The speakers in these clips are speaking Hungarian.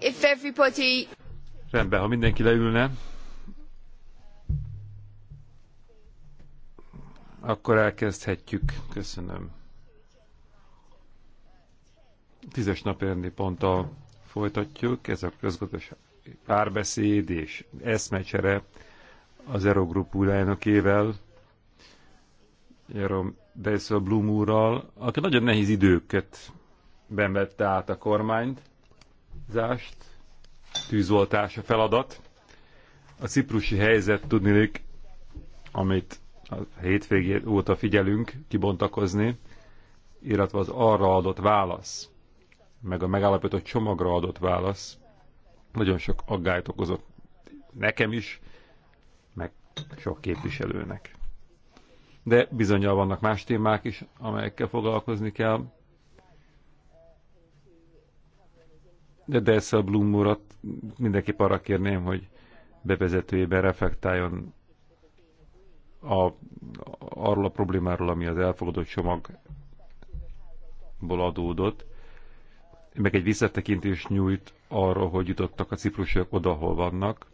if everybody... Rendben, ha mindenki leülne, akkor elkezdhetjük. Köszönöm. Tízes napi ponttal folytatjuk. Ez a közgazdaság párbeszéd és eszmecsere az Eurogroup újlájánokével, Jerome Dysel Bloom úrral, aki nagyon nehéz időket ben vette át a kormányt, zást, tűzoltása feladat. A ciprusi helyzet tudnék, amit a hétvégé óta figyelünk kibontakozni, illetve az arra adott válasz, meg a megállapított csomagra adott válasz nagyon sok aggályt okozott nekem is, meg sok képviselőnek. De bizonyal vannak más témák is, amelyekkel foglalkozni kell, de Delsa Blum urat mindenképp arra kérném, hogy bevezetőjében reflektáljon a, arról a problémáról, ami az elfogadott csomagból adódott, meg egy visszatekintést nyújt arra, hogy jutottak a ciprusiak oda, hol vannak.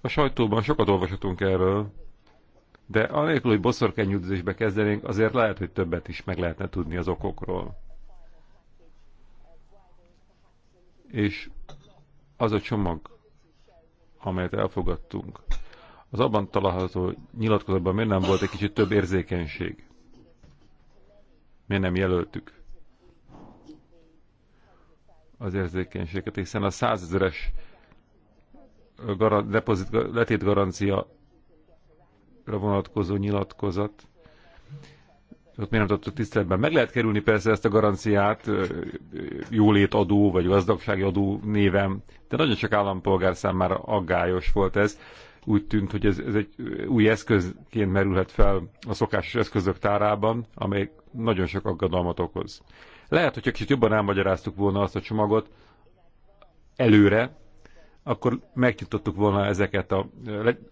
A sajtóban sokat olvashatunk erről, de anélkül, hogy boszorkányüldözésbe kezdenénk, azért lehet, hogy többet is meg lehetne tudni az okokról. és az a csomag, amelyet elfogadtunk, az abban található nyilatkozatban miért nem volt egy kicsit több érzékenység? Miért nem jelöltük az érzékenységet? Hiszen a százezeres depozit, letét garancia vonatkozó nyilatkozat ott miért nem tartott tiszteletben. Meg lehet kerülni persze ezt a garanciát jólétadó vagy gazdagsági adó névem, de nagyon sok állampolgár számára aggályos volt ez. Úgy tűnt, hogy ez, ez egy új eszközként merülhet fel a szokásos eszközök tárában, amely nagyon sok aggadalmat okoz. Lehet, hogyha kicsit jobban elmagyaráztuk volna azt a csomagot előre, akkor megnyitottuk volna ezeket a,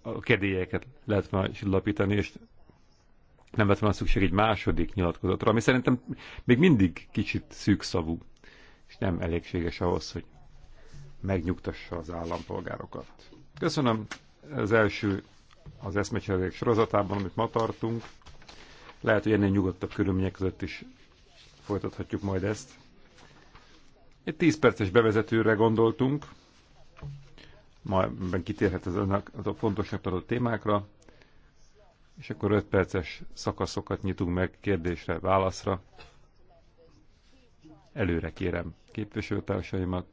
a kedélyeket, lehet volna és nem lett volna szükség egy második nyilatkozatra, ami szerintem még mindig kicsit szűkszavú, és nem elégséges ahhoz, hogy megnyugtassa az állampolgárokat. Köszönöm az első az eszmecserék sorozatában, amit ma tartunk. Lehet, hogy ennél nyugodtabb körülmények között is folytathatjuk majd ezt. Egy 10 perces bevezetőre gondoltunk, majd kitérhet az önök az a fontosnak tartott témákra, és akkor 5 perces szakaszokat nyitunk meg kérdésre, válaszra. Előre kérem képviselőtársaimat,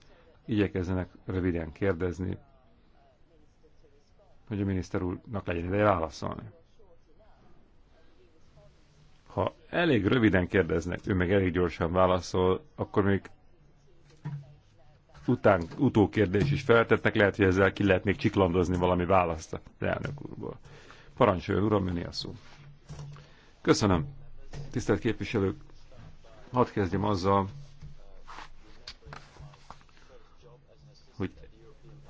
igyekezzenek röviden kérdezni, hogy a miniszter úrnak legyen ideje válaszolni. Ha elég röviden kérdeznek, ő meg elég gyorsan válaszol, akkor még után, utókérdés is feltettek, lehet, hogy ezzel ki lehet még csiklandozni valami választ a elnök úrból. Parancsolja, uram, menni a szó. Köszönöm. Tisztelt képviselők, hadd kezdjem azzal, hogy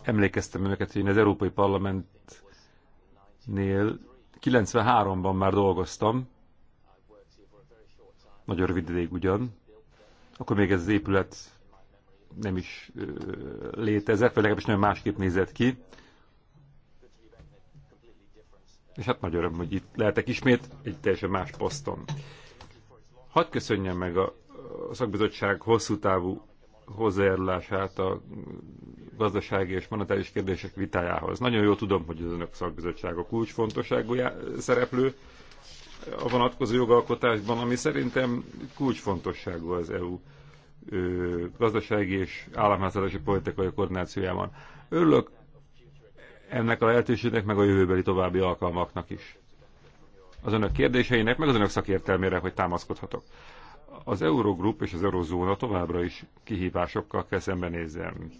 emlékeztem önöket, hogy én az Európai Parlamentnél 93-ban már dolgoztam, nagyon rövid ideig ugyan, akkor még ez az épület nem is létezett, vagy legalábbis nagyon másképp nézett ki és hát nagy öröm, hogy itt lehetek ismét egy teljesen más poszton. Hadd köszönjem meg a, szakbizottság hosszú távú hozzájárulását a gazdasági és monetáris kérdések vitájához. Nagyon jól tudom, hogy az önök szakbizottság a kulcsfontosságú szereplő a vonatkozó jogalkotásban, ami szerintem kulcsfontosságú az EU gazdasági és államháztartási politikai koordinációjában. Örülök ennek a lehetőségnek, meg a jövőbeli további alkalmaknak is. Az önök kérdéseinek, meg az önök szakértelmére, hogy támaszkodhatok. Az Eurogroup és az Eurozóna továbbra is kihívásokkal kell szembenézzen.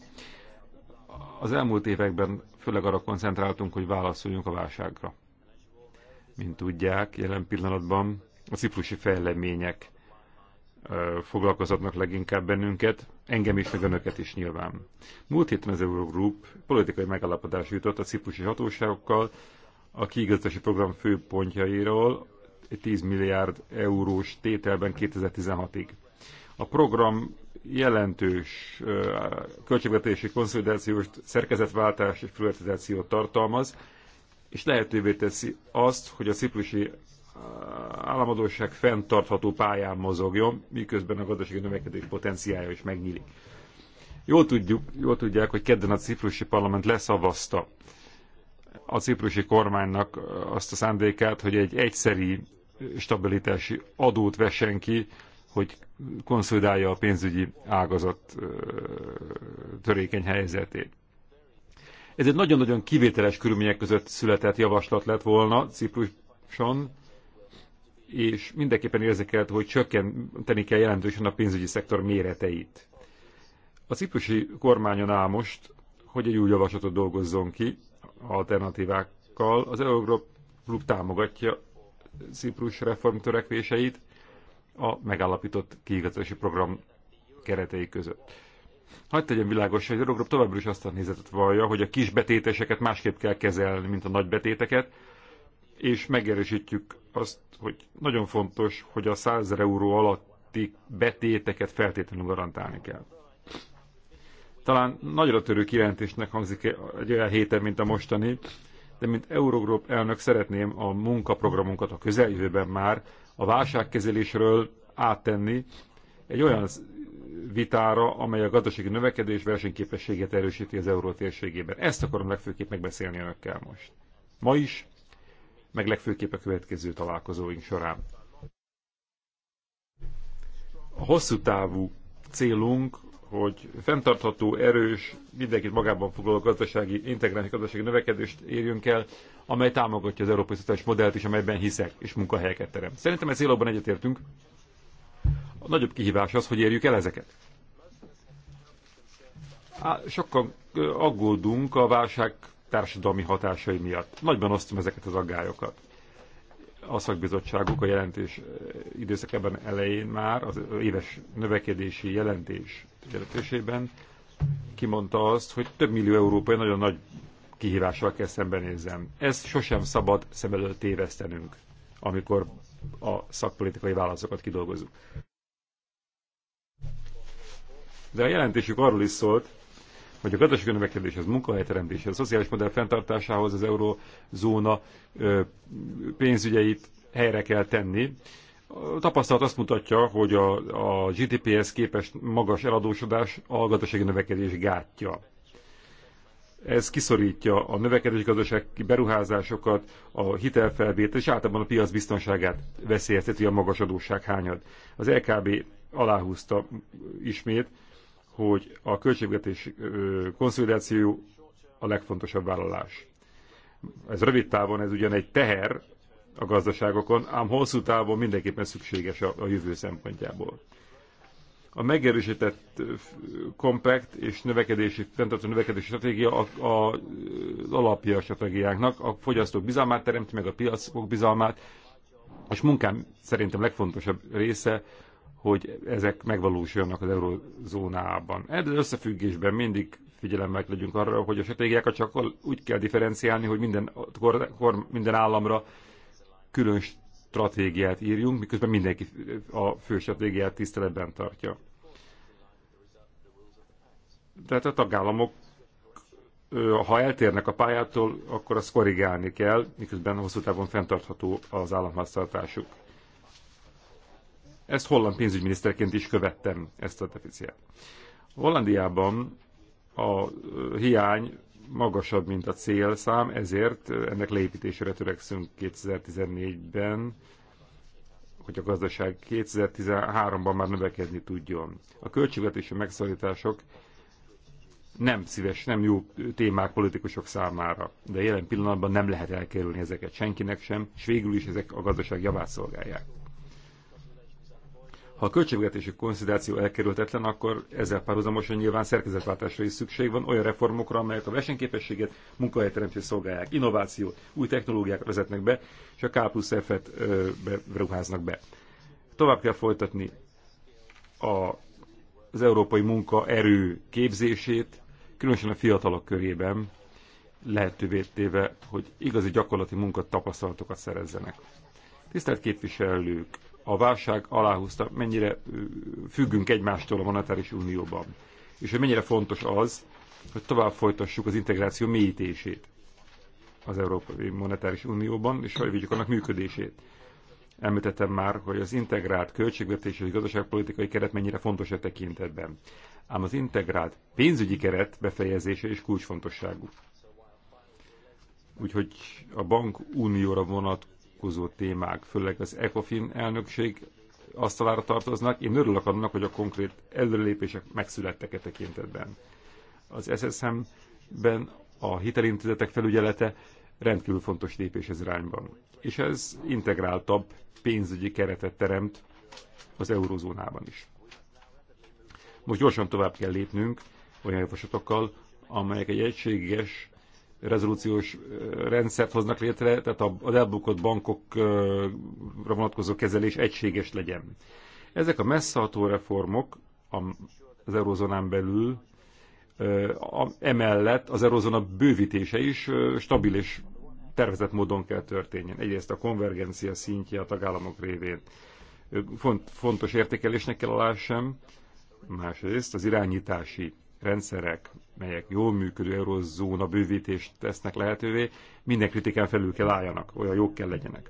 Az elmúlt években főleg arra koncentráltunk, hogy válaszoljunk a válságra. Mint tudják, jelen pillanatban a ciprusi fejlemények foglalkozatnak leginkább bennünket, engem is, meg önöket is nyilván. Múlt héten az Eurogroup politikai megállapodás jutott a ciprusi hatóságokkal a kiigazítási program főpontjairól 10 milliárd eurós tételben 2016-ig. A program jelentős költségvetési konszolidációs szerkezetváltás és privatizációt tartalmaz, és lehetővé teszi azt, hogy a ciprusi államadóság fenntartható pályán mozogjon, miközben a gazdasági növekedés potenciája is megnyílik. Jól, tudjuk, jól tudják, hogy kedden a ciprusi parlament leszavazta a ciprusi kormánynak azt a szándékát, hogy egy egyszeri stabilitási adót vessen ki, hogy konszolidálja a pénzügyi ágazat törékeny helyzetét. Ez egy nagyon-nagyon kivételes körülmények között született javaslat lett volna Cipruson, és mindenképpen érzékelt, hogy csökkenteni kell jelentősen a pénzügyi szektor méreteit. A ciprusi kormányon áll most, hogy egy új javaslatot dolgozzon ki alternatívákkal. Az Eurogroup klub támogatja Ciprus reform törekvéseit a megállapított kiigazítási program keretei között. Hagy tegyen világos, hogy az Eurogroup továbbra is azt a nézetet vallja, hogy a kis betéteseket másképp kell kezelni, mint a nagy betéteket, és megerősítjük azt, hogy nagyon fontos, hogy a 100 euró alatti betéteket feltétlenül garantálni kell. Talán nagyra törő kijelentésnek hangzik egy olyan héten, mint a mostani, de mint Eurogroup elnök szeretném a munkaprogramunkat a közeljövőben már a válságkezelésről áttenni egy olyan vitára, amely a gazdasági növekedés versenyképességet erősíti az euró térségében. Ezt akarom legfőképp megbeszélni önökkel most. Ma is, meg legfőképp a következő találkozóink során. A hosszú távú célunk, hogy fenntartható, erős, mindenkit magában foglaló gazdasági, integrális gazdasági növekedést érjünk el, amely támogatja az európai szociális modellt is, amelyben hiszek, és munkahelyeket terem. Szerintem ez célokban egyetértünk. A nagyobb kihívás az, hogy érjük el ezeket. Sokkal aggódunk a válság társadalmi hatásai miatt. Nagyban osztom ezeket az aggályokat. A szakbizottságok a jelentés eh, időszakában elején már, az éves növekedési jelentés jelentésében kimondta azt, hogy több millió európai nagyon nagy kihívással kell szembenézzem. Ezt sosem szabad szem előtt tévesztenünk, amikor a szakpolitikai válaszokat kidolgozunk. De a jelentésük arról is szólt, hogy a gazdasági növekedéshez, munkahelyteremtéshez, a szociális modell fenntartásához az eurozóna pénzügyeit helyre kell tenni. A tapasztalat azt mutatja, hogy a, a GDP-hez képest magas eladósodás a gazdasági növekedés gátja. Ez kiszorítja a növekedési gazdasági beruházásokat, a hitelfelvétel és általában a piac biztonságát veszélyezteti a magas adósság hányad. Az LKB aláhúzta ismét, hogy a költségvetés konszolidáció a legfontosabb vállalás. Ez rövid távon ez ugyan egy teher a gazdaságokon, ám hosszú távon mindenképpen szükséges a, a jövő szempontjából. A megerősített kompakt és növekedési, fenntartó növekedési stratégia a, a, az alapja a stratégiáknak. a fogyasztók bizalmát teremti, meg a piacok bizalmát, és munkám szerintem legfontosabb része hogy ezek megvalósuljanak az eurozónában. Ebben összefüggésben mindig figyelemmel legyünk arra, hogy a stratégiákat csak úgy kell differenciálni, hogy minden, kor, kor, minden államra külön stratégiát írjunk, miközben mindenki a fő stratégiát tiszteletben tartja. Tehát a tagállamok, ha eltérnek a pályától, akkor azt korrigálni kell, miközben hosszú távon fenntartható az államháztartásuk. Ezt holland pénzügyminiszterként is követtem, ezt a deficiát. Hollandiában a hiány magasabb, mint a célszám, ezért ennek leépítésére törekszünk 2014-ben, hogy a gazdaság 2013-ban már növekedni tudjon. A költségvetési megszorítások nem szíves, nem jó témák politikusok számára, de jelen pillanatban nem lehet elkerülni ezeket senkinek sem, és végül is ezek a gazdaság javát szolgálják. Ha a költségvetési konszidáció elkerülhetetlen, akkor ezzel párhuzamosan nyilván szerkezetváltásra is szükség van, olyan reformokra, amelyek a versenyképességet, munkahelyteremtést szolgálják, innovációt, új technológiákat vezetnek be, és a K plusz F-et ruháznak be. Tovább kell folytatni a, az európai munkaerő képzését, különösen a fiatalok körében, lehetővé téve, hogy igazi gyakorlati munkatapasztalatokat szerezzenek. Tisztelt képviselők, a válság aláhúzta, mennyire függünk egymástól a monetáris unióban. És hogy mennyire fontos az, hogy tovább folytassuk az integráció mélyítését az Európai Monetáris Unióban, és hogy vigyük annak működését. Említettem már, hogy az integrált költségvetési és gazdaságpolitikai keret mennyire fontos a e tekintetben. Ám az integrált pénzügyi keret befejezése is kulcsfontosságú. Úgyhogy a bankunióra vonatkozó vonatkozó témák, főleg az ECOFIN elnökség asztalára tartoznak. Én örülök annak, hogy a konkrét előlépések megszülettek e tekintetben. Az SSM-ben a hitelintézetek felügyelete rendkívül fontos lépés ez irányban. És ez integráltabb pénzügyi keretet teremt az eurozónában is. Most gyorsan tovább kell lépnünk olyan javaslatokkal, amelyek egy egységes rezolúciós rendszert hoznak létre, tehát az elbukott bankokra vonatkozó kezelés egységes legyen. Ezek a messzeható reformok az eurozónán belül emellett az eurozóna bővítése is stabil és tervezett módon kell történjen. Egyrészt a konvergencia szintje a tagállamok révén font, fontos értékelésnek kell alá sem, másrészt az irányítási rendszerek, melyek jól működő eurozóna bővítést tesznek lehetővé, minden kritikán felül kell álljanak, olyan jók kell legyenek.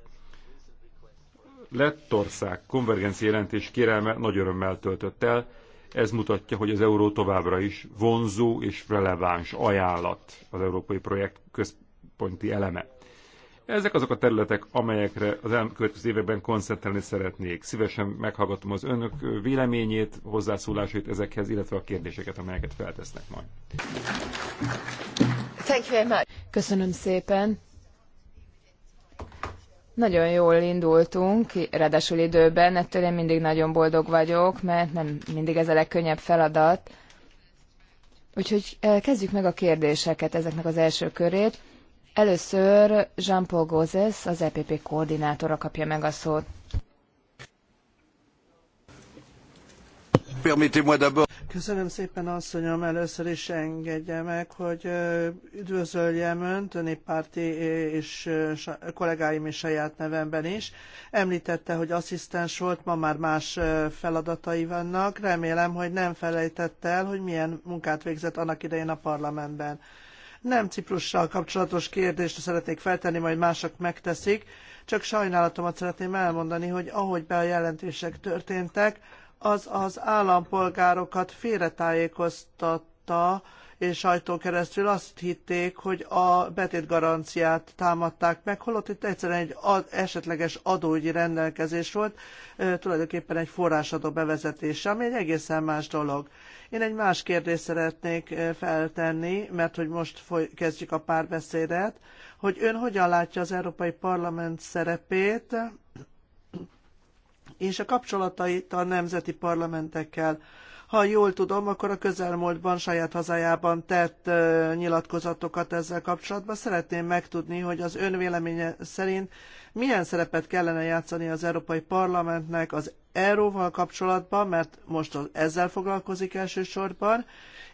Lettország konvergenci jelentés kérelme nagy örömmel töltött el, ez mutatja, hogy az euró továbbra is vonzó és releváns ajánlat az európai projekt központi eleme. Ezek azok a területek, amelyekre az elkövetkező években koncentrálni szeretnék. Szívesen meghallgatom az önök véleményét, hozzászólásait ezekhez, illetve a kérdéseket, amelyeket feltesznek majd. Thank you very much. Köszönöm szépen. Nagyon jól indultunk, ráadásul időben, ettől én mindig nagyon boldog vagyok, mert nem mindig ez a legkönnyebb feladat. Úgyhogy eh, kezdjük meg a kérdéseket ezeknek az első körét. Először Jean-Paul Gózes, az EPP koordinátora kapja meg a szót. Köszönöm szépen, asszonyom, először is engedje meg, hogy üdvözöljem Önt, a néppárti és kollégáim és saját nevemben is. Említette, hogy asszisztens volt, ma már más feladatai vannak. Remélem, hogy nem felejtette el, hogy milyen munkát végzett annak idején a parlamentben. Nem Ciprussal kapcsolatos kérdést szeretnék feltenni, majd mások megteszik, csak sajnálatomat szeretném elmondani, hogy ahogy be a jelentések történtek, az az állampolgárokat félretájékoztatta, sajtón keresztül azt hitték, hogy a betét garanciát támadták meg, holott itt egyszerűen egy ad, esetleges adógyi rendelkezés volt, tulajdonképpen egy forrásadó bevezetése, ami egy egészen más dolog. Én egy más kérdést szeretnék feltenni, mert hogy most foly- kezdjük a párbeszédet, hogy ön hogyan látja az Európai Parlament szerepét, és a kapcsolatait a nemzeti parlamentekkel ha jól tudom, akkor a közelmúltban saját hazájában tett nyilatkozatokat ezzel kapcsolatban. Szeretném megtudni, hogy az ön véleménye szerint milyen szerepet kellene játszani az Európai Parlamentnek az Euróval kapcsolatban, mert most ezzel foglalkozik elsősorban,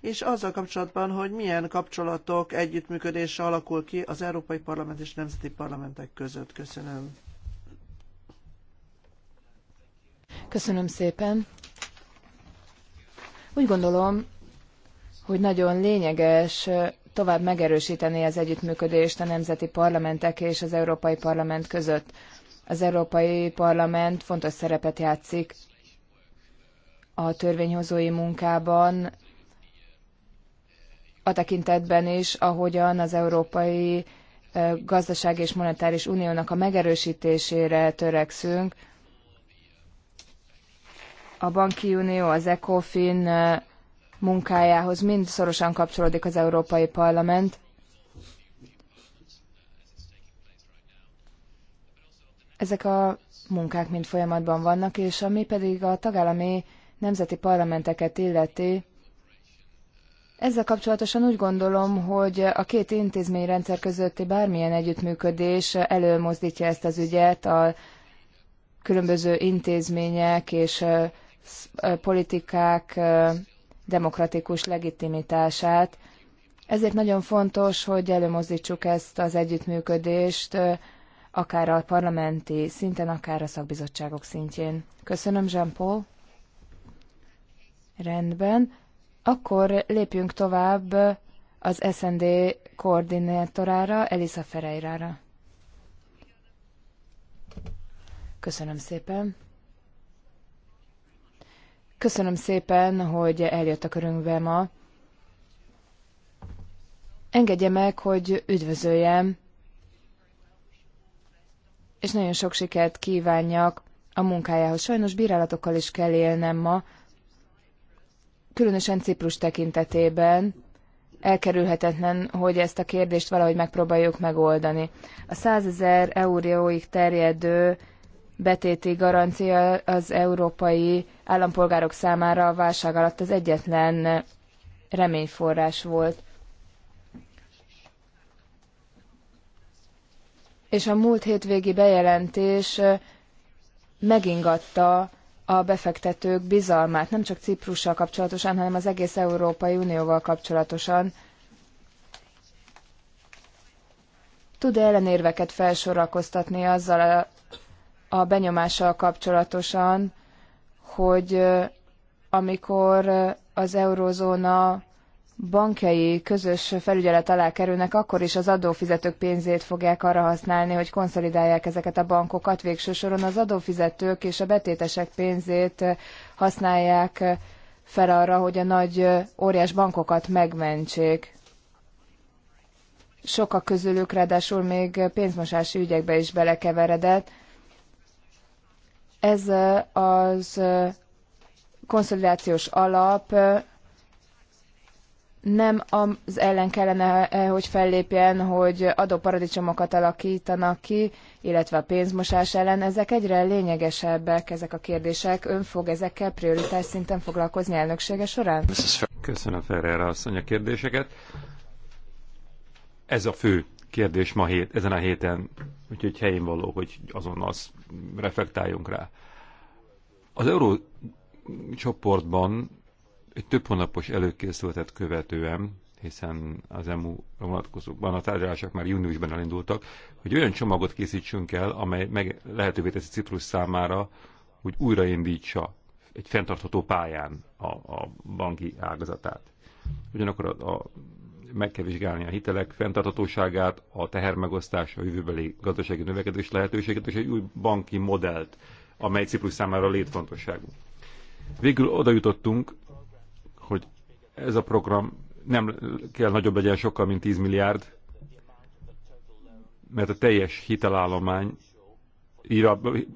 és azzal kapcsolatban, hogy milyen kapcsolatok együttműködése alakul ki az Európai Parlament és Nemzeti Parlamentek között. Köszönöm. Köszönöm szépen. Úgy gondolom, hogy nagyon lényeges tovább megerősíteni az együttműködést a nemzeti parlamentek és az Európai Parlament között. Az Európai Parlament fontos szerepet játszik a törvényhozói munkában, a tekintetben is, ahogyan az Európai Gazdaság és Monetáris Uniónak a megerősítésére törekszünk, a Banki Unió, az ECOFIN munkájához mind szorosan kapcsolódik az Európai Parlament. Ezek a munkák mind folyamatban vannak, és ami pedig a tagállami nemzeti parlamenteket illeti, ezzel kapcsolatosan úgy gondolom, hogy a két intézményrendszer közötti bármilyen együttműködés előmozdítja ezt az ügyet a különböző intézmények és politikák demokratikus legitimitását. Ezért nagyon fontos, hogy előmozdítsuk ezt az együttműködést, akár a parlamenti szinten, akár a szakbizottságok szintjén. Köszönöm, jean -Paul. Rendben. Akkor lépjünk tovább az SND koordinátorára, Elisa Ferreirára. Köszönöm szépen. Köszönöm szépen, hogy eljött a körünkbe ma. Engedje meg, hogy üdvözöljem, és nagyon sok sikert kívánjak a munkájához. Sajnos bírálatokkal is kell élnem ma, különösen Ciprus tekintetében elkerülhetetlen, hogy ezt a kérdést valahogy megpróbáljuk megoldani. A 100 ezer euróig terjedő betéti garancia az európai állampolgárok számára a válság alatt az egyetlen reményforrás volt. És a múlt hétvégi bejelentés megingatta a befektetők bizalmát, nem csak Ciprussal kapcsolatosan, hanem az egész Európai Unióval kapcsolatosan. Tud-e ellenérveket felsorakoztatni azzal a a benyomással kapcsolatosan, hogy amikor az eurózóna bankjai közös felügyelet alá kerülnek, akkor is az adófizetők pénzét fogják arra használni, hogy konszolidálják ezeket a bankokat. Végső soron az adófizetők és a betétesek pénzét használják fel arra, hogy a nagy óriás bankokat megmentsék. Sokak közülük ráadásul még pénzmosási ügyekbe is belekeveredett, ez az konszolidációs alap nem az ellen kellene, hogy fellépjen, hogy adóparadicsomokat alakítanak ki, illetve a pénzmosás ellen. Ezek egyre lényegesebbek, ezek a kérdések. Ön fog ezekkel prioritás szinten foglalkozni elnöksége során? Köszönöm Ferreira asszony a kérdéseket. Ez a fő kérdés ma hét, ezen a héten, úgyhogy helyén való, hogy azonnal reflektáljunk rá. Az euró csoportban egy több hónapos előkészületet követően, hiszen az EMU vonatkozóban a tárgyalások már júniusban elindultak, hogy olyan csomagot készítsünk el, amely meg lehetővé teszi Ciprus számára, hogy újraindítsa egy fenntartható pályán a, a banki ágazatát. Ugyanakkor a, a, meg kell vizsgálni a hitelek fenntarthatóságát, a tehermegosztás, a jövőbeli gazdasági növekedés lehetőséget és egy új banki modellt amely Ciprus számára létfontosságú. Végül oda jutottunk, hogy ez a program nem kell nagyobb legyen sokkal, mint 10 milliárd, mert a teljes hitelállomány,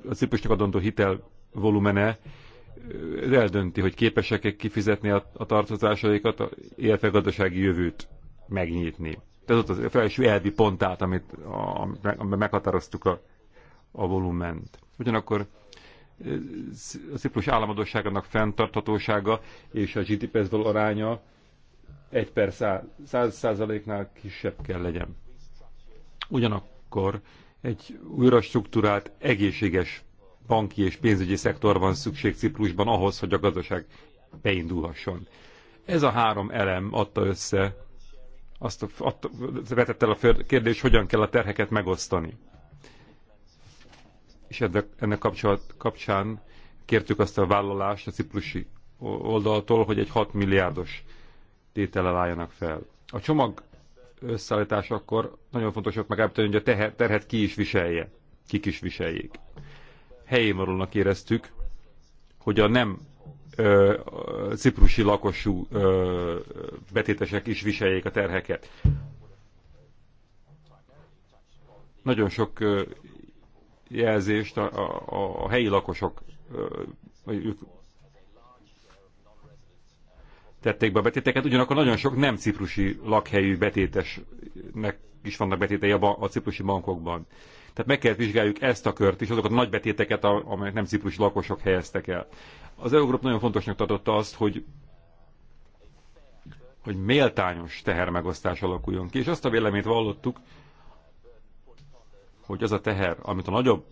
a Ciprusnak adandó hitel volumene eldönti, hogy képesek-e kifizetni a, a tartozásaikat, illetve a gazdasági jövőt megnyitni. Ez ott az felső elvi pont át, amit a, meghatároztuk a, a volument. Ugyanakkor a ciprus államadóságának fenntarthatósága és a gdp ből aránya egy per száz százaléknál kisebb kell legyen. Ugyanakkor egy újra struktúrált, egészséges banki és pénzügyi szektor van szükség Ciprusban ahhoz, hogy a gazdaság beindulhasson. Ez a három elem adta össze, azt, a, azt vetett el a kérdés, hogyan kell a terheket megosztani és ennek, ennek kapcsolat, kapcsán kértük azt a vállalást a ciprusi oldaltól, hogy egy 6 milliárdos tétele álljanak fel. A csomag összeállítás akkor nagyon fontos volt megállapítani, hogy a teher, terhet ki is viselje, kik is viseljék. Helyén valónak éreztük, hogy a nem ö, ciprusi lakosú ö, betétesek is viseljék a terheket. Nagyon sok ö, jelzést a, a, a helyi lakosok vagy ők tették be a betéteket, ugyanakkor nagyon sok nem ciprusi lakhelyű betétesnek is vannak betétei a, a ciprusi bankokban. Tehát meg kellett vizsgáljuk ezt a kört is, azokat a nagy betéteket, amelyek nem ciprusi lakosok helyeztek el. Az Eurogroup nagyon fontosnak tartotta azt, hogy hogy méltányos tehermegosztás alakuljon ki, és azt a véleményt vallottuk, hogy az a teher, amit a nagyobb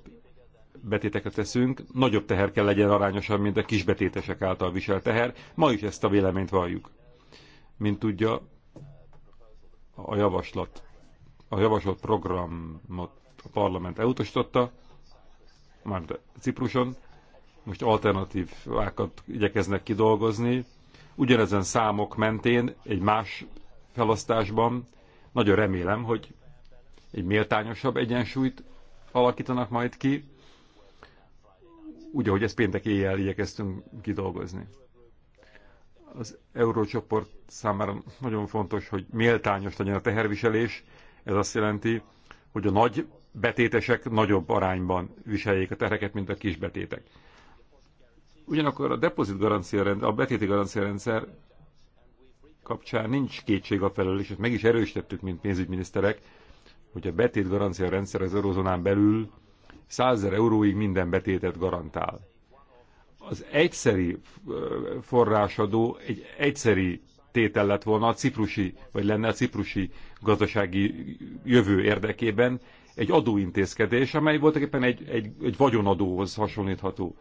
betéteket teszünk, nagyobb teher kell legyen arányosan, mint a kisbetétesek által viselt teher. Ma is ezt a véleményt valljuk. Mint tudja, a javaslat, a javasolt programot a parlament elutasította, már Cipruson, most alternatív vákat igyekeznek kidolgozni, ugyanezen számok mentén, egy más felasztásban, nagyon remélem, hogy egy méltányosabb egyensúlyt alakítanak majd ki, úgy, ahogy ezt péntek éjjel igyekeztünk kidolgozni. Az eurócsoport számára nagyon fontos, hogy méltányos legyen a teherviselés. Ez azt jelenti, hogy a nagy betétesek nagyobb arányban viseljék a tereket, mint a kis betétek. Ugyanakkor a depozit garancia rendszer, a betéti garancia rendszer kapcsán nincs kétség a felelős, és meg is erősítettük, mint pénzügyminiszterek, hogy a betét garancia rendszer az eurozónán belül 100 euróig minden betétet garantál. Az egyszeri forrásadó egy egyszeri tétel lett volna a ciprusi, vagy lenne a ciprusi gazdasági jövő érdekében egy adóintézkedés, amely voltak éppen egy, egy, egy vagyonadóhoz hasonlítható.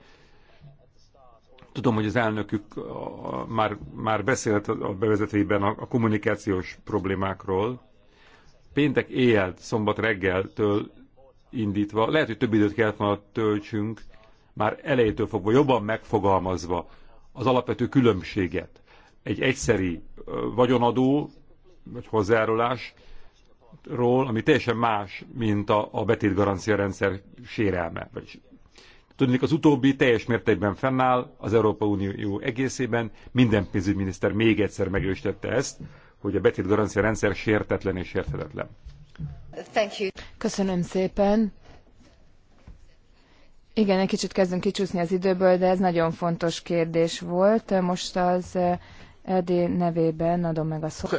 Tudom, hogy az elnökük a, a, már, már beszélt a bevezetében a, a kommunikációs problémákról, péntek éjjel, szombat reggeltől indítva, lehet, hogy több időt kellett volna töltsünk, már elejétől fogva, jobban megfogalmazva az alapvető különbséget. Egy egyszeri vagyonadó, vagy hozzájárulás, ról, ami teljesen más, mint a, a betétgarancia rendszer sérelme. Vagy, tudnék, az utóbbi teljes mértékben fennáll az Európa Unió egészében, minden pénzügyminiszter még egyszer megerősítette ezt, hogy a betét garancia rendszer sértetlen és sérthetetlen. Thank you. Köszönöm szépen. Igen, egy kicsit kezdünk kicsúszni az időből, de ez nagyon fontos kérdés volt. Most az eh, Edi nevében adom meg a szót.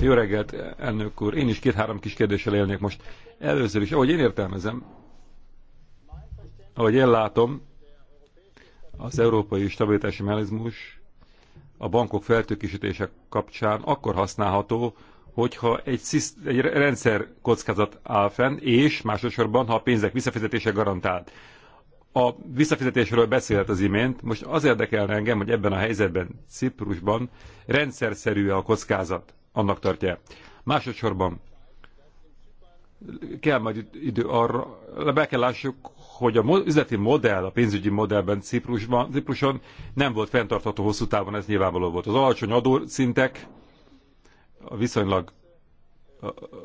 Jó reggelt, elnök úr. Én is két-három kis kérdéssel élnék most. Először is, ahogy én értelmezem, ahogy én látom, az európai stabilitási mechanizmus a bankok feltőkésítése kapcsán akkor használható, hogyha egy, szisz, egy rendszer kockázat áll fenn, és másodszorban, ha a pénzek visszafizetése garantált. A visszafizetésről beszélt az imént, most az érdekelne engem, hogy ebben a helyzetben, Ciprusban rendszer a kockázat, annak tartja. Másodszorban kell majd idő arra, be kell lássuk, hogy a üzleti modell, a pénzügyi modellben Ciprusban, Cipruson nem volt fenntartható hosszú távon, ez nyilvánvaló volt. Az alacsony adószintek, a viszonylag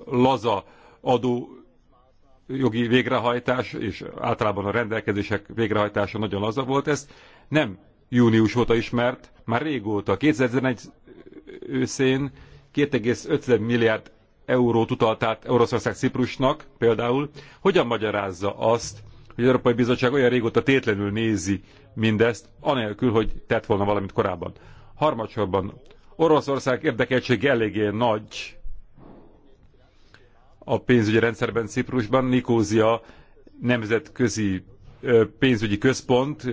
laza adó jogi végrehajtás, és általában a rendelkezések végrehajtása nagyon laza volt, ez nem június óta ismert, már régóta, 2011 őszén 2,5 milliárd eurót utalt át Oroszország Ciprusnak például, hogyan magyarázza azt, hogy az Európai Bizottság olyan régóta tétlenül nézi mindezt, anélkül, hogy tett volna valamit korábban. Harmadsorban Oroszország érdekeltsége eléggé nagy a pénzügyi rendszerben Ciprusban. Nikózia nemzetközi pénzügyi központ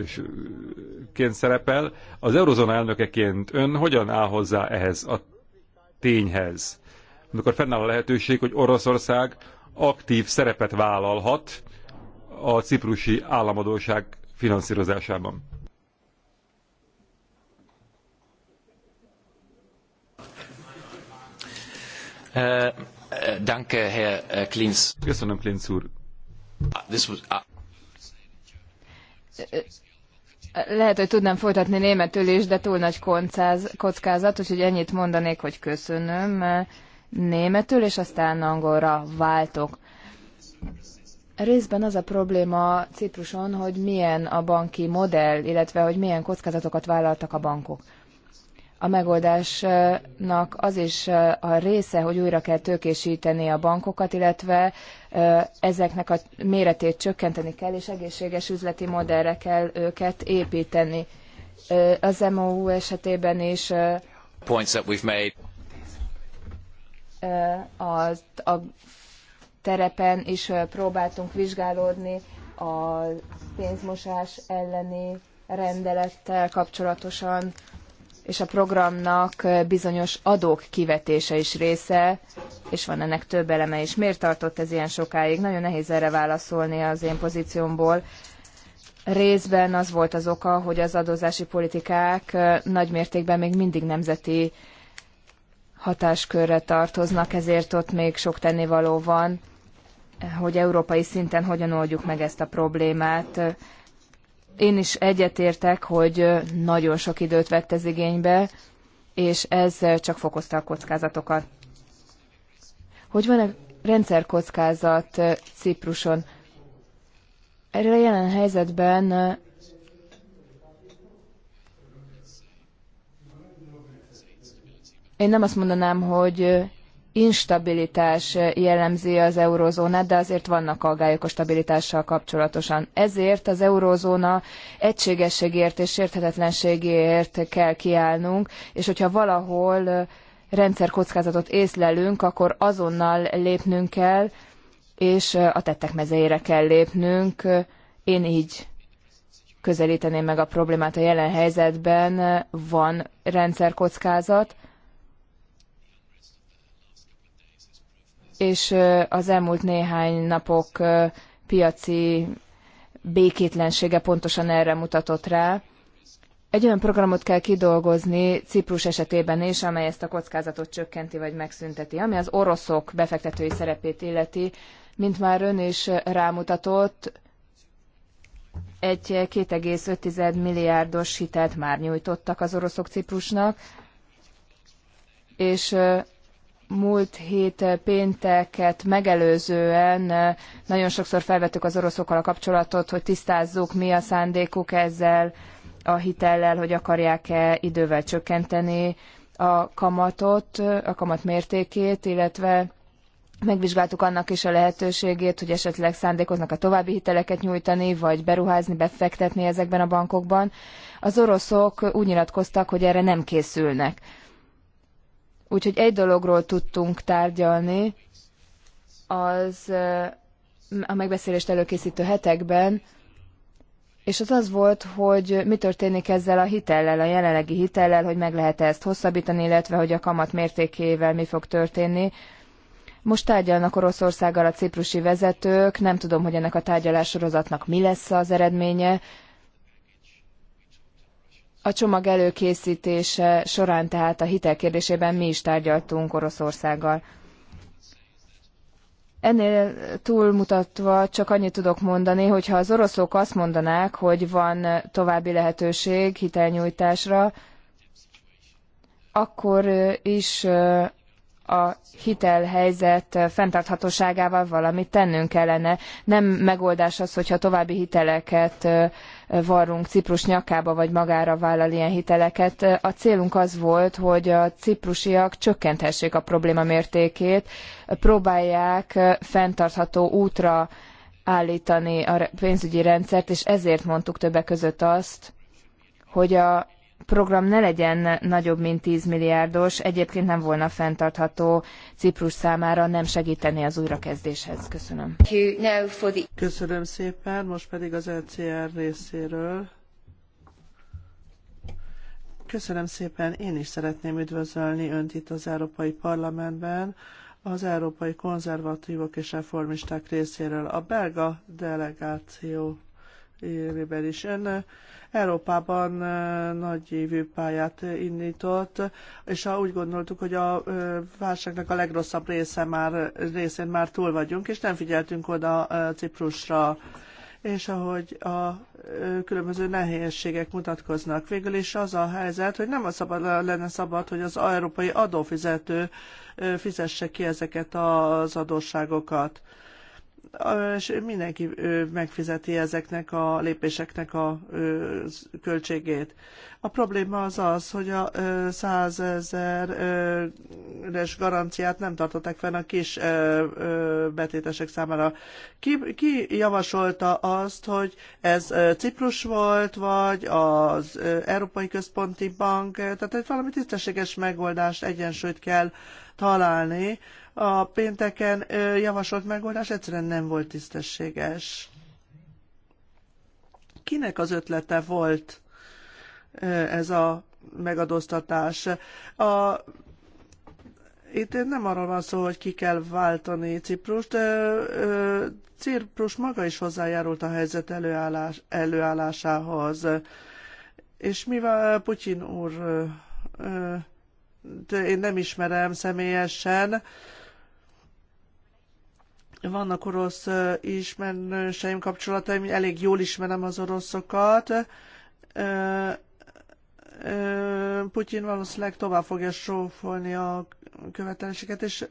ként szerepel. Az eurozóna elnökeként ön hogyan áll hozzá ehhez a tényhez? Amikor fennáll a lehetőség, hogy Oroszország aktív szerepet vállalhat a ciprusi államadóság finanszírozásában. Eh, eh, danke, Herr eh, Klinz. Köszönöm, Klinz úr. Ah, ah. Lehet, hogy tudnám folytatni németül is, de túl nagy koncáz, kockázat, úgyhogy ennyit mondanék, hogy köszönöm németül, és aztán angolra váltok. Részben az a probléma Cipruson, hogy milyen a banki modell, illetve hogy milyen kockázatokat vállaltak a bankok. A megoldásnak az is a része, hogy újra kell tőkésíteni a bankokat, illetve ezeknek a méretét csökkenteni kell, és egészséges üzleti modellre kell őket építeni. Az MOU esetében is points that we've made. A, a terepen is próbáltunk vizsgálódni a pénzmosás elleni rendelettel kapcsolatosan, és a programnak bizonyos adók kivetése is része, és van ennek több eleme is. Miért tartott ez ilyen sokáig? Nagyon nehéz erre válaszolni az én pozíciómból. Részben az volt az oka, hogy az adózási politikák nagy mértékben még mindig nemzeti hatáskörre tartoznak, ezért ott még sok tennivaló van hogy európai szinten hogyan oldjuk meg ezt a problémát. Én is egyetértek, hogy nagyon sok időt vett ez igénybe, és ez csak fokozta a kockázatokat. Hogy van-e rendszerkockázat Cipruson? Erre a jelen helyzetben én nem azt mondanám, hogy instabilitás jellemzi az eurózónát, de azért vannak aggályok a stabilitással kapcsolatosan. Ezért az eurózóna egységességért és sérthetetlenségéért kell kiállnunk, és hogyha valahol rendszerkockázatot észlelünk, akkor azonnal lépnünk kell, és a tettek mezeire kell lépnünk. Én így közelíteném meg a problémát a jelen helyzetben. Van rendszerkockázat, és az elmúlt néhány napok piaci békétlensége pontosan erre mutatott rá. Egy olyan programot kell kidolgozni Ciprus esetében is, amely ezt a kockázatot csökkenti vagy megszünteti, ami az oroszok befektetői szerepét illeti, mint már ön is rámutatott, egy 2,5 milliárdos hitelt már nyújtottak az oroszok Ciprusnak, és múlt hét eh, pénteket megelőzően eh, nagyon sokszor felvettük az oroszokkal a kapcsolatot, hogy tisztázzuk, mi a szándékuk ezzel a hitellel, hogy akarják-e idővel csökkenteni a kamatot, a kamat mértékét, illetve megvizsgáltuk annak is a lehetőségét, hogy esetleg szándékoznak a további hiteleket nyújtani, vagy beruházni, befektetni ezekben a bankokban. Az oroszok úgy nyilatkoztak, hogy erre nem készülnek Úgyhogy egy dologról tudtunk tárgyalni, az a megbeszélést előkészítő hetekben, és az az volt, hogy mi történik ezzel a hitellel, a jelenlegi hitellel, hogy meg lehet -e ezt hosszabbítani, illetve hogy a kamat mértékével mi fog történni. Most tárgyalnak Oroszországgal a ciprusi vezetők, nem tudom, hogy ennek a tárgyalássorozatnak mi lesz az eredménye, a csomag előkészítése során tehát a hitel kérdésében mi is tárgyaltunk Oroszországgal. Ennél túlmutatva csak annyit tudok mondani, hogy ha az oroszok azt mondanák, hogy van további lehetőség hitelnyújtásra, akkor is a hitelhelyzet fenntarthatóságával valamit tennünk kellene. Nem megoldás az, hogyha további hiteleket varrunk Ciprus nyakába, vagy magára vállal ilyen hiteleket. A célunk az volt, hogy a ciprusiak csökkenthessék a probléma mértékét, próbálják fenntartható útra állítani a pénzügyi rendszert, és ezért mondtuk többek között azt, hogy a program ne legyen nagyobb, mint 10 milliárdos, egyébként nem volna fenntartható Ciprus számára, nem segíteni az újrakezdéshez. Köszönöm. Köszönöm szépen, most pedig az LCR e részéről. Köszönöm szépen, én is szeretném üdvözölni Önt itt az Európai Parlamentben az európai konzervatívok és reformisták részéről a belga delegáció évében is. Ön eh, Európában eh, nagy évű pályát indított, és úgy gondoltuk, hogy a eh, válságnak a legrosszabb része már, részén már túl vagyunk, és nem figyeltünk oda Ciprusra és ahogy a különböző nehézségek mutatkoznak. Végül is az a helyzet, hogy nem a szabad, lenne szabad, hogy az európai adófizető fizesse ki ezeket az adósságokat és mindenki megfizeti ezeknek a lépéseknek a költségét. A probléma az az, hogy a százezeres garanciát nem tartották fenn a kis betétesek számára. Ki, ki javasolta azt, hogy ez Ciprus volt, vagy az Európai Központi Bank, tehát egy valami tisztességes megoldást, egyensúlyt kell találni. A pénteken javasolt megoldás egyszerűen nem volt tisztességes. Kinek az ötlete volt ez a megadóztatás? A itt nem arról van szó, hogy ki kell váltani Ciprust. Ciprus maga is hozzájárult a helyzet előállás, előállásához. És mivel Putyin úr de én nem ismerem személyesen, vannak orosz ismerőseim kapcsolataim, elég jól ismerem az oroszokat. Putyin valószínűleg tovább fogja sófolni a követeléseket, és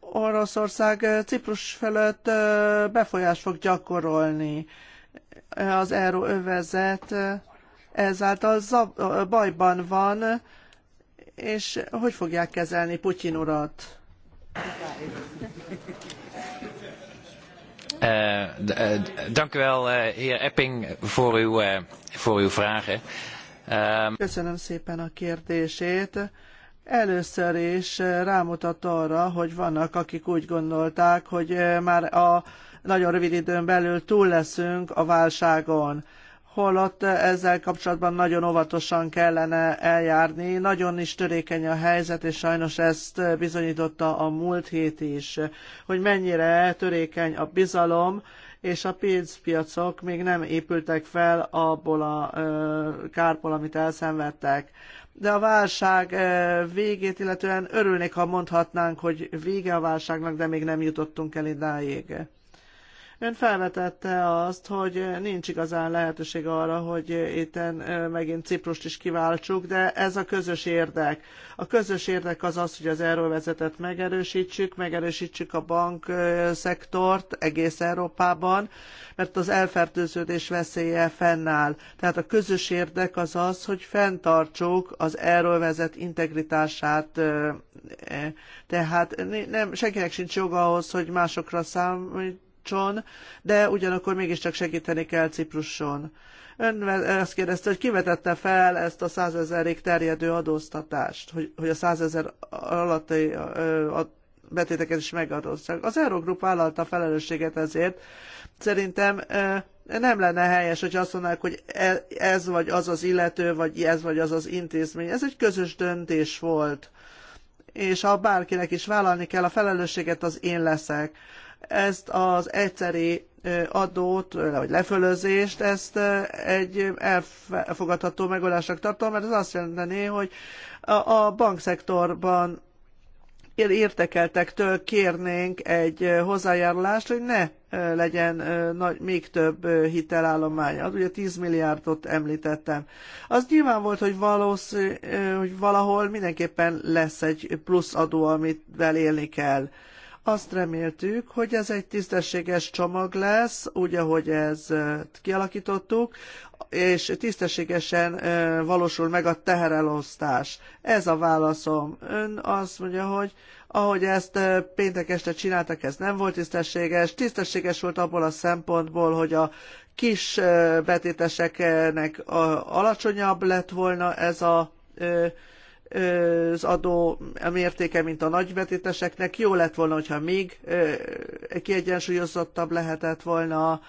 Oroszország Ciprus felett befolyást fog gyakorolni az euróövezet ezáltal bajban van, és hogy fogják kezelni Putyin urat? Eh, eh, dank u wel, eh, heer Epping, voor uw, voor uw vragen. Ehm, Köszönöm szépen a kérdését. Először is rámutat arra, hogy vannak, akik úgy gondolták, hogy már a nagyon rövid időn belül túl leszünk a válságon holott ezzel kapcsolatban nagyon óvatosan kellene eljárni. Nagyon is törékeny a helyzet, és sajnos ezt bizonyította a múlt hét is, hogy mennyire törékeny a bizalom, és a pénzpiacok még nem épültek fel abból a kárból, amit elszenvedtek. De a válság végét illetően örülnék, ha mondhatnánk, hogy vége a válságnak, de még nem jutottunk el idáig. Ön felvetette azt, hogy nincs igazán lehetőség arra, hogy éten megint Ciprust is kiváltsuk, de ez a közös érdek. A közös érdek az az, hogy az euróvezetet megerősítsük, megerősítsük a bankszektort egész Európában, mert az elfertőződés veszélye fennáll. Tehát a közös érdek az az, hogy fenntartsuk az euróvezet integritását, e. tehát nem, senkinek sincs joga ahhoz, hogy másokra számít, segítson, de ugyanakkor mégiscsak segíteni kell Cipruson. Ön ezt kérdezte, hogy kivetette fel ezt a százezerig terjedő adóztatást, hogy, hogy a százezer alatti a betéteket is megadóztak. Az Eurogroup vállalta a felelősséget ezért. Szerintem nem lenne helyes, hogy azt mondanák, hogy e- ez vagy az az illető, vagy ez vagy az az intézmény. Ez egy közös döntés volt és ha bárkinek is vállalni kell a felelősséget, az én leszek ezt az egyszeri adót, vagy lefölözést, ezt egy elfogadható megoldásnak tartom, mert ez azt jelenteni, hogy a bankszektorban értekeltektől kérnénk egy hozzájárulást, hogy ne legyen nagy, még több hitelállomány. Az ugye 10 milliárdot említettem. Az nyilván volt, hogy, valószínű, hogy valahol mindenképpen lesz egy plusz adó, amivel élni kell. Azt reméltük, hogy ez egy tisztességes csomag lesz, úgy, ahogy ez kialakítottuk, és tisztességesen valósul meg a teherelosztás. Ez a válaszom. Ön azt mondja, hogy ahogy ezt péntek este csináltak, ez nem volt tisztességes. Tisztességes volt abból a szempontból, hogy a kis betéteseknek alacsonyabb lett volna ez a az adó mértéke, mint a nagybetéteseknek. Jó lett volna, hogyha még kiegyensúlyozottabb lehetett volna,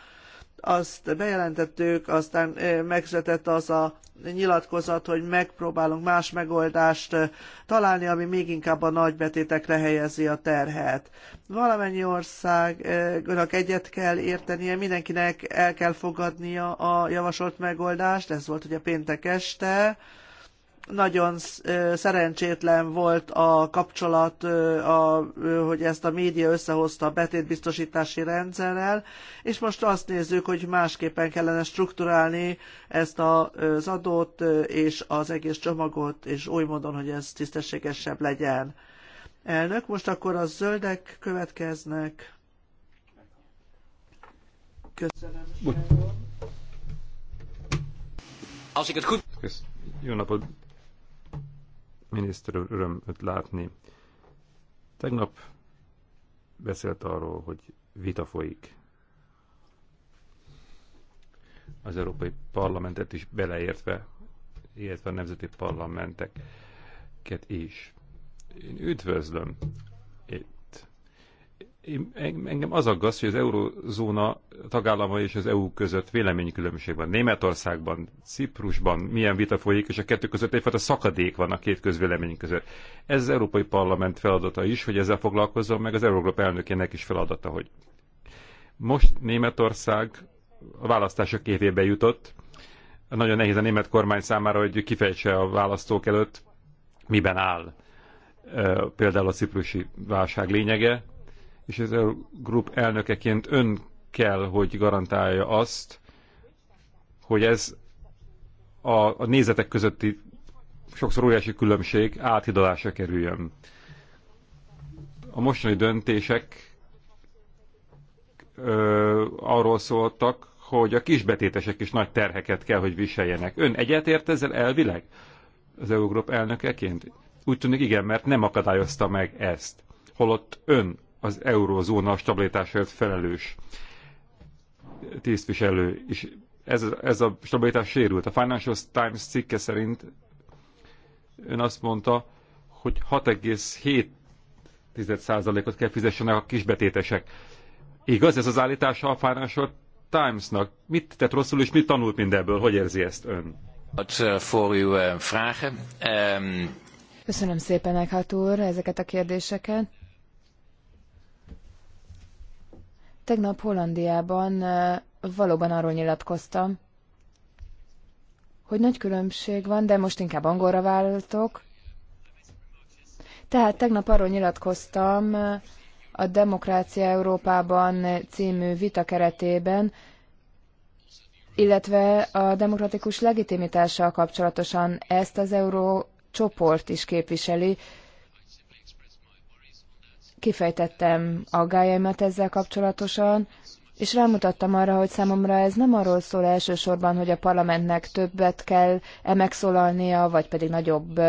azt bejelentettük, aztán megszületett az a nyilatkozat, hogy megpróbálunk más megoldást találni, ami még inkább a nagybetétekre helyezi a terhet. Valamennyi országnak egyet kell értenie, mindenkinek el kell fogadnia a javasolt megoldást, ez volt ugye péntek este, nagyon szerencsétlen volt a kapcsolat, a, hogy ezt a média összehozta a betétbiztosítási rendszerrel, és most azt nézzük, hogy másképpen kellene strukturálni ezt az adót és az egész csomagot, és oly módon, hogy ez tisztességesebb legyen. Elnök, most akkor a zöldek következnek. Köszönöm. Sharon. Jó napot! miniszter úr, öröm öt látni. Tegnap beszélt arról, hogy vita folyik. Az Európai Parlamentet is beleértve, illetve a nemzeti parlamenteket is. Én üdvözlöm engem az aggaszt, hogy az eurozóna tagállama és az EU között véleménykülönbség van. Németországban, Ciprusban milyen vita folyik, és a kettő között egyfajta szakadék van a két közvélemény között. Ez az Európai Parlament feladata is, hogy ezzel foglalkozzon, meg az Európa elnökének is feladata, hogy most Németország a választások évébe jutott. Nagyon nehéz a német kormány számára, hogy kifejtse a választók előtt, miben áll például a ciprusi válság lényege, és ez a grup elnökeként ön kell, hogy garantálja azt, hogy ez a, a nézetek közötti sokszor óriási különbség áthidalásra kerüljön. A mostani döntések ö, arról szóltak, hogy a kisbetétesek is nagy terheket kell, hogy viseljenek. Ön egyetért ezzel elvileg az Eurogroup elnökeként? Úgy tűnik igen, mert nem akadályozta meg ezt. Holott ön az eurózóna stabilitásért felelős tisztviselő, és ez, ez a stabilitás sérült. A Financial Times cikke szerint ön azt mondta, hogy 6,7%-ot kell fizessenek a kisbetétesek. Igaz ez az állítása a Financial Timesnak? Mit tett rosszul, és mit tanult mindebből? Hogy érzi ezt ön? Eh, eh, ehm, Köszönöm szépen, Eckhardt úr, ezeket a kérdéseket. Tegnap Hollandiában valóban arról nyilatkoztam, hogy nagy különbség van, de most inkább angolra váltok. Tehát tegnap arról nyilatkoztam a Demokrácia Európában című vita keretében, illetve a demokratikus legitimitással kapcsolatosan ezt az euró csoport is képviseli, kifejtettem aggájaimat ezzel kapcsolatosan, és rámutattam arra, hogy számomra ez nem arról szól elsősorban, hogy a parlamentnek többet kell -e megszólalnia, vagy pedig nagyobb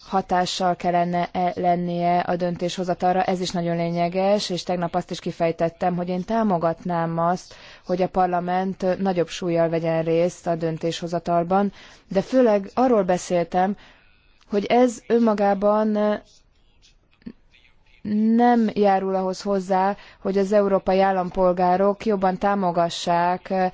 hatással kellene -e lennie a döntéshozatalra, ez is nagyon lényeges, és tegnap azt is kifejtettem, hogy én támogatnám azt, hogy a parlament nagyobb súlyjal vegyen részt a döntéshozatalban, de főleg arról beszéltem, hogy ez önmagában nem járul ahhoz hozzá, hogy az európai állampolgárok jobban támogassák eh,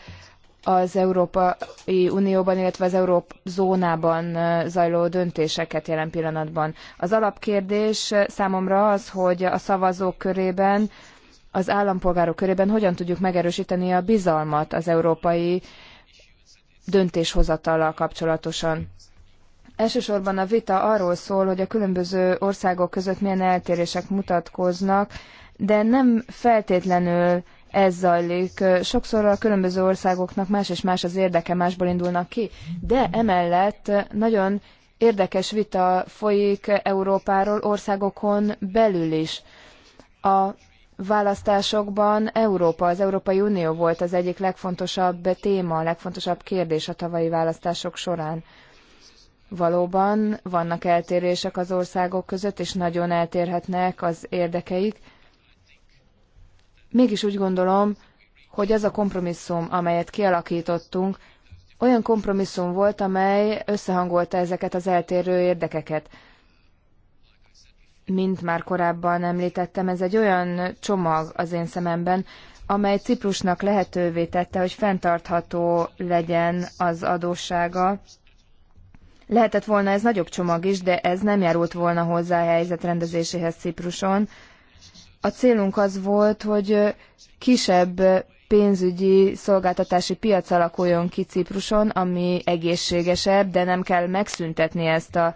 az Európai Unióban, illetve az Eurózónában eh, zajló döntéseket jelen pillanatban. Az alapkérdés eh, számomra az, hogy a szavazók körében, az állampolgárok körében hogyan tudjuk megerősíteni a bizalmat az európai döntéshozatallal kapcsolatosan. Elsősorban a vita arról szól, hogy a különböző országok között milyen eltérések mutatkoznak, de nem feltétlenül ez zajlik. Sokszor a különböző országoknak más és más az érdeke, másból indulnak ki, de emellett nagyon érdekes vita folyik Európáról országokon belül is. A választásokban Európa, az Európai Unió volt az egyik legfontosabb téma, a legfontosabb kérdés a tavalyi választások során. Valóban vannak eltérések az országok között, és nagyon eltérhetnek az érdekeik. Mégis úgy gondolom, hogy az a kompromisszum, amelyet kialakítottunk, olyan kompromisszum volt, amely összehangolta ezeket az eltérő érdekeket. Mint már korábban említettem, ez egy olyan csomag az én szememben, amely Ciprusnak lehetővé tette, hogy fenntartható legyen az adóssága Lehetett volna ez nagyobb csomag is, de ez nem járult volna hozzá a helyzet rendezéséhez Cipruson. A célunk az volt, hogy kisebb pénzügyi szolgáltatási piac alakuljon ki Cipruson, ami egészségesebb, de nem kell megszüntetni ezt a,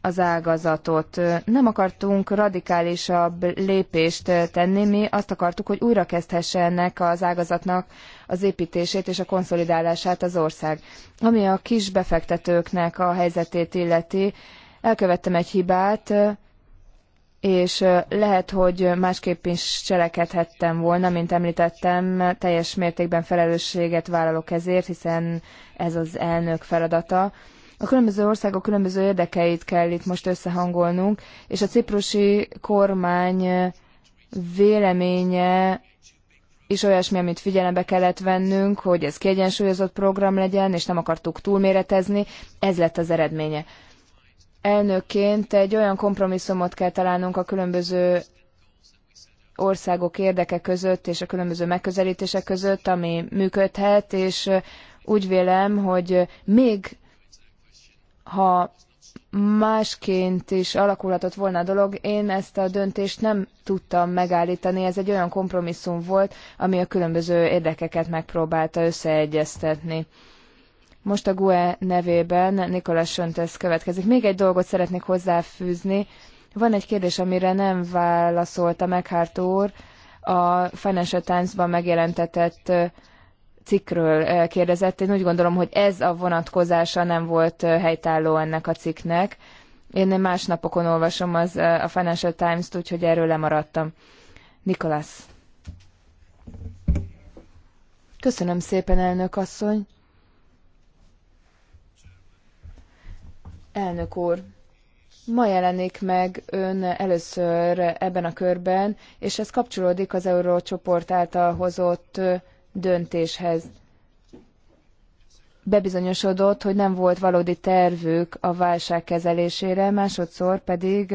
az ágazatot. Nem akartunk radikálisabb lépést tenni, mi azt akartuk, hogy újrakezdhesse ennek az ágazatnak az építését és a konszolidálását az ország. Ami a kis befektetőknek a helyzetét illeti, elkövettem egy hibát, és lehet, hogy másképp is cselekedhettem volna, mint említettem, teljes mértékben felelősséget vállalok ezért, hiszen ez az elnök feladata. A különböző országok különböző érdekeit kell itt most összehangolnunk, és a ciprusi kormány véleménye is olyasmi, amit figyelembe kellett vennünk, hogy ez kiegyensúlyozott program legyen, és nem akartuk túlméretezni, ez lett az eredménye. Elnökként egy olyan kompromisszumot kell találnunk a különböző országok érdeke között és a különböző megközelítések között, ami működhet, és úgy vélem, hogy még ha másként is alakulhatott volna a dolog. Én ezt a döntést nem tudtam megállítani, ez egy olyan kompromisszum volt, ami a különböző érdekeket megpróbálta összeegyeztetni. Most a GUE nevében Nikolas Söntesz következik. Még egy dolgot szeretnék hozzáfűzni. Van egy kérdés, amire nem válaszolta a Hártó úr. A Financial Times-ban megjelentetett cikkről eh, kérdezett. Én úgy gondolom, hogy ez a vonatkozása nem volt eh, helytálló ennek a cikknek. Én más napokon olvasom az, eh, a Financial Times-t, úgyhogy erről lemaradtam. Nikolász. Köszönöm szépen, elnök asszony. Elnök úr, ma jelenik meg ön először ebben a körben, és ez kapcsolódik az eurócsoport által hozott döntéshez. Bebizonyosodott, hogy nem volt valódi tervük a válság kezelésére, másodszor pedig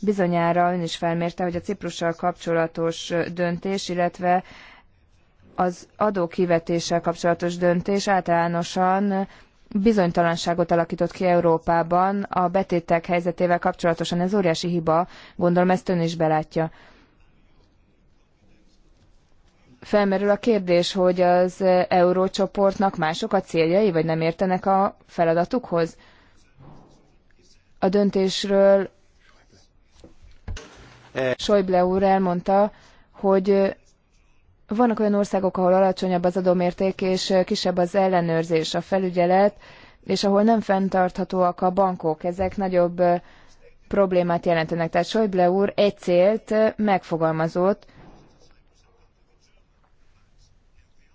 bizonyára ön is felmérte, hogy a Ciprussal kapcsolatos döntés, illetve az adókivetéssel kapcsolatos döntés általánosan bizonytalanságot alakított ki Európában a betétek helyzetével kapcsolatosan. Ez óriási hiba, gondolom ezt ön is belátja felmerül a kérdés, hogy az eurócsoportnak mások a céljai, vagy nem értenek a feladatukhoz. A döntésről Schäuble úr elmondta, hogy vannak olyan országok, ahol alacsonyabb az adómérték, és kisebb az ellenőrzés, a felügyelet, és ahol nem fenntarthatóak a bankok, ezek nagyobb problémát jelentenek. Tehát Schäuble úr egy célt megfogalmazott,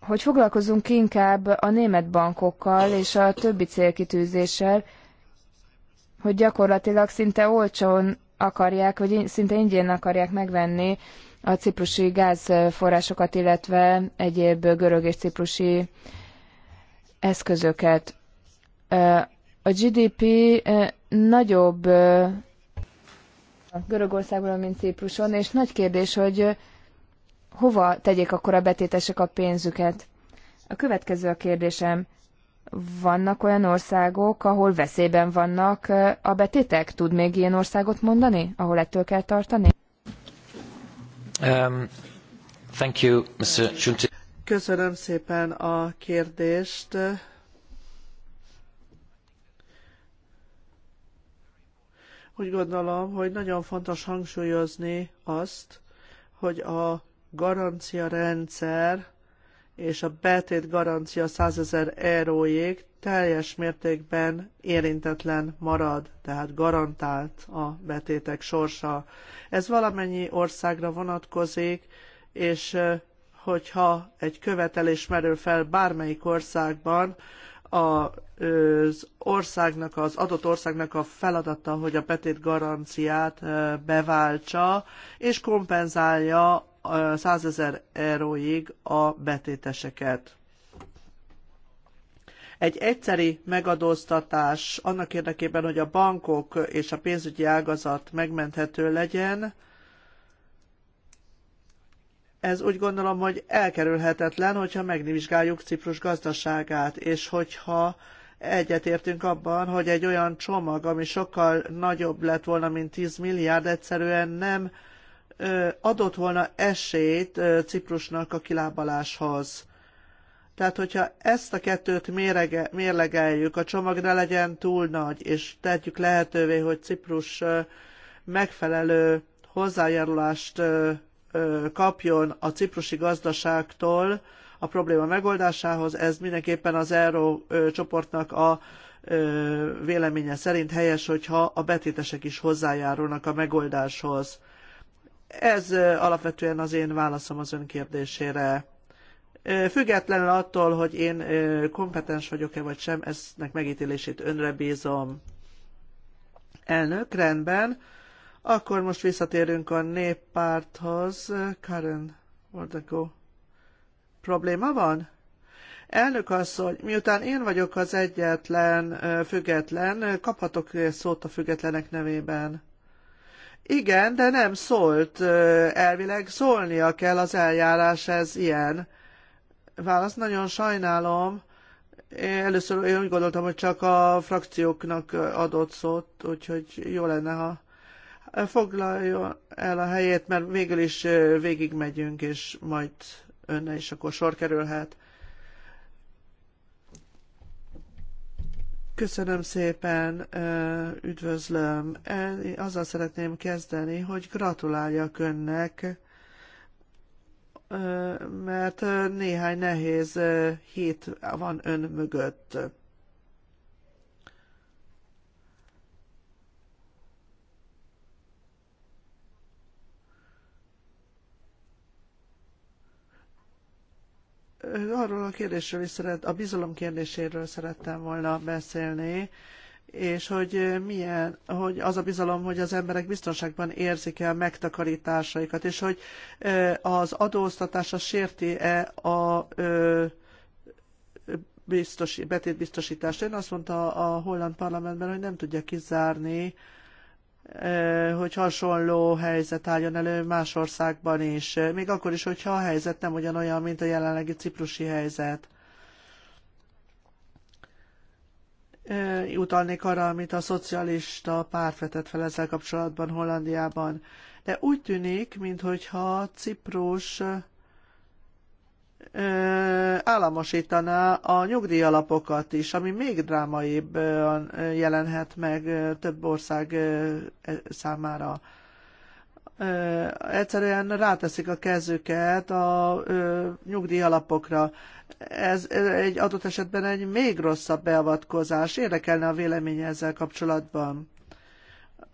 hogy foglalkozunk inkább a német bankokkal és a többi célkitűzéssel, hogy gyakorlatilag szinte olcsón akarják, vagy szinte ingyen akarják megvenni a ciprusi gázforrásokat, illetve egyéb görög és ciprusi eszközöket. A GDP nagyobb Görögországban, mint Cipruson, és nagy kérdés, hogy hova tegyék akkor a betétesek a pénzüket? A következő a kérdésem. Vannak olyan országok, ahol veszélyben vannak a betétek? Tud még ilyen országot mondani, ahol ettől kell tartani? Um, thank you, Mr. Köszönöm szépen a kérdést. Úgy gondolom, hogy nagyon fontos hangsúlyozni azt, hogy a garancia rendszer és a betét garancia 100 ezer euróig teljes mértékben érintetlen marad, tehát garantált a betétek sorsa. Ez valamennyi országra vonatkozik, és hogyha egy követelés merül fel bármelyik országban, az országnak, az adott országnak a feladata, hogy a betét garanciát beváltsa, és kompenzálja 100 ezer euróig a betéteseket. Egy egyszeri megadóztatás annak érdekében, hogy a bankok és a pénzügyi ágazat megmenthető legyen, ez úgy gondolom, hogy elkerülhetetlen, hogyha megvizsgáljuk Ciprus gazdaságát, és hogyha egyetértünk abban, hogy egy olyan csomag, ami sokkal nagyobb lett volna, mint 10 milliárd, egyszerűen nem adott volna esélyt Ciprusnak a kilábaláshoz. Tehát, hogyha ezt a kettőt mérege, mérlegeljük, a csomag ne legyen túl nagy, és tehetjük lehetővé, hogy Ciprus megfelelő hozzájárulást kapjon a ciprusi gazdaságtól a probléma megoldásához, ez mindenképpen az Euró csoportnak a véleménye szerint helyes, hogyha a betétesek is hozzájárulnak a megoldáshoz. Ez alapvetően az én válaszom az ön kérdésére. Függetlenül attól, hogy én kompetens vagyok-e vagy sem, eznek megítélését önre bízom. Elnök, rendben. Akkor most visszatérünk a néppárthoz. Karen Ordeko. Probléma van? Elnök asszony, miután én vagyok az egyetlen független, kaphatok szót a függetlenek nevében. Igen, de nem szólt. Elvileg szólnia kell az eljárás, ez ilyen. Válasz, nagyon sajnálom. Én először én úgy gondoltam, hogy csak a frakcióknak adott szót, úgyhogy jó lenne, ha foglaljon el a helyét, mert végül is végigmegyünk, és majd önne is akkor sor kerülhet. Köszönöm szépen, üdvözlöm. Azzal szeretném kezdeni, hogy gratuláljak önnek, mert néhány nehéz hét van ön mögött. arról a kérdésről is szeret, a bizalom kérdéséről szerettem volna beszélni, és hogy milyen, hogy az a bizalom, hogy az emberek biztonságban érzik-e a megtakarításaikat, és hogy az adóztatása sérti-e a biztos, betétbiztosítást. Ön azt mondta a holland parlamentben, hogy nem tudja kizárni, hogy hasonló helyzet álljon elő más országban is, még akkor is, hogyha a helyzet nem ugyanolyan, mint a jelenlegi ciprusi helyzet. Utalnék arra, amit a szocialista párt vetett fel ezzel kapcsolatban Hollandiában. De úgy tűnik, mintha Ciprus államosítaná a nyugdíjalapokat is, ami még drámaibb jelenhet meg több ország e, számára. Egyszerűen ráteszik a kezüket a nyugdíjalapokra. Ez egy adott esetben egy még rosszabb beavatkozás. Érdekelne a véleménye ezzel kapcsolatban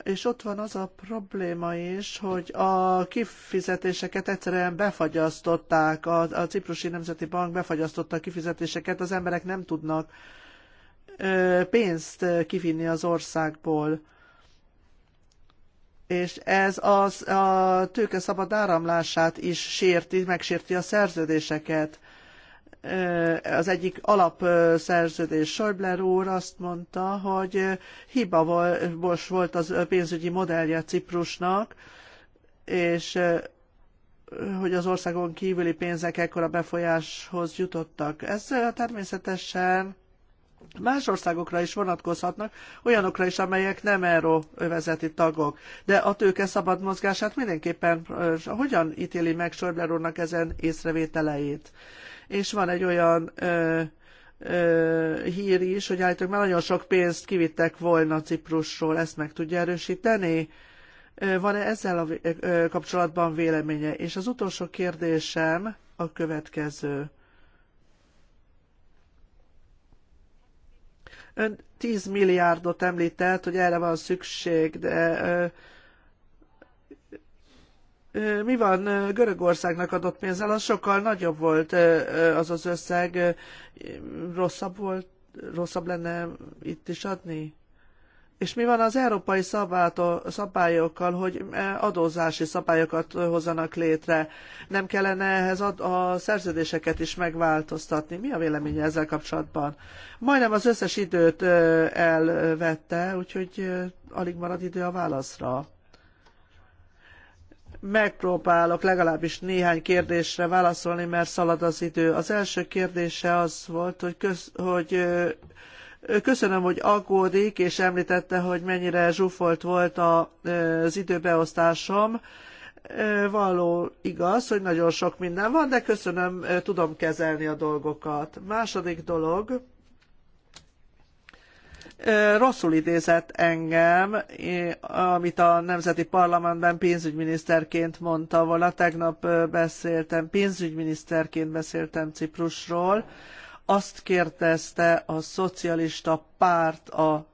és ott van az a probléma is, hogy a kifizetéseket egyszerűen befagyasztották, a, a Ciprusi Nemzeti Bank befagyasztotta a kifizetéseket, az emberek nem tudnak ö, pénzt kivinni az országból. És ez az, a tőke szabad áramlását is sérti, megsérti a szerződéseket az egyik alapszerződés Schäuble úr azt mondta, hogy hiba most volt az pénzügyi modellje Ciprusnak, és hogy az országon kívüli pénzek ekkora befolyáshoz jutottak. Ez természetesen más országokra is vonatkozhatnak, olyanokra is, amelyek nem euróvezeti tagok. De a tőke szabad mozgását mindenképpen hogyan ítéli meg Schäuble úrnak ezen észrevételeit? és van egy olyan ö, ö, hír is, hogy állítólag már nagyon sok pénzt kivittek volna Ciprusról, ezt meg tudja erősíteni? Van-e ezzel a kapcsolatban véleménye? És az utolsó kérdésem a következő. Ön 10 milliárdot említett, hogy erre van szükség, de mi van Görögországnak adott pénzzel, az sokkal nagyobb volt az az összeg, rosszabb volt, rosszabb lenne itt is adni? És mi van az európai szabályokkal, hogy adózási szabályokat hozzanak létre? Nem kellene ehhez a szerződéseket is megváltoztatni? Mi a véleménye ezzel kapcsolatban? Majdnem az összes időt elvette, úgyhogy alig marad idő a válaszra megpróbálok legalábbis néhány kérdésre válaszolni, mert szalad az idő. Az első kérdése az volt, hogy, köz, hogy köszönöm, hogy aggódik, és említette, hogy mennyire zsúfolt volt az időbeosztásom. Való igaz, hogy nagyon sok minden van, de köszönöm, tudom kezelni a dolgokat. Második dolog, rosszul idézett engem, amit a Nemzeti Parlamentben pénzügyminiszterként mondta volna. Tegnap beszéltem, pénzügyminiszterként beszéltem Ciprusról. Azt kérdezte a szocialista párt a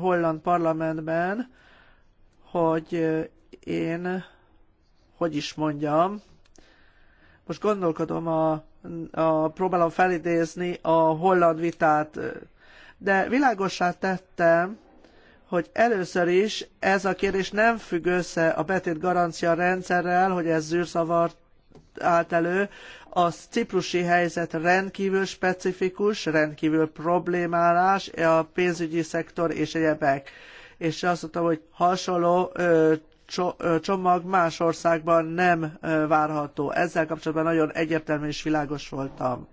holland parlamentben, hogy én, hogy is mondjam, most gondolkodom, a, a, próbálom felidézni a holland vitát de világossá tettem, hogy először is ez a kérdés nem függ össze a betét garancia rendszerrel, hogy ez zűrszavart állt elő, a ciprusi helyzet rendkívül specifikus, rendkívül problémálás, a pénzügyi szektor és egyebek. És azt mondtam, hogy hasonló ö, csomag más országban nem várható. Ezzel kapcsolatban nagyon egyértelmű és világos voltam.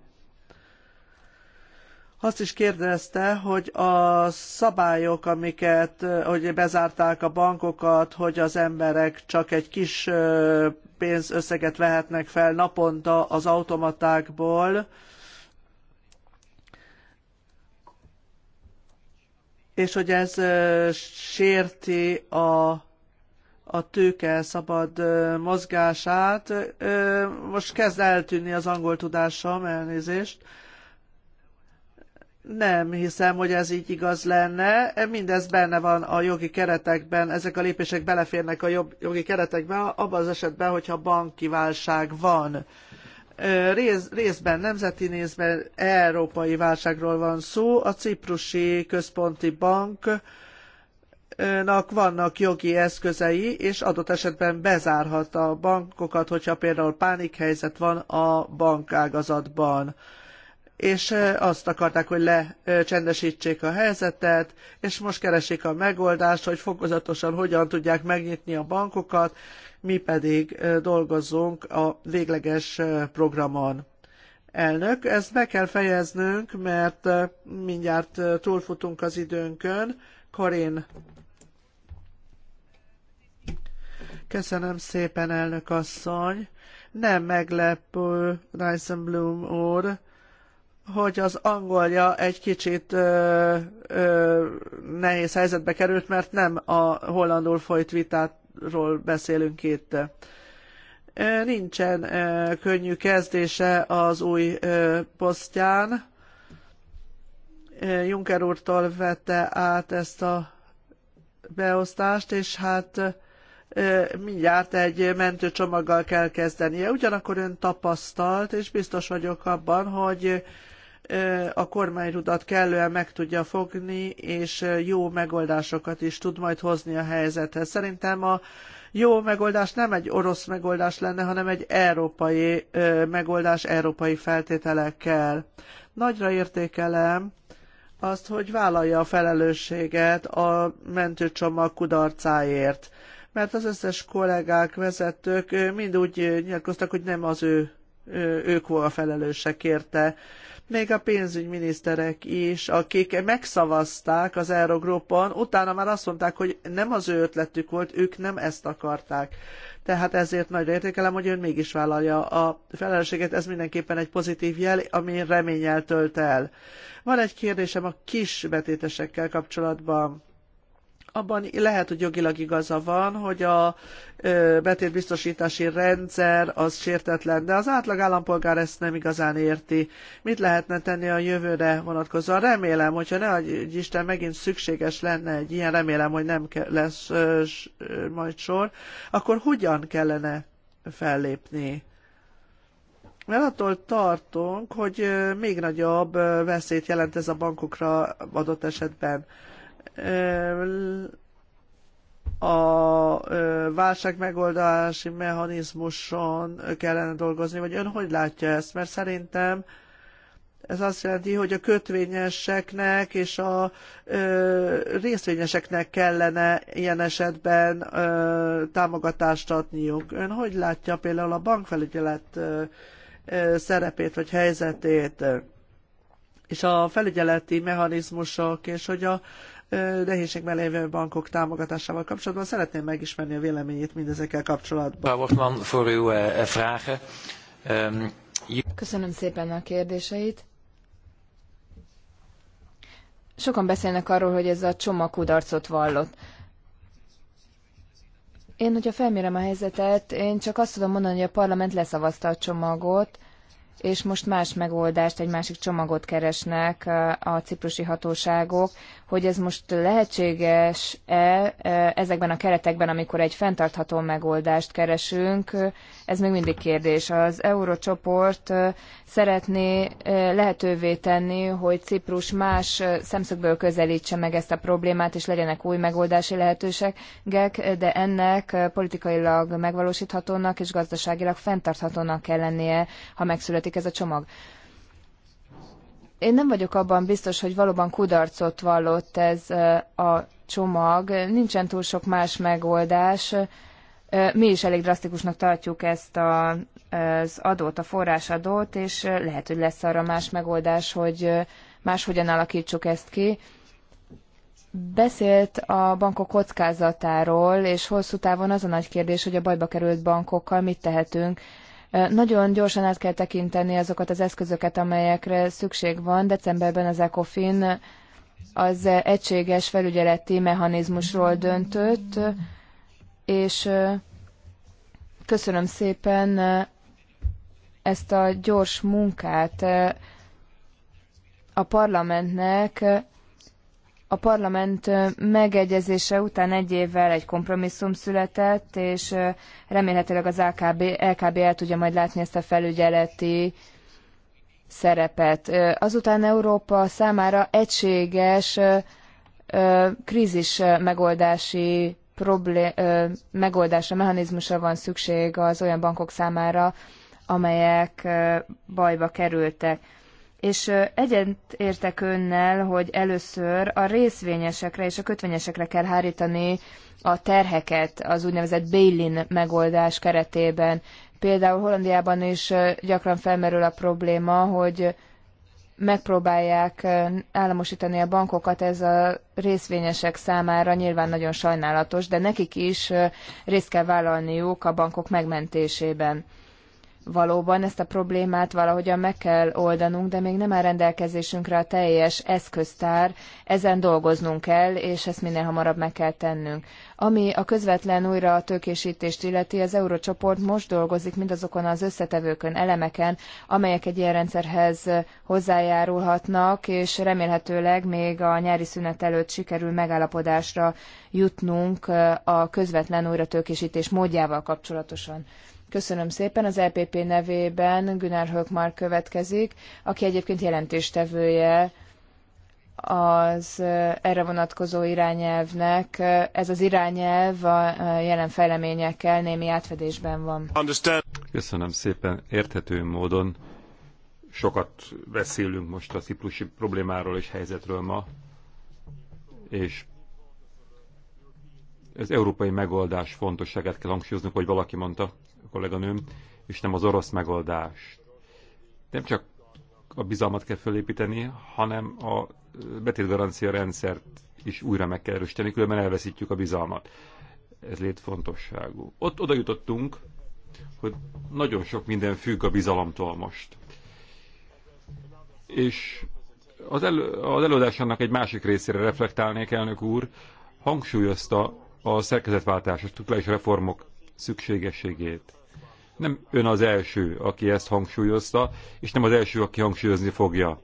Azt is kérdezte, hogy a szabályok, amiket, hogy bezárták a bankokat, hogy az emberek csak egy kis pénzösszeget vehetnek fel naponta az automatákból, és hogy ez sérti a, a tőke szabad mozgását. Most kezd eltűnni az angol tudásom, elnézést nem hiszem, hogy ez így igaz lenne. Mindez benne van a jogi keretekben, ezek a lépések beleférnek a jogi keretekbe, abban az esetben, hogyha banki válság van. Rész, részben nemzeti nézben európai válságról van szó. A ciprusi központi banknak vannak jogi eszközei, és adott esetben bezárhat a bankokat, hogyha például pánikhelyzet van a bankágazatban és azt akarták, hogy lecsendesítsék a helyzetet, és most keresik a megoldást, hogy fokozatosan hogyan tudják megnyitni a bankokat, mi pedig dolgozzunk a végleges programon. Elnök, ezt be kell fejeznünk, mert mindjárt túlfutunk az időnkön. Karin. Köszönöm szépen, elnök asszony. Nem meglepő, Dyson Bloom úr, hogy az angolja egy kicsit ö, ö, nehéz helyzetbe került, mert nem a hollandul folyt vitáról beszélünk itt. Nincsen ö, könnyű kezdése az új ö, posztján. Juncker úrtól vette át ezt a beosztást, és hát mindjárt egy mentőcsomaggal kell kezdenie. Ugyanakkor ön tapasztalt, és biztos vagyok abban, hogy a kormányrudat kellően meg tudja fogni, és jó megoldásokat is tud majd hozni a helyzethez. Szerintem a jó megoldás nem egy orosz megoldás lenne, hanem egy európai megoldás európai feltételekkel. Nagyra értékelem azt, hogy vállalja a felelősséget a mentőcsomag kudarcáért. Mert az összes kollégák, vezetők mind úgy nyilatkoztak, hogy nem az ő, ők a felelősek érte még a pénzügyminiszterek is, akik megszavazták az Eurogrupon, utána már azt mondták, hogy nem az ő ötletük volt, ők nem ezt akarták. Tehát ezért nagyra értékelem, hogy ön mégis vállalja a felelősséget, ez mindenképpen egy pozitív jel, ami reményel tölt el. Van egy kérdésem a kis betétesekkel kapcsolatban abban lehet, hogy jogilag igaza van, hogy a betétbiztosítási rendszer az sértetlen, de az átlag állampolgár ezt nem igazán érti. Mit lehetne tenni a jövőre vonatkozóan? Remélem, hogyha ne adj Isten megint szükséges lenne egy ilyen, remélem, hogy nem lesz majd sor, akkor hogyan kellene fellépni? Mert attól tartunk, hogy még nagyobb veszélyt jelent ez a bankokra adott esetben a válság megoldási mechanizmuson kellene dolgozni, vagy ön hogy látja ezt? Mert szerintem ez azt jelenti, hogy a kötvényeseknek és a ö, részvényeseknek kellene ilyen esetben ö, támogatást adniuk. Ön hogy látja például a bankfelügyelet ö, ö, szerepét vagy helyzetét? és a felügyeleti mechanizmusok, és hogy a nehézségben lévő bankok támogatásával kapcsolatban. Szeretném megismerni a véleményét mindezekkel kapcsolatban. Wortmann, voor uw eh, eh, vragen. Ehm, Köszönöm szépen a kérdéseit. Sokan beszélnek arról, hogy ez a csomag kudarcot vallott. Én, hogyha felmérem a helyzetet, én csak azt tudom mondani, hogy a parlament leszavazta a csomagot, és most más megoldást, egy másik csomagot keresnek eh, a ciprusi hatóságok, hogy ez most lehetséges-e e, ezekben a keretekben, amikor egy fenntartható megoldást keresünk, ez még mindig kérdés. Az eurócsoport e, szeretné e, lehetővé tenni, hogy Ciprus más szemszögből közelítse meg ezt a problémát, és legyenek új megoldási lehetőségek, de ennek politikailag megvalósíthatónak és gazdaságilag fenntarthatónak kell lennie, ha megszületik ez a csomag. Én nem vagyok abban biztos, hogy valóban kudarcot vallott ez a csomag. Nincsen túl sok más megoldás. Mi is elég drasztikusnak tartjuk ezt a, az adót, a forrásadót, és lehet, hogy lesz arra más megoldás, hogy máshogyan alakítsuk ezt ki. Beszélt a bankok kockázatáról, és hosszú távon az a nagy kérdés, hogy a bajba került bankokkal mit tehetünk. Nagyon gyorsan át kell tekinteni azokat az eszközöket, amelyekre szükség van. Decemberben az ECOFIN az egységes felügyeleti mechanizmusról döntött, és köszönöm szépen ezt a gyors munkát a parlamentnek a parlament megegyezése után egy évvel egy kompromisszum született, és remélhetőleg az AKB, LKB el tudja majd látni ezt a felügyeleti szerepet. Azután Európa számára egységes krízis megoldási problé- megoldásra, mechanizmusra van szükség az olyan bankok számára, amelyek bajba kerültek és egyet értek önnel, hogy először a részvényesekre és a kötvényesekre kell hárítani a terheket az úgynevezett bail-in megoldás keretében. Például Hollandiában is gyakran felmerül a probléma, hogy megpróbálják államosítani a bankokat, ez a részvényesek számára nyilván nagyon sajnálatos, de nekik is részt kell vállalniuk a bankok megmentésében valóban ezt a problémát valahogyan meg kell oldanunk, de még nem áll rendelkezésünkre a teljes eszköztár, ezen dolgoznunk kell, és ezt minél hamarabb meg kell tennünk. Ami a közvetlen újra a tőkésítést illeti, az eurócsoport most dolgozik mindazokon az összetevőkön, elemeken, amelyek egy ilyen rendszerhez hozzájárulhatnak, és remélhetőleg még a nyári szünet előtt sikerül megállapodásra jutnunk a közvetlen újratőkésítés módjával kapcsolatosan. Köszönöm szépen. Az EPP nevében Günár Hökmar következik, aki egyébként jelentéstevője az erre vonatkozó irányelvnek. Ez az irányelv a jelen fejleményekkel némi átfedésben van. Köszönöm szépen. Érthető módon sokat beszélünk most a ciprusi problémáról és helyzetről ma, és az európai megoldás fontosságát kell hangsúlyoznunk, hogy valaki mondta, kolléganőm, és nem az orosz megoldás. Nem csak a bizalmat kell felépíteni, hanem a betétgarancia rendszert is újra meg kell erősíteni, különben elveszítjük a bizalmat. Ez létfontosságú. Ott oda jutottunk, hogy nagyon sok minden függ a bizalomtól most. És az, elő, az előadásának egy másik részére reflektálnék, elnök úr, hangsúlyozta a szerkezetváltás, a reformok szükségességét. Nem ön az első, aki ezt hangsúlyozta, és nem az első, aki hangsúlyozni fogja.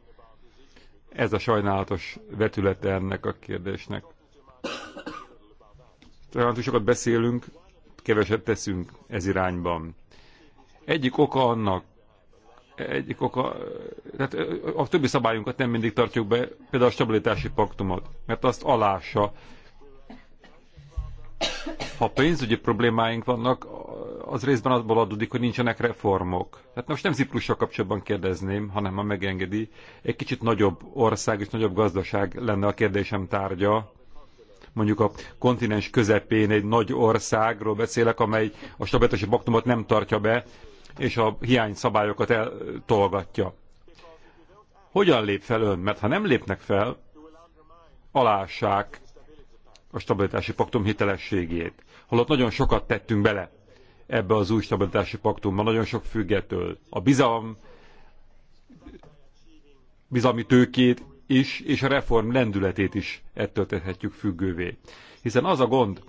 Ez a sajnálatos vetülete ennek a kérdésnek. Talán túl sokat beszélünk, keveset teszünk ez irányban. Egyik oka annak, egyik oka, tehát a többi szabályunkat nem mindig tartjuk be, például a stabilitási paktumot, mert azt alássa ha pénzügyi problémáink vannak, az részben abból adódik, hogy nincsenek reformok. Tehát most nem Ciprussal kapcsolatban kérdezném, hanem ha megengedi, egy kicsit nagyobb ország és nagyobb gazdaság lenne a kérdésem tárgya. Mondjuk a kontinens közepén egy nagy országról beszélek, amely a stabilitási baktumot nem tartja be, és a hiány szabályokat eltolgatja. Hogyan lép fel ön? Mert ha nem lépnek fel, alássák a stabilitási paktum hitelességét. Holott nagyon sokat tettünk bele ebbe az új stabilitási paktumba, nagyon sok függetől. A bizalom, bizalmi tőkét is, és a reform lendületét is ettől tehetjük függővé. Hiszen az a gond,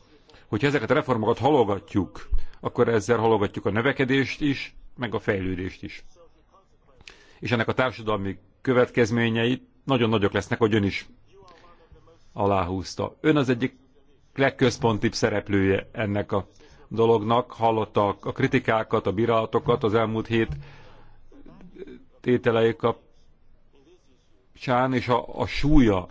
hogy ezeket a reformokat halogatjuk, akkor ezzel halogatjuk a növekedést is, meg a fejlődést is. És ennek a társadalmi következményei nagyon nagyok lesznek, ahogy ön is aláhúzta. Ön az egyik legközpontibb szereplője ennek a dolognak, hallotta a kritikákat, a bírálatokat az elmúlt hét tételei kapcsán, és a, a súlya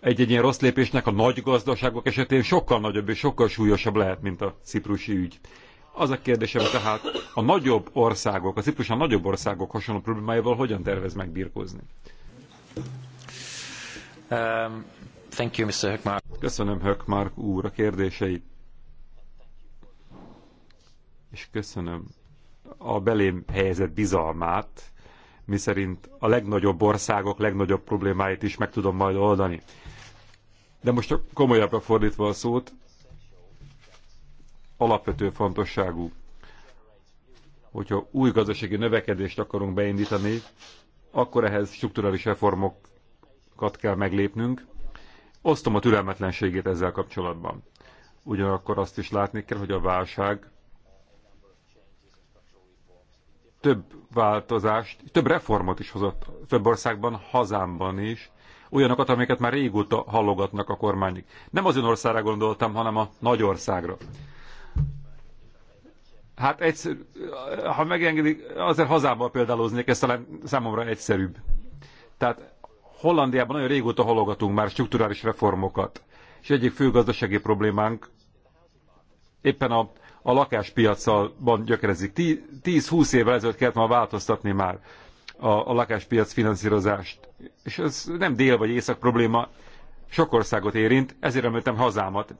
egy-egy ilyen rossz lépésnek a nagy gazdaságok esetén sokkal nagyobb és sokkal súlyosabb lehet, mint a ciprusi ügy. Az a kérdésem tehát, a nagyobb országok, a a nagyobb országok hasonló problémájával hogyan tervez megbírkozni? Um, thank you, Mr. Köszönöm, Hökmark úr, a kérdéseit. És köszönöm a belém helyezett bizalmát, miszerint a legnagyobb országok legnagyobb problémáit is meg tudom majd oldani. De most komolyabbra fordítva a szót, alapvető fontosságú, hogyha új gazdasági növekedést akarunk beindítani, akkor ehhez strukturális reformok határokat kell meglépnünk. Osztom a türelmetlenségét ezzel kapcsolatban. Ugyanakkor azt is látni kell, hogy a válság több változást, több reformot is hozott több országban, hazámban is, olyanokat, amiket már régóta hallogatnak a kormányok. Nem az ön országra gondoltam, hanem a nagy országra. Hát egyszer, ha megengedik, azért hazámmal példáloznék, ez talán számomra egyszerűbb. Tehát Hollandiában nagyon régóta halogatunk már strukturális reformokat, és egyik fő gazdasági problémánk éppen a, a lakáspiacban gyökerezik. 10-20 évvel ezelőtt kellett már változtatni már a, a lakáspiac finanszírozást. És ez nem dél vagy észak probléma, sok országot érint, ezért emeltem hazámat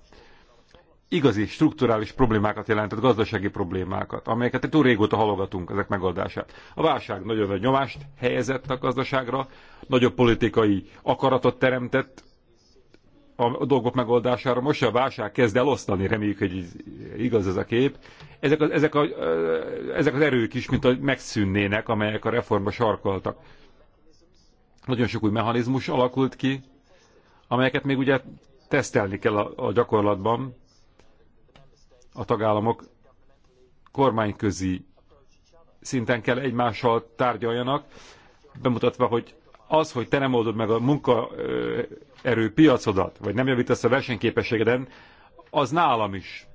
igazi strukturális problémákat jelentett, gazdasági problémákat, amelyeket túl régóta halogatunk ezek megoldását. A válság nagyon nagy nyomást helyezett a gazdaságra, nagyobb politikai akaratot teremtett a dolgok megoldására. Most a válság kezd elosztani, reméljük, hogy igaz ez a kép. Ezek, a, ezek, a, ezek az erők is, mint hogy megszűnnének, amelyek a reformba sarkoltak. Nagyon sok új mechanizmus alakult ki, amelyeket még ugye tesztelni kell a, a gyakorlatban, a tagállamok kormányközi szinten kell egymással tárgyaljanak, bemutatva, hogy az, hogy te nem oldod meg a munkaerő piacodat, vagy nem javítasz a versenyképességeden, az nálam is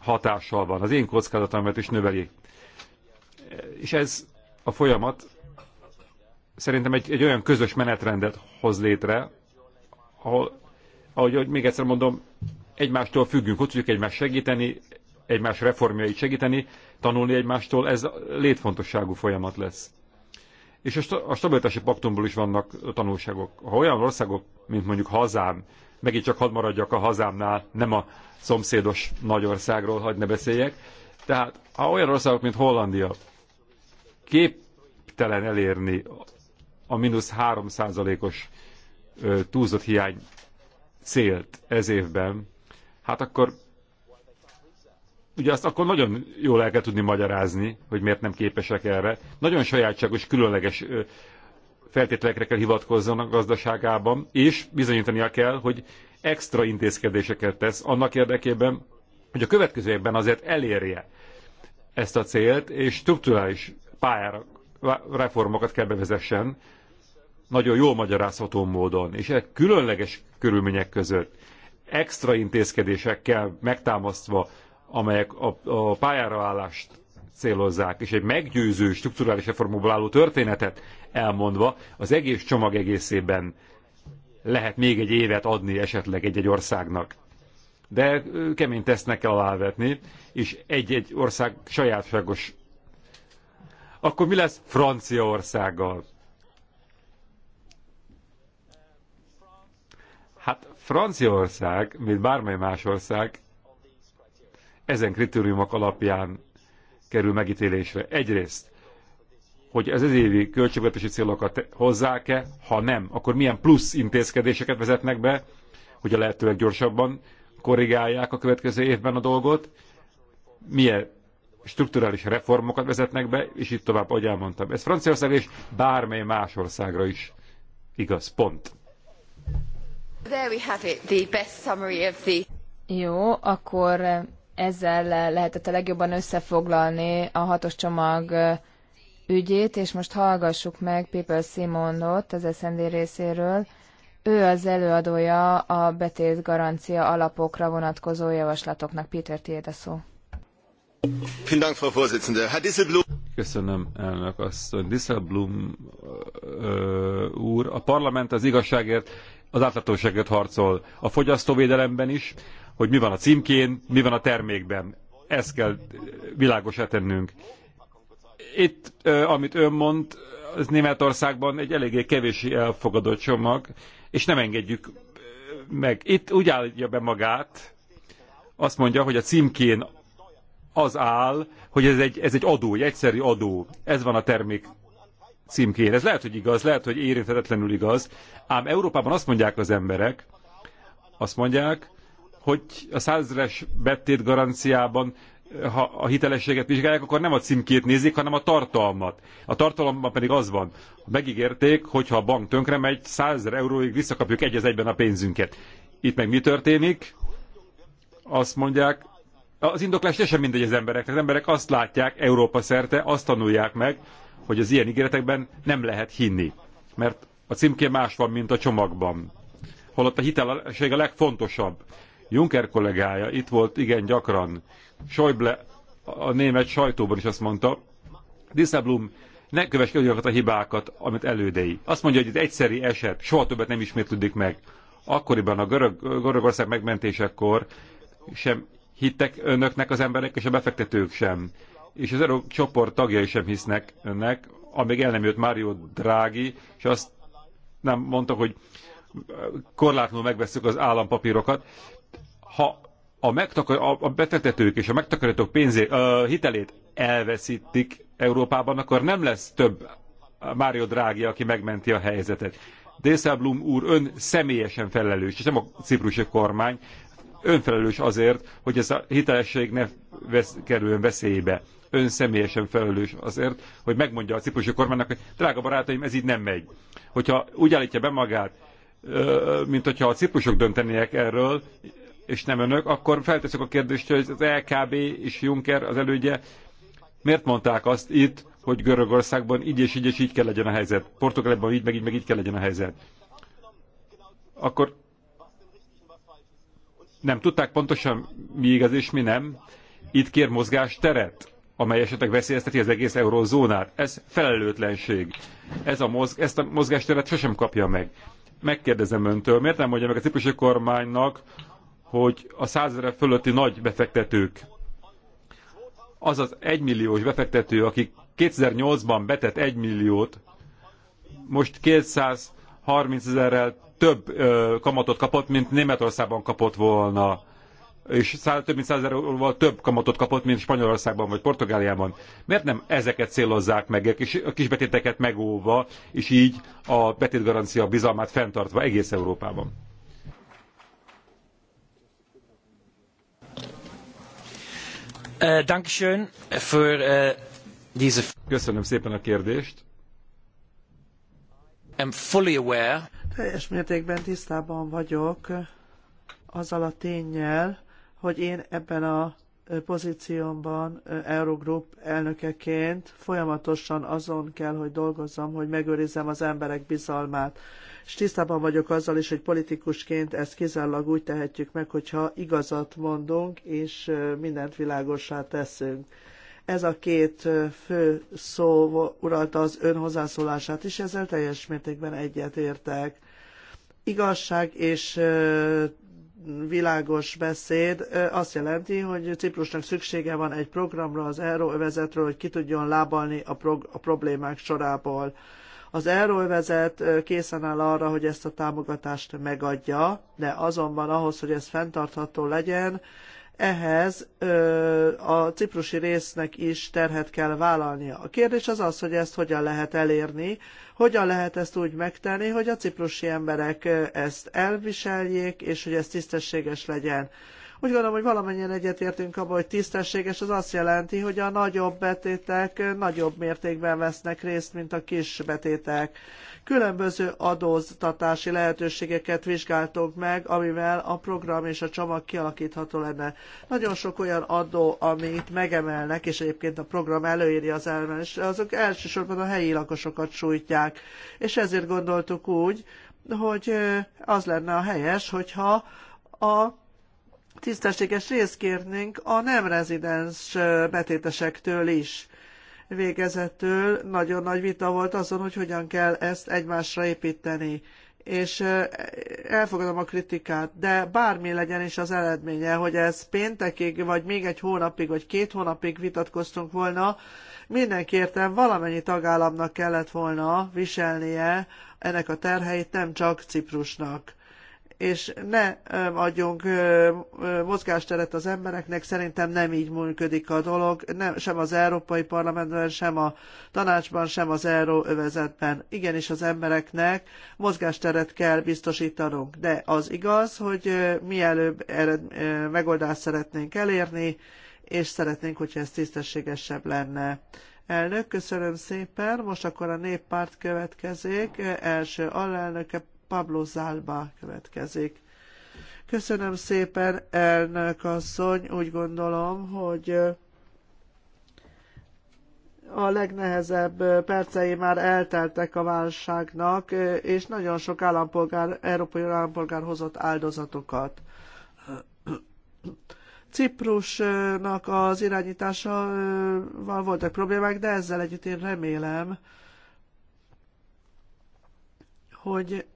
hatással van, az én kockázatomat is növeli. És ez a folyamat szerintem egy, egy olyan közös menetrendet hoz létre, ahol, ahogy még egyszer mondom, egymástól függünk, hogy tudjuk egymást segíteni, egymás reformjait segíteni, tanulni egymástól, ez létfontosságú folyamat lesz. És a, a stabilitási paktumból is vannak tanulságok. Ha olyan országok, mint mondjuk hazám, megint csak hadd maradjak a hazámnál, nem a szomszédos nagyországról, hagyd ne beszéljek. Tehát ha olyan országok, mint Hollandia, képtelen elérni a mínusz 3 os túlzott hiány célt ez évben, hát akkor ugye azt akkor nagyon jól el kell tudni magyarázni, hogy miért nem képesek erre. Nagyon sajátságos, különleges feltételekre kell hivatkozzon a gazdaságában, és bizonyítania kell, hogy extra intézkedéseket tesz annak érdekében, hogy a következő évben azért elérje ezt a célt, és strukturális pályára reformokat kell bevezessen, nagyon jól magyarázható módon, és egy különleges körülmények között extra intézkedésekkel megtámasztva amelyek a, a pályára állást célozzák, és egy meggyőző strukturális reformokból álló történetet elmondva, az egész csomag egészében lehet még egy évet adni esetleg egy-egy országnak. De kemény tesznek kell alávetni, és egy-egy ország sajátságos. Akkor mi lesz Franciaországgal? Hát Franciaország, mint bármely más ország, ezen kritériumok alapján kerül megítélésre. Egyrészt, hogy az ez évi költségvetési célokat hozzák-e, ha nem, akkor milyen plusz intézkedéseket vezetnek be, hogy a lehetőleg gyorsabban korrigálják a következő évben a dolgot, milyen strukturális reformokat vezetnek be, és itt tovább, ahogy elmondtam. Ez Franciaország és bármely más országra is igaz. Pont. There we have it, the best summary of the... Jó, akkor ezzel lehetett a legjobban összefoglalni a hatos csomag ügyét, és most hallgassuk meg People Simonot az SND részéről. Ő az előadója a betét garancia alapokra vonatkozó javaslatoknak. Peter, tiéd a szó. Köszönöm, elnök asszony. Disselblum úr, a parlament az igazságért az átláthatóságért harcol a fogyasztóvédelemben is, hogy mi van a címkén, mi van a termékben. Ezt kell eh, világosá tennünk. Itt, eh, amit ön mond, az Németországban egy eléggé kevési elfogadott csomag, és nem engedjük eh, meg. Itt úgy állítja be magát, azt mondja, hogy a címkén az áll, hogy ez egy, ez egy adó, egy egyszerű adó. Ez van a termék címkére. Ez lehet, hogy igaz, lehet, hogy érintetlenül igaz, ám Európában azt mondják az emberek, azt mondják, hogy a százezeres betét garanciában ha a hitelességet vizsgálják, akkor nem a címkét nézik, hanem a tartalmat. A tartalomban pedig az van, megígérték, hogy ha a bank tönkre megy, 100 euróig visszakapjuk egy az egyben a pénzünket. Itt meg mi történik? Azt mondják, az indoklás sem mindegy az embereknek. Az emberek azt látják Európa szerte, azt tanulják meg, hogy az ilyen ígéretekben nem lehet hinni, mert a címkén más van, mint a csomagban. Holott a hitelesség a legfontosabb. Juncker kollégája itt volt igen gyakran. Schäuble a német sajtóban is azt mondta, Disseblum ne kövess ki a hibákat, amit elődei. Azt mondja, hogy itt egyszeri eset, soha többet nem ismétlődik meg. Akkoriban a Görög, Görögország megmentésekor sem hittek önöknek az emberek, és a befektetők sem és az Euró csoport tagjai sem hisznek önnek, amíg el nem jött Mário Drági, és azt nem mondta, hogy korlátlanul megveszük az állampapírokat. Ha a, megtakar, a befektetők és a megtakarítók pénzét, a hitelét elveszítik Európában, akkor nem lesz több Mário Drági, aki megmenti a helyzetet. Dészelblum úr ön személyesen felelős, és nem a ciprusi kormány, önfelelős azért, hogy ez a hitelesség ne vesz, kerüljön veszélybe ön személyesen felelős azért, hogy megmondja a ciprusi kormánynak, hogy drága barátaim, ez így nem megy. Hogyha úgy állítja be magát, mint hogyha a ciprusok döntenének erről, és nem önök, akkor felteszek a kérdést, hogy az LKB és Juncker, az elődje, miért mondták azt itt, hogy Görögországban így és így és így kell legyen a helyzet, Portugáliában így meg így meg így kell legyen a helyzet. Akkor nem tudták pontosan mi igaz és mi nem. Itt kér mozgás teret amely esetleg veszélyezteti az egész eurózónát. Ez felelőtlenség. Ez a mozg, ezt a mozgásteret sosem kapja meg. Megkérdezem öntől, miért nem mondja meg a ciprusi kormánynak, hogy a százezer fölötti nagy befektetők, az az egymilliós befektető, aki 2008-ban betett egymilliót, most 230 ezerrel több ö, kamatot kapott, mint Németországban kapott volna és több mint 100 euróval több kamatot kapott, mint Spanyolországban vagy Portugáliában. Miért nem ezeket célozzák meg, kis a kisbetéteket megóva, és így a betétgarancia bizalmát fenntartva egész Európában? Köszönöm szépen a kérdést. I'm fully aware. Teljes mértékben tisztában vagyok azzal a tényel, hogy én ebben a pozíciómban Eurogroup elnökeként folyamatosan azon kell, hogy dolgozzam, hogy megőrizzem az emberek bizalmát. És tisztában vagyok azzal is, hogy politikusként ezt kizárólag úgy tehetjük meg, hogyha igazat mondunk, és mindent világosá teszünk. Ez a két fő szó uralta az ön hozzászólását is, ezzel teljes mértékben egyetértek igazság és világos beszéd azt jelenti, hogy Ciprusnak szüksége van egy programra az euróövezetről, hogy ki tudjon lábalni a, a problémák sorából. Az euróövezet készen áll arra, hogy ezt a támogatást megadja, de azonban ahhoz, hogy ez fenntartható legyen, ehhez a ciprusi résznek is terhet kell vállalnia. A kérdés az az, hogy ezt hogyan lehet elérni, hogyan lehet ezt úgy megtenni, hogy a ciprusi emberek ezt elviseljék, és hogy ez tisztességes legyen. Úgy gondolom, hogy valamennyien egyetértünk abban, hogy tisztességes az azt jelenti, hogy a nagyobb betétek nagyobb mértékben vesznek részt, mint a kis betétek. Különböző adóztatási lehetőségeket vizsgáltunk meg, amivel a program és a csomag kialakítható lenne. Nagyon sok olyan adó, amit megemelnek, és egyébként a program előírja az elmenést, azok elsősorban a helyi lakosokat sújtják. És ezért gondoltuk úgy, hogy az lenne a helyes, hogyha a tisztességes részt kérnénk a nem rezidens betétesektől is végezetül nagyon nagy vita volt azon, hogy hogyan kell ezt egymásra építeni és elfogadom a kritikát, de bármi legyen is az eredménye, hogy ez péntekig, vagy még egy hónapig, vagy két hónapig vitatkoztunk volna, mindenkértem valamennyi tagállamnak kellett volna viselnie ennek a terheit, nem csak Ciprusnak és ne adjunk mozgásteret az embereknek, szerintem nem így működik a dolog, nem, sem az Európai Parlamentben, sem a tanácsban, sem az euróövezetben. Igenis az embereknek mozgásteret kell biztosítanunk, de az igaz, hogy mielőbb ered, megoldást szeretnénk elérni, és szeretnénk, hogyha ez tisztességesebb lenne. Elnök, köszönöm szépen. Most akkor a néppárt következik. Első alelnöke Pablo Zálba következik. Köszönöm szépen, elnök asszony. Úgy gondolom, hogy a legnehezebb percei már elteltek a válságnak, és nagyon sok állampolgár, európai állampolgár hozott áldozatokat. Ciprusnak az van voltak problémák, de ezzel együtt én remélem, hogy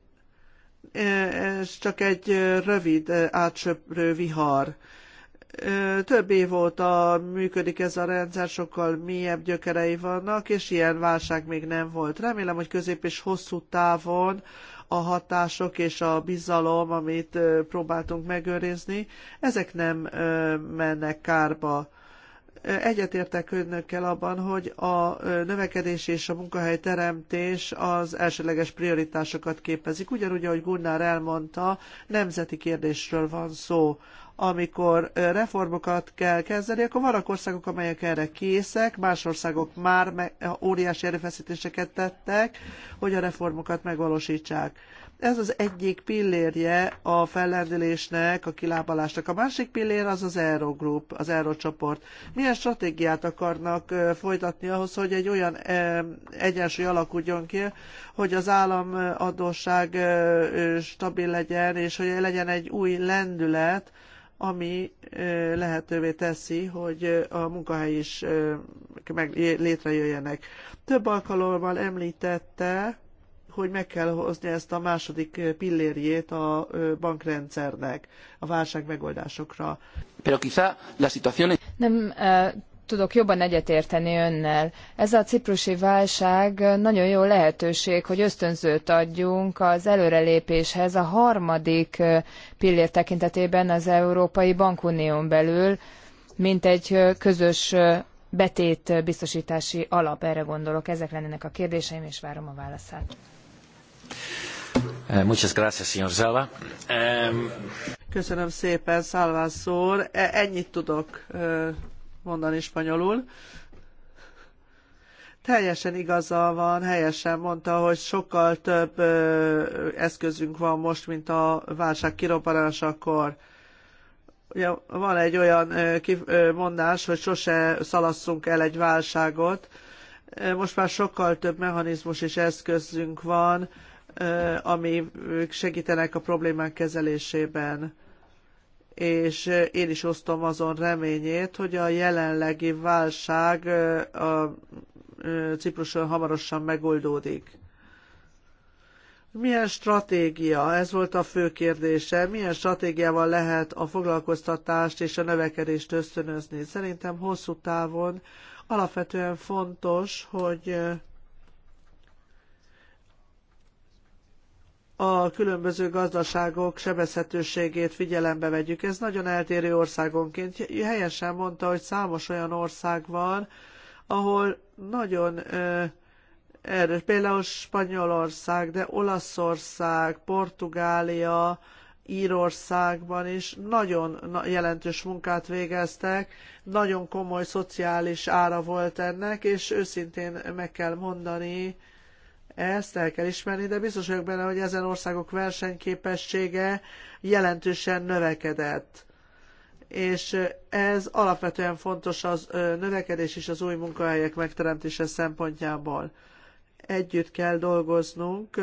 ez csak egy rövid átsöprő vihar. Több év óta működik ez a rendszer, sokkal mélyebb gyökerei vannak, és ilyen válság még nem volt. Remélem, hogy közép és hosszú távon a hatások és a bizalom, amit próbáltunk megőrizni, ezek nem mennek kárba Egyetértek önökkel abban, hogy a növekedés és a munkahelyteremtés az elsőleges prioritásokat képezik. Ugyanúgy, ahogy Gunnar elmondta, nemzeti kérdésről van szó amikor reformokat kell kezdeni, akkor vannak országok, amelyek erre készek, más országok már óriási erőfeszítéseket tettek, hogy a reformokat megvalósítsák. Ez az egyik pillérje a fellendülésnek, a kilábalásnak. A másik pillér az az Group, az csoport. Milyen stratégiát akarnak folytatni ahhoz, hogy egy olyan egyensúly alakuljon ki, hogy az államadóság stabil legyen, és hogy legyen egy új lendület, ami lehetővé teszi, hogy a munkahely is létrejöjjenek. Több alkalommal említette, hogy meg kell hozni ezt a második pillérjét a bankrendszernek a válság megoldásokra. Pero quizá la situación... Nem tudok jobban egyetérteni önnel. Ez a ciprusi válság nagyon jó lehetőség, hogy ösztönzőt adjunk az előrelépéshez a harmadik pillér tekintetében az Európai Bankunión belül, mint egy közös betét biztosítási alap, erre gondolok. Ezek lennének a kérdéseim, és várom a válaszát. Eh, muchas gracias, señor Köszönöm szépen, Szálvász e, Ennyit tudok mondani spanyolul. Teljesen igaza van, helyesen mondta, hogy sokkal több eszközünk van most, mint a válság kirobbanásakor. Ugye van egy olyan mondás, hogy sose szalasszunk el egy válságot. Most már sokkal több mechanizmus és eszközünk van, ami segítenek a problémák kezelésében. És én is osztom azon reményét, hogy a jelenlegi válság a Cipruson hamarosan megoldódik. Milyen stratégia? Ez volt a fő kérdése. Milyen stratégiával lehet a foglalkoztatást és a növekedést ösztönözni? Szerintem hosszú távon alapvetően fontos, hogy a különböző gazdaságok sebezhetőségét figyelembe vegyük. Ez nagyon eltérő országonként. Helyesen mondta, hogy számos olyan ország van, ahol nagyon ö, erős, például Spanyolország, de Olaszország, Portugália, Írországban is nagyon jelentős munkát végeztek, nagyon komoly szociális ára volt ennek, és őszintén meg kell mondani, ezt el kell ismerni, de biztos vagyok benne, hogy ezen országok versenyképessége jelentősen növekedett és ez alapvetően fontos az növekedés és az új munkahelyek megteremtése szempontjából. Együtt kell dolgoznunk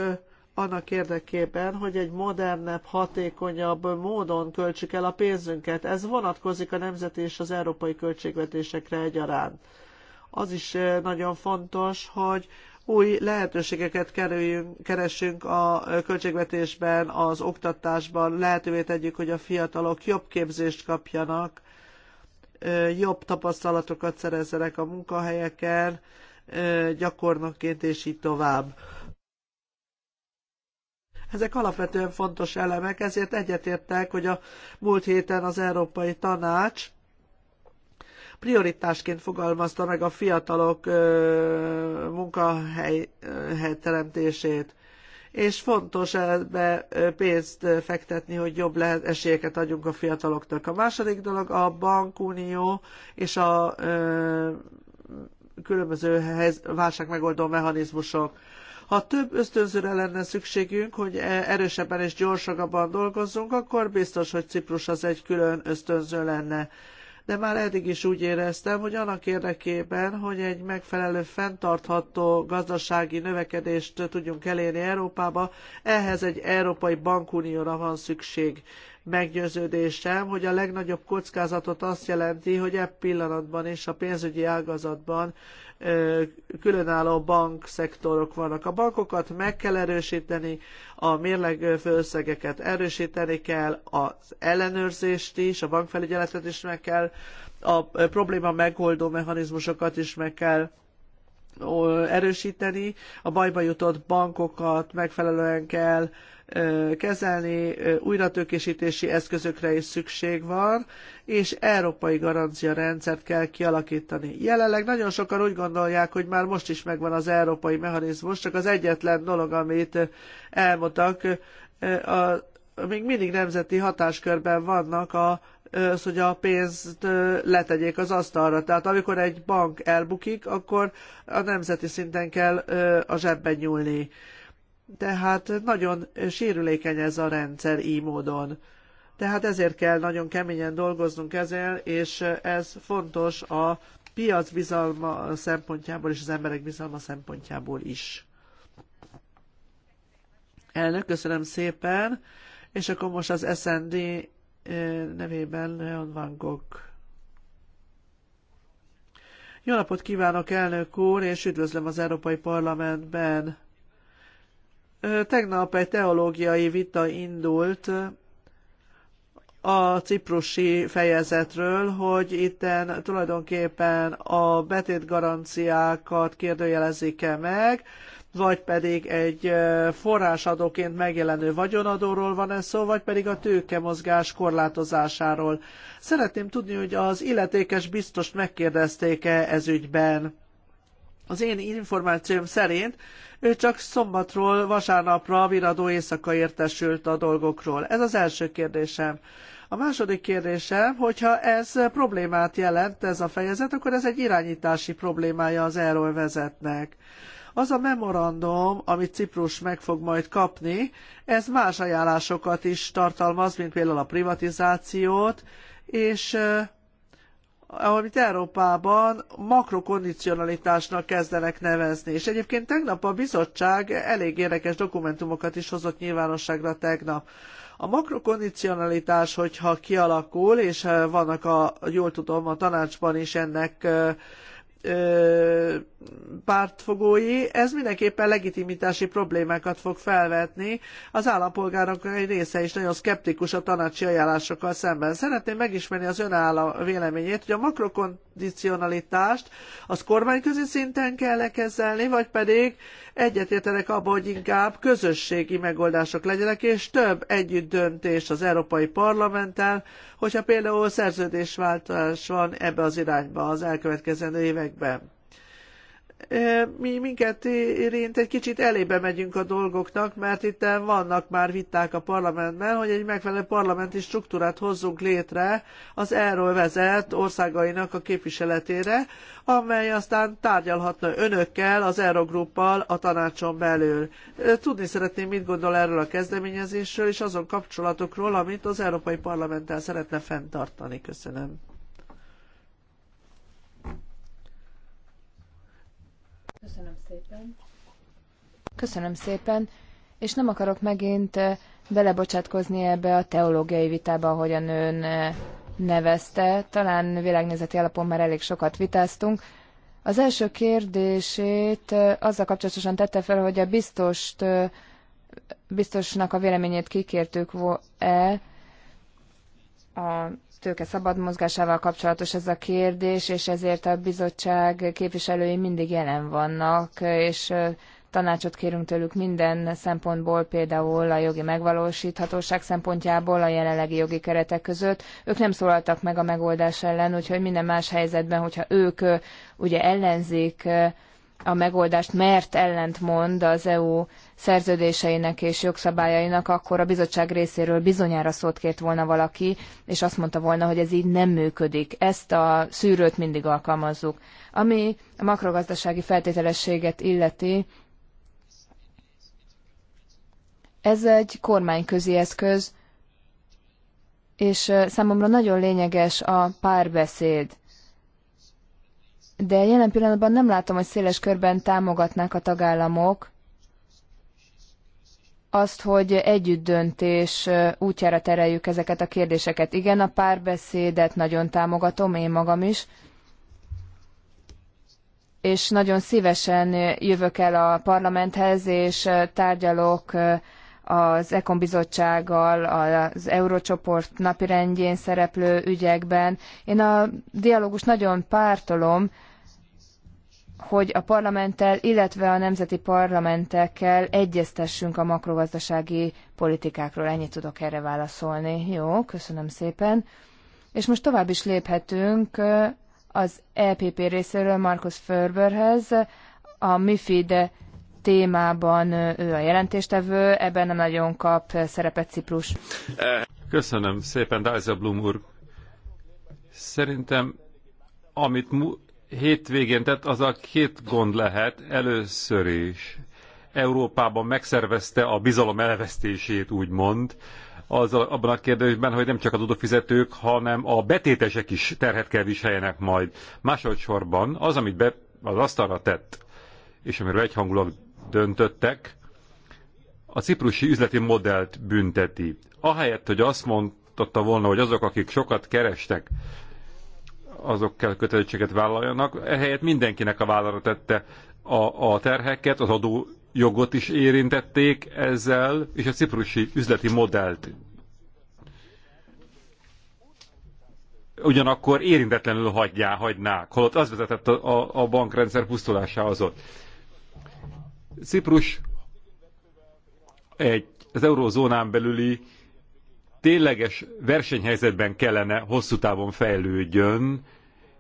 annak érdekében, hogy egy modernebb, hatékonyabb módon költsük el a pénzünket. Ez vonatkozik a nemzeti és az európai költségvetésekre egyaránt. Az is nagyon fontos, hogy új lehetőségeket kerüljünk, keresünk a költségvetésben, az oktatásban, lehetővé tegyük, hogy a fiatalok jobb képzést kapjanak, jobb tapasztalatokat szerezzenek a munkahelyeken, gyakornokként és így tovább. Ezek alapvetően fontos elemek, ezért egyetértek, hogy a múlt héten az Európai Tanács prioritásként fogalmazta meg a fiatalok munkahely teremtését és fontos ebbe pénzt fektetni, hogy jobb esélyeket adjunk a fiataloknak. A második dolog a bankunió és a különböző válság válságmegoldó mechanizmusok. Ha több ösztönzőre lenne szükségünk, hogy e-, erősebben és gyorsabban dolgozzunk, akkor biztos, hogy Ciprus az egy külön ösztönző lenne de már eddig is úgy éreztem, hogy annak érdekében, hogy egy megfelelő fenntartható gazdasági növekedést tudjunk elérni Európába, ehhez egy Európai Bankunióra van szükség meggyőződésem, hogy a legnagyobb kockázatot azt jelenti, hogy ebb pillanatban és a pénzügyi ágazatban különálló bankszektorok vannak. A bankokat meg kell erősíteni, a mérleg főösszegeket erősíteni kell, az ellenőrzést is, a bankfelügyeletet is meg kell, a probléma megoldó mechanizmusokat is meg kell erősíteni, a bajba jutott bankokat megfelelően kell kezelni, újratökésítési eszközökre is szükség van, és európai garancia rendszert kell kialakítani. Jelenleg nagyon sokan úgy gondolják, hogy már most is megvan az európai mechanizmus, csak az egyetlen dolog, amit elmondtak, a, még mindig nemzeti hatáskörben vannak a az, hogy a pénzt letegyék az asztalra. Tehát amikor egy bank elbukik, akkor a nemzeti szinten kell a zsebbe nyúlni. Tehát nagyon sérülékeny ez a rendszer így módon. Tehát ezért kell nagyon keményen dolgoznunk ezzel, és ez fontos a piac bizalma szempontjából és az emberek bizalma szempontjából is. Elnök, köszönöm szépen, és akkor most az SND eh, nevében Leon Van Gogh. Jó napot kívánok, elnök úr, és üdvözlöm az Európai Parlamentben. Tegnap egy teológiai vita indult a ciprusi fejezetről, hogy itten tulajdonképpen a betét garanciákat kérdőjelezik-e meg, vagy pedig egy forrásadóként megjelenő vagyonadóról van ez szó, vagy pedig a tőkemozgás korlátozásáról. Szeretném tudni, hogy az illetékes biztos megkérdezték-e ez ügyben az én információm szerint ő csak szombatról vasárnapra viradó éjszaka értesült a dolgokról. Ez az első kérdésem. A második kérdésem, hogyha ez problémát jelent, ez a fejezet, akkor ez egy irányítási problémája az erről vezetnek. Az a memorandum, amit Ciprus meg fog majd kapni, ez más ajánlásokat is tartalmaz, mint például a privatizációt, és amit Európában makrokondicionalitásnak kezdenek nevezni. És egyébként tegnap a bizottság elég érdekes dokumentumokat is hozott nyilvánosságra tegnap. A makrokondicionalitás, hogyha kialakul, és eh, vannak a, jól tudom, a tanácsban is ennek eh, ö, pártfogói, ez mindenképpen legitimitási problémákat fog felvetni. Az állampolgárok egy része is nagyon szkeptikus a tanácsi ajánlásokkal szemben. Szeretném megismerni az ön véleményét, hogy a makrokon kondicionalitást, az kormányközi szinten kell -e kezelni, vagy pedig egyetértenek abba, hogy inkább közösségi megoldások legyenek, és több együtt döntés az Európai Parlamenttel, hogyha például szerződésváltás van ebbe az irányba az elkövetkezendő években mi minket érint, egy kicsit elébe megyünk a dolgoknak, mert itt vannak már viták a parlamentben, hogy egy megfelelő parlamenti struktúrát hozzunk létre az erről vezet országainak a képviseletére, amely aztán tárgyalhatna önökkel, az Eurogruppal a tanácson belül. Tudni szeretném, mit gondol erről a kezdeményezésről, és azon kapcsolatokról, amit az Európai Parlamenttel szeretne fenntartani. Köszönöm. Köszönöm szépen. Köszönöm szépen, és nem akarok megint eh, belebocsátkozni ebbe a teológiai vitába, ahogyan ön eh, nevezte. Talán világnézeti alapon már elég sokat vitáztunk. Az első kérdését eh, azzal kapcsolatosan tette fel, hogy a biztost, biztosnak a véleményét kikértük-e a tőke szabad mozgásával kapcsolatos ez a kérdés, és ezért a bizottság képviselői mindig jelen vannak, és tanácsot kérünk tőlük minden szempontból, például a jogi megvalósíthatóság szempontjából a jelenlegi jogi keretek között. Ők nem szólaltak meg a megoldás ellen, úgyhogy minden más helyzetben, hogyha ők ugye ellenzik a megoldást, mert ellentmond az EU szerződéseinek és jogszabályainak, akkor a bizottság részéről bizonyára szót kért volna valaki, és azt mondta volna, hogy ez így nem működik. Ezt a szűrőt mindig alkalmazzuk. Ami a makrogazdasági feltételességet illeti, ez egy kormányközi eszköz, és számomra nagyon lényeges a párbeszéd de jelen pillanatban nem látom, hogy széles körben támogatnák a tagállamok azt, hogy együtt döntés útjára tereljük ezeket a kérdéseket. Igen, a párbeszédet nagyon támogatom, én magam is, és nagyon szívesen jövök el a parlamenthez, és tárgyalok az Ekon bizottsággal, az Eurócsoport napirendjén szereplő ügyekben. Én a dialógus nagyon pártolom, hogy a parlamenttel, illetve a nemzeti parlamentekkel egyeztessünk a makrogazdasági politikákról. Ennyit tudok erre válaszolni. Jó, köszönöm szépen. És most tovább is léphetünk az EPP részéről Markus Förberhez. A MIFID témában ő a jelentéstevő, ebben nem nagyon kap szerepet Ciprus. Köszönöm szépen, Dajza Blum úr. Szerintem, amit hétvégén, tehát az a két gond lehet először is. Európában megszervezte a bizalom elvesztését, úgymond, az abban a kérdésben, hogy nem csak az adófizetők, hanem a betétesek is terhet kell viseljenek majd. Másodszorban az, amit be, az asztalra tett, és amiről egyhangulag döntöttek, a ciprusi üzleti modellt bünteti. Ahelyett, hogy azt mondta volna, hogy azok, akik sokat kerestek, azok kell kötelezettséget vállaljanak. Ehelyett mindenkinek a vállalra tette a, a terheket, az adó jogot is érintették ezzel, és a ciprusi üzleti modellt. Ugyanakkor érintetlenül hagyják, hagynák, holott az vezetett a, a, a bankrendszer pusztulásához ott. Ciprus egy, az eurózónán belüli tényleges versenyhelyzetben kellene hosszú távon fejlődjön,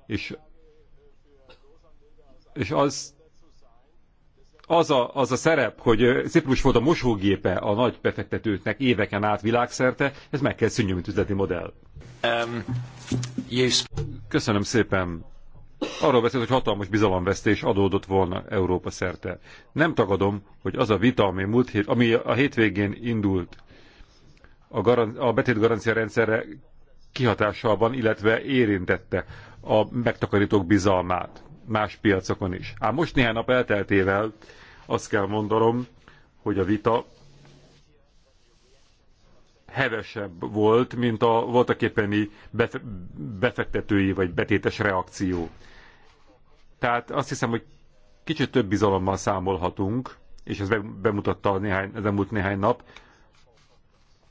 és, és az, az, a, az a szerep, hogy Ciprus volt a mosógépe a nagy befektetőknek éveken át világszerte, ez meg kell szűnjön, mint üzleti modell. Um, yes. Köszönöm szépen. Arról beszélt, hogy hatalmas bizalomvesztés adódott volna Európa szerte. Nem tagadom, hogy az a vita, ami, múlt hét, ami a hétvégén indult a, garan- a betétgarancia rendszerre kihatással van, illetve érintette a megtakarítók bizalmát más piacokon is. Ám most néhány nap elteltével azt kell mondanom, hogy a vita hevesebb volt, mint a voltak éppen befektetői vagy betétes reakció. Tehát azt hiszem, hogy kicsit több bizalommal számolhatunk, és ez bemutatta néhány, az elmúlt néhány nap,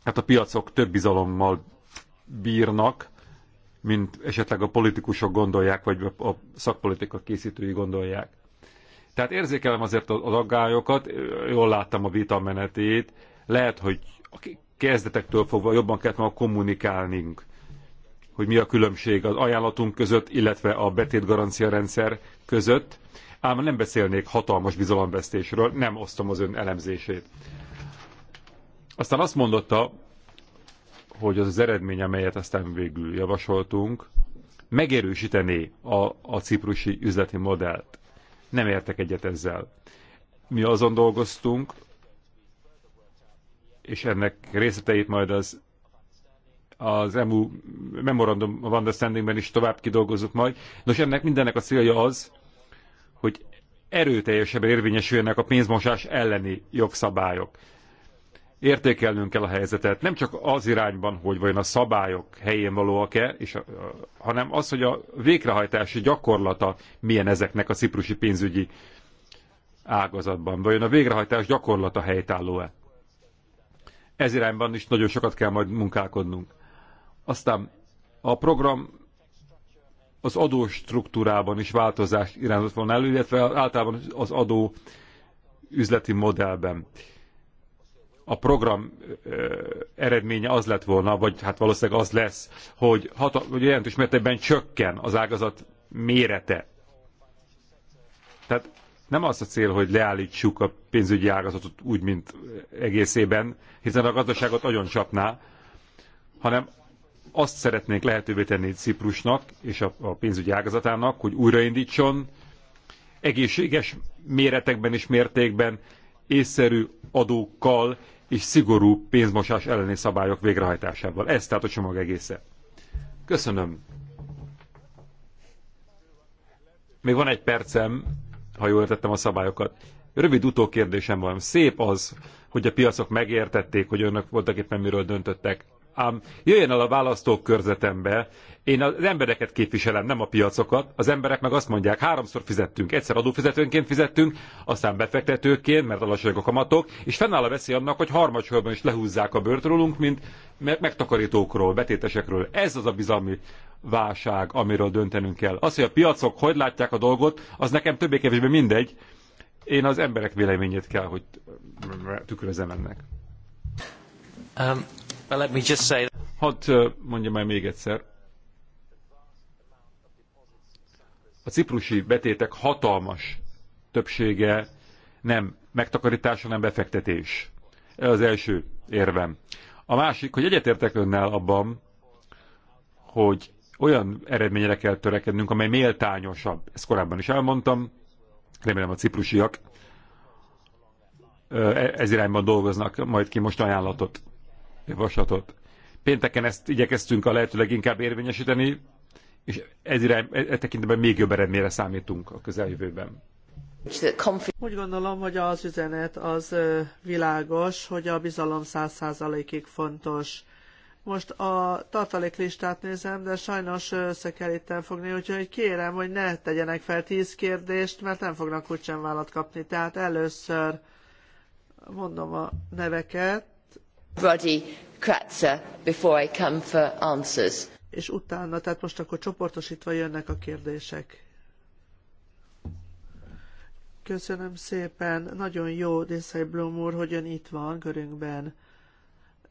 hát a piacok több bizalommal bírnak, mint esetleg a politikusok gondolják, vagy a szakpolitika készítői gondolják. Tehát érzékelem azért az aggályokat, jól láttam a vita menetét, lehet, hogy a kezdetektől fogva jobban kellett már kommunikálnunk, hogy mi a különbség az ajánlatunk között, illetve a betétgarancia rendszer között, ám nem beszélnék hatalmas bizalomvesztésről, nem osztom az ön elemzését. Aztán azt mondotta, hogy az az eredmény, amelyet aztán végül javasoltunk, megerősítené a, a ciprusi üzleti modellt. Nem értek egyet ezzel. Mi azon dolgoztunk, és ennek részleteit majd az az EMU Memorandum of Understandingben is tovább kidolgozzuk majd. Nos, ennek mindennek a célja az, hogy erőteljesebben érvényesüljenek a pénzmosás elleni jogszabályok értékelnünk kell a helyzetet, nem csak az irányban, hogy vajon a szabályok helyén valóak-e, és, hanem az, hogy a végrehajtási gyakorlata milyen ezeknek a ciprusi pénzügyi ágazatban. Vajon a végrehajtás gyakorlata helytálló-e? Ez irányban is nagyon sokat kell majd munkálkodnunk. Aztán a program az adó struktúrában is változást irányzott volna elő, illetve általában az adó üzleti modellben a program eredménye az lett volna, vagy hát valószínűleg az lesz, hogy, hata, hogy jelentős mértékben csökken az ágazat mérete. Tehát nem az a cél, hogy leállítsuk a pénzügyi ágazatot úgy, mint egészében, hiszen a gazdaságot agyoncsapná, csapná, hanem azt szeretnénk lehetővé tenni Ciprusnak és a, a pénzügyi ágazatának, hogy újraindítson egészséges méretekben és mértékben észszerű adókkal és szigorú pénzmosás elleni szabályok végrehajtásával. Ez tehát a csomag egésze. Köszönöm. Még van egy percem, ha jól értettem a szabályokat. Rövid utókérdésem van. Szép az, hogy a piacok megértették, hogy önök voltak éppen miről döntöttek ám jöjjön el a választókörzetembe, én az embereket képviselem, nem a piacokat, az emberek meg azt mondják, háromszor fizettünk, egyszer adófizetőnként fizettünk, aztán befektetőként, mert alacsonyak a kamatok, és fennáll a veszély annak, hogy harmadsorban is lehúzzák a bőrt rólunk, mint megtakarítókról, betétesekről. Ez az a bizalmi válság, amiről döntenünk kell. Az, hogy a piacok hogy látják a dolgot, az nekem többé-kevésbé mindegy. Én az emberek véleményét kell, hogy tükrözem ennek. Um, Well, let me just say... Hadd mondjam el még egyszer. A ciprusi betétek hatalmas többsége nem megtakarítás, hanem befektetés. Ez az első érvem. A másik, hogy egyetértek önnel abban, hogy olyan eredményre kell törekednünk, amely méltányosabb. Ezt korábban is elmondtam, remélem a ciprusiak e-, ez irányban dolgoznak majd ki most ajánlatot javaslatot. Pénteken ezt igyekeztünk a lehető leginkább érvényesíteni, és ez irány, e, e tekintetben még jobb eredményre számítunk a közeljövőben. Úgy gondolom, hogy az üzenet az világos, hogy a bizalom száz százalékig fontos. Most a tartaléklistát nézem, de sajnos össze kell itten fogni, úgyhogy kérem, hogy ne tegyenek fel tíz kérdést, mert nem fognak úgysem vállat kapni. Tehát először mondom a neveket. Ruddy Kratzer before I come for answers. És utána, tehát most akkor csoportosítva jönnek a kérdések. Köszönöm szépen. Nagyon jó, Dészai Blum úr, hogy ön itt van körünkben.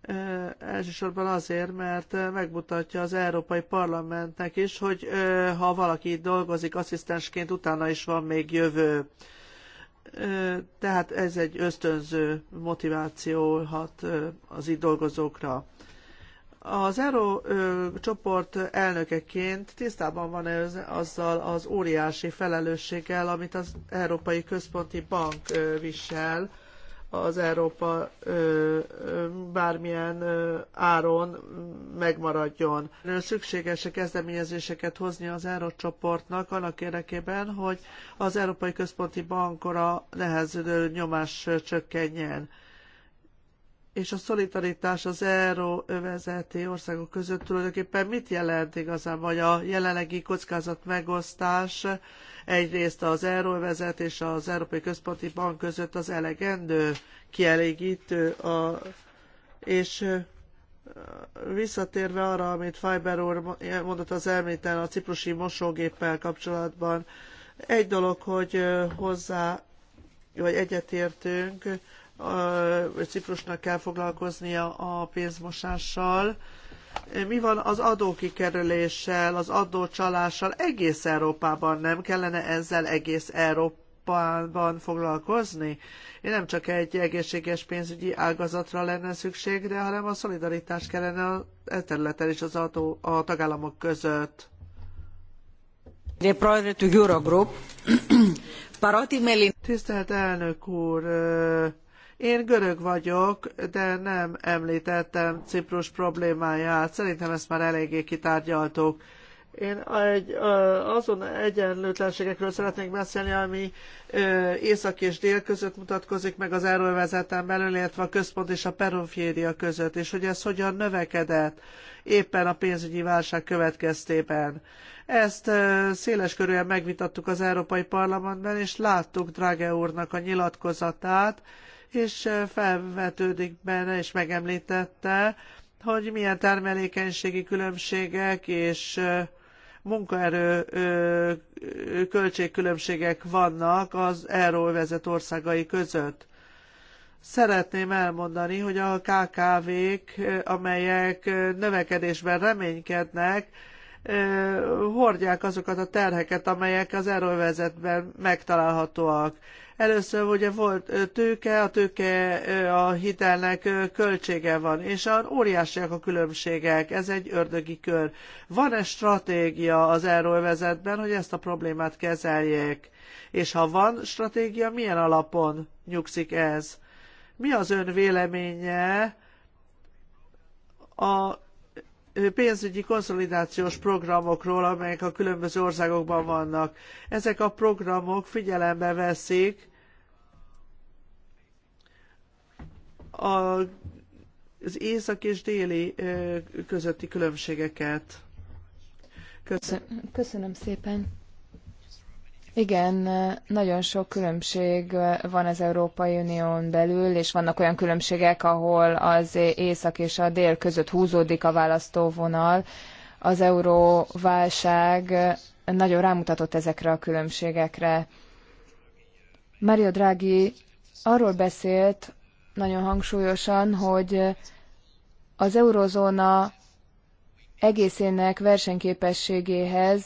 E, elsősorban azért, mert megmutatja az Európai Parlamentnek is, hogy e, ha valaki itt dolgozik asszisztensként, utána is van még jövő tehát ez egy ösztönző motivációhat az itt dolgozókra. Az Ero csoport elnökeként tisztában van ez, azzal az óriási felelősséggel, amit az Európai Központi Bank visel az Európa ö, ö, bármilyen ö, áron megmaradjon. Szükséges a kezdeményezéseket hozni az Eurócsoportnak annak érdekében, hogy az Európai Központi Bankra nehezülő nyomás csökkenjen és a szolidaritás az övezeti országok között tulajdonképpen mit jelent igazán, vagy a jelenlegi kockázat megosztás egyrészt az övezet és az Európai Központi Bank között az elegendő, kielégítő, a, és visszatérve arra, amit Fiber úr mondott az elméten a ciprusi mosógéppel kapcsolatban, egy dolog, hogy hozzá, vagy egyetértünk, Ciprusnak kell foglalkoznia a pénzmosással. Mi van az adókikerüléssel, az adócsalással? Egész Európában nem kellene ezzel egész Európában foglalkozni? Én nem csak egy egészséges pénzügyi ágazatra lenne szükség, de hanem a szolidaritás kellene a e területen is az adó, a tagállamok között. De Tisztelt elnök úr, én görög vagyok, de nem említettem Ciprus problémáját. Szerintem ezt már eléggé kitárgyaltuk. Én egy, azon egyenlőtlenségekről szeretnék beszélni, ami észak és dél között mutatkozik, meg az erővezeten belül, illetve a központ és a periféria között, és hogy ez hogyan növekedett éppen a pénzügyi válság következtében. Ezt széleskörűen megvitattuk az Európai Parlamentben, és láttuk Drage úrnak a nyilatkozatát, és felvetődik benne, és megemlítette, hogy milyen termelékenységi különbségek és munkaerő költségkülönbségek vannak az vezet országai között. Szeretném elmondani, hogy a KKV-k, amelyek növekedésben reménykednek, hordják azokat a terheket, amelyek az erővezetben megtalálhatóak. Először ugye volt tőke, a tőke a hitelnek költsége van, és a, óriásiak a különbségek, ez egy ördögi kör. Van-e stratégia az euróvezetben, hogy ezt a problémát kezeljék? És ha van stratégia, milyen alapon nyugszik ez? Mi az ön véleménye a pénzügyi konszolidációs programokról, amelyek a különböző országokban vannak. Ezek a programok figyelembe veszik a, az észak és déli közötti különbségeket. Köszönöm. Köszönöm szépen. Igen, nagyon sok különbség van az Európai Unión belül, és vannak olyan különbségek, ahol az észak és a dél között húzódik a választóvonal. Az euróválság nagyon rámutatott ezekre a különbségekre. Mario Draghi arról beszélt, nagyon hangsúlyosan, hogy az eurozóna egészének versenyképességéhez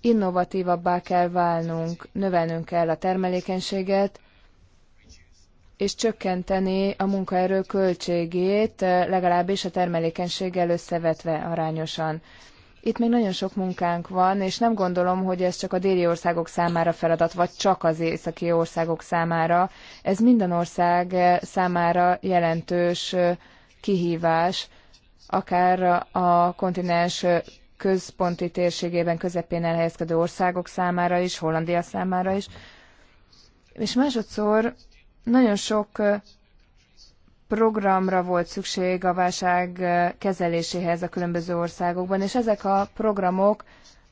innovatívabbá kell válnunk, növelnünk kell a termelékenységet, és csökkenteni a munkaerő költségét, legalábbis a termelékenységgel összevetve arányosan. Itt még nagyon sok munkánk van, és nem gondolom, hogy ez csak a déli országok számára feladat, vagy csak az északi országok számára. Ez minden ország számára jelentős kihívás, akár a kontinens központi térségében közepén elhelyezkedő országok számára is, Hollandia számára is. És másodszor nagyon sok programra volt szükség a válság kezeléséhez a különböző országokban, és ezek a programok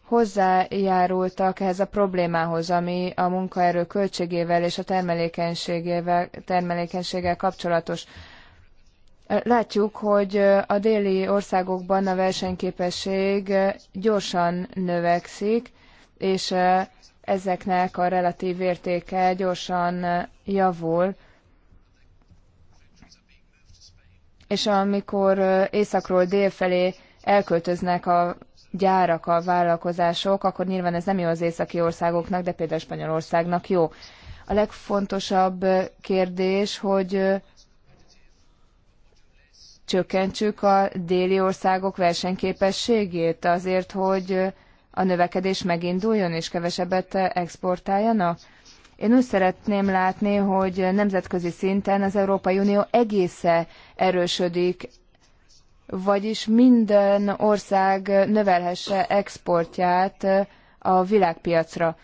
hozzájárultak ehhez a problémához, ami a munkaerő költségével és a termelékenységével, termelékenységgel kapcsolatos. Látjuk, hogy a déli országokban a versenyképesség gyorsan növekszik, és ezeknek a relatív értéke gyorsan javul és amikor északról dél felé elköltöznek a gyárak, a vállalkozások, akkor nyilván ez nem jó az északi országoknak, de például Spanyolországnak jó. A legfontosabb kérdés, hogy csökkentsük a déli országok versenyképességét azért, hogy a növekedés meginduljon és kevesebbet exportáljanak? Én úgy szeretném látni, hogy nemzetközi szinten az Európai Unió egésze erősödik, vagyis minden ország növelhesse exportját a világpiacra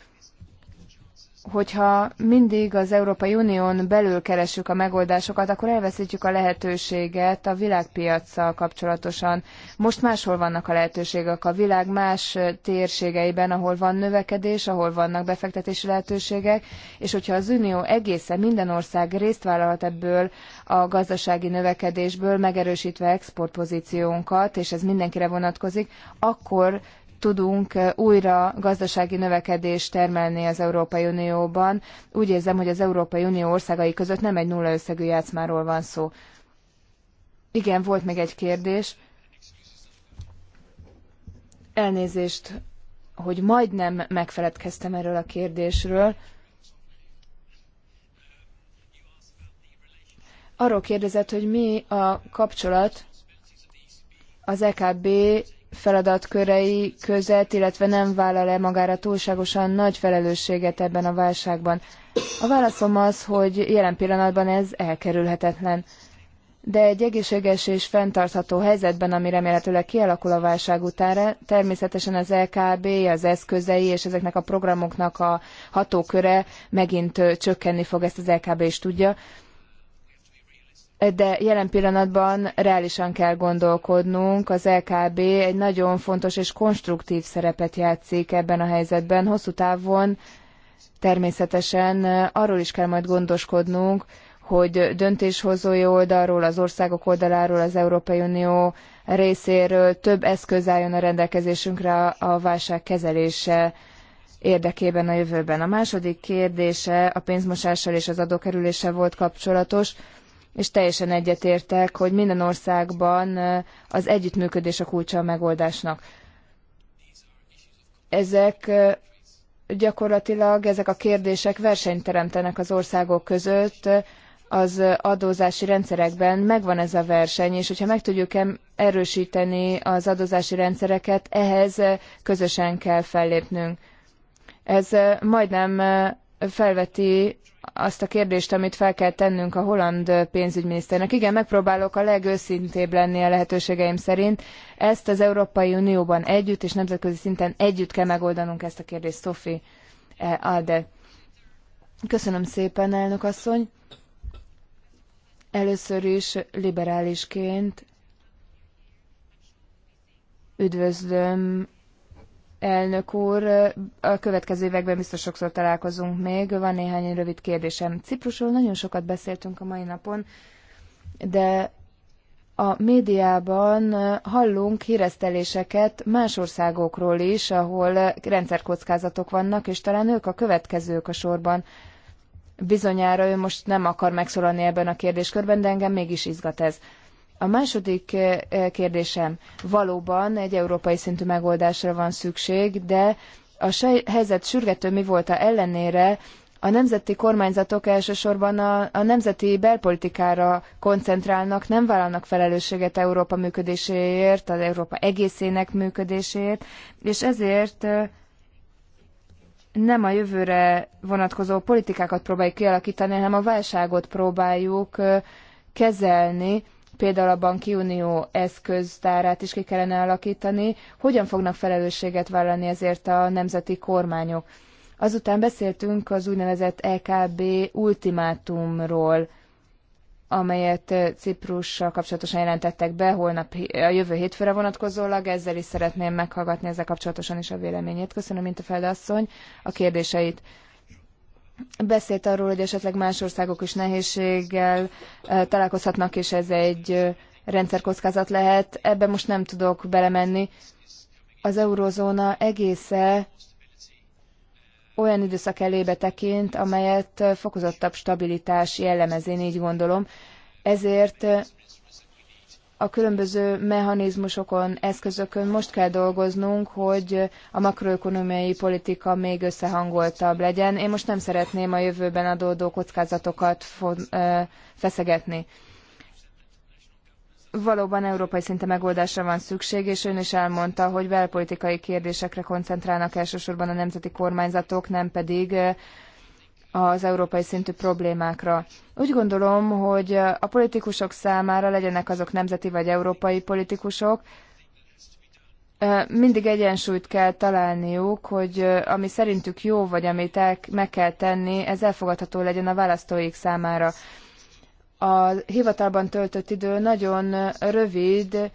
hogyha mindig az Európai Unión belül keresünk a megoldásokat, akkor elveszítjük a lehetőséget a világpiacsal kapcsolatosan. Most máshol vannak a lehetőségek a világ más térségeiben, ahol van növekedés, ahol vannak befektetési lehetőségek, és hogyha az Unió egészen minden ország részt vállalhat ebből a gazdasági növekedésből, megerősítve exportpozíciónkat, és ez mindenkire vonatkozik, akkor tudunk eh, újra gazdasági növekedést termelni az Európai Unióban. Úgy érzem, hogy az Európai Unió országai között nem egy nulla összegű játszmáról van szó. Igen, volt még egy kérdés. Elnézést, hogy majdnem megfeledkeztem erről a kérdésről. Arról kérdezett, hogy mi a kapcsolat az EKB feladatkörei között, illetve nem vállal e magára túlságosan nagy felelősséget ebben a válságban? A válaszom az, hogy jelen pillanatban ez elkerülhetetlen. De egy egészséges és fenntartható helyzetben, ami remélhetőleg kialakul a válság után, természetesen az LKB, az eszközei és ezeknek a programoknak a hatóköre megint csökkenni fog, ezt az LKB is tudja de jelen pillanatban reálisan kell gondolkodnunk. Az LKB egy nagyon fontos és konstruktív szerepet játszik ebben a helyzetben. Hosszú távon természetesen arról is kell majd gondoskodnunk, hogy döntéshozói oldalról, az országok oldaláról, az Európai Unió részéről több eszköz álljon a rendelkezésünkre a válság kezelése érdekében a jövőben. A második kérdése a pénzmosással és az adókerüléssel volt kapcsolatos és teljesen egyetértek, hogy minden országban az együttműködés a kulcsa a megoldásnak. Ezek gyakorlatilag ezek a kérdések versenyt teremtenek az országok között, az adózási rendszerekben megvan ez a verseny, és hogyha meg tudjuk erősíteni az adózási rendszereket, ehhez közösen kell fellépnünk. Ez majdnem felveti azt a kérdést, amit fel kell tennünk a holland pénzügyminiszternek. Igen, megpróbálok a legőszintébb lenni a lehetőségeim szerint. Ezt az Európai Unióban együtt és nemzetközi szinten együtt kell megoldanunk ezt a kérdést, Szofi eh, Alde. Köszönöm szépen, elnök asszony. Először is liberálisként üdvözlöm elnök úr. A következő években biztos sokszor találkozunk még. Van néhány rövid kérdésem. Ciprusról nagyon sokat beszéltünk a mai napon, de a médiában hallunk híreszteléseket más országokról is, ahol rendszerkockázatok vannak, és talán ők a következők a sorban. Bizonyára ő most nem akar megszólalni ebben a kérdéskörben, de engem mégis izgat ez. A második eh, eh, kérdésem, valóban egy európai szintű megoldásra van szükség, de a helyzet sürgető mi volt a ellenére, a nemzeti kormányzatok elsősorban a, a nemzeti belpolitikára koncentrálnak, nem vállalnak felelősséget Európa működéséért, az Európa egészének működéséért, és ezért eh, nem a jövőre vonatkozó politikákat próbáljuk kialakítani, hanem a válságot próbáljuk kezelni, például a Banki Unió eszköztárát is ki kellene alakítani, hogyan fognak felelősséget vállalni ezért a nemzeti kormányok. Azután beszéltünk az úgynevezett EKB ultimátumról, amelyet eh, Ciprussal kapcsolatosan jelentettek be, holnap a jövő hétfőre vonatkozólag, ezzel is szeretném meghallgatni ezzel kapcsolatosan is a véleményét. Köszönöm, mint a asszony, a kérdéseit. Beszélt arról, hogy esetleg más országok is nehézséggel eh, találkozhatnak, és ez egy eh, rendszerkockázat lehet. Ebbe most nem tudok belemenni. Az eurozóna egésze olyan időszak elébe tekint, amelyet eh, fokozottabb stabilitás jellemez, én így gondolom. Ezért a különböző mechanizmusokon, eszközökön most kell dolgoznunk, hogy a makroökonomiai politika még összehangoltabb legyen. Én most nem szeretném a jövőben adódó kockázatokat feszegetni. Valóban európai szinte megoldásra van szükség, és ön is elmondta, hogy belpolitikai kérdésekre koncentrálnak elsősorban a nemzeti kormányzatok, nem pedig az európai szintű problémákra. Úgy gondolom, hogy a politikusok számára legyenek azok nemzeti vagy európai politikusok, mindig egyensúlyt kell találniuk, hogy ami szerintük jó, vagy amit el, meg kell tenni, ez elfogadható legyen a választóik számára. A hivatalban töltött idő nagyon rövid,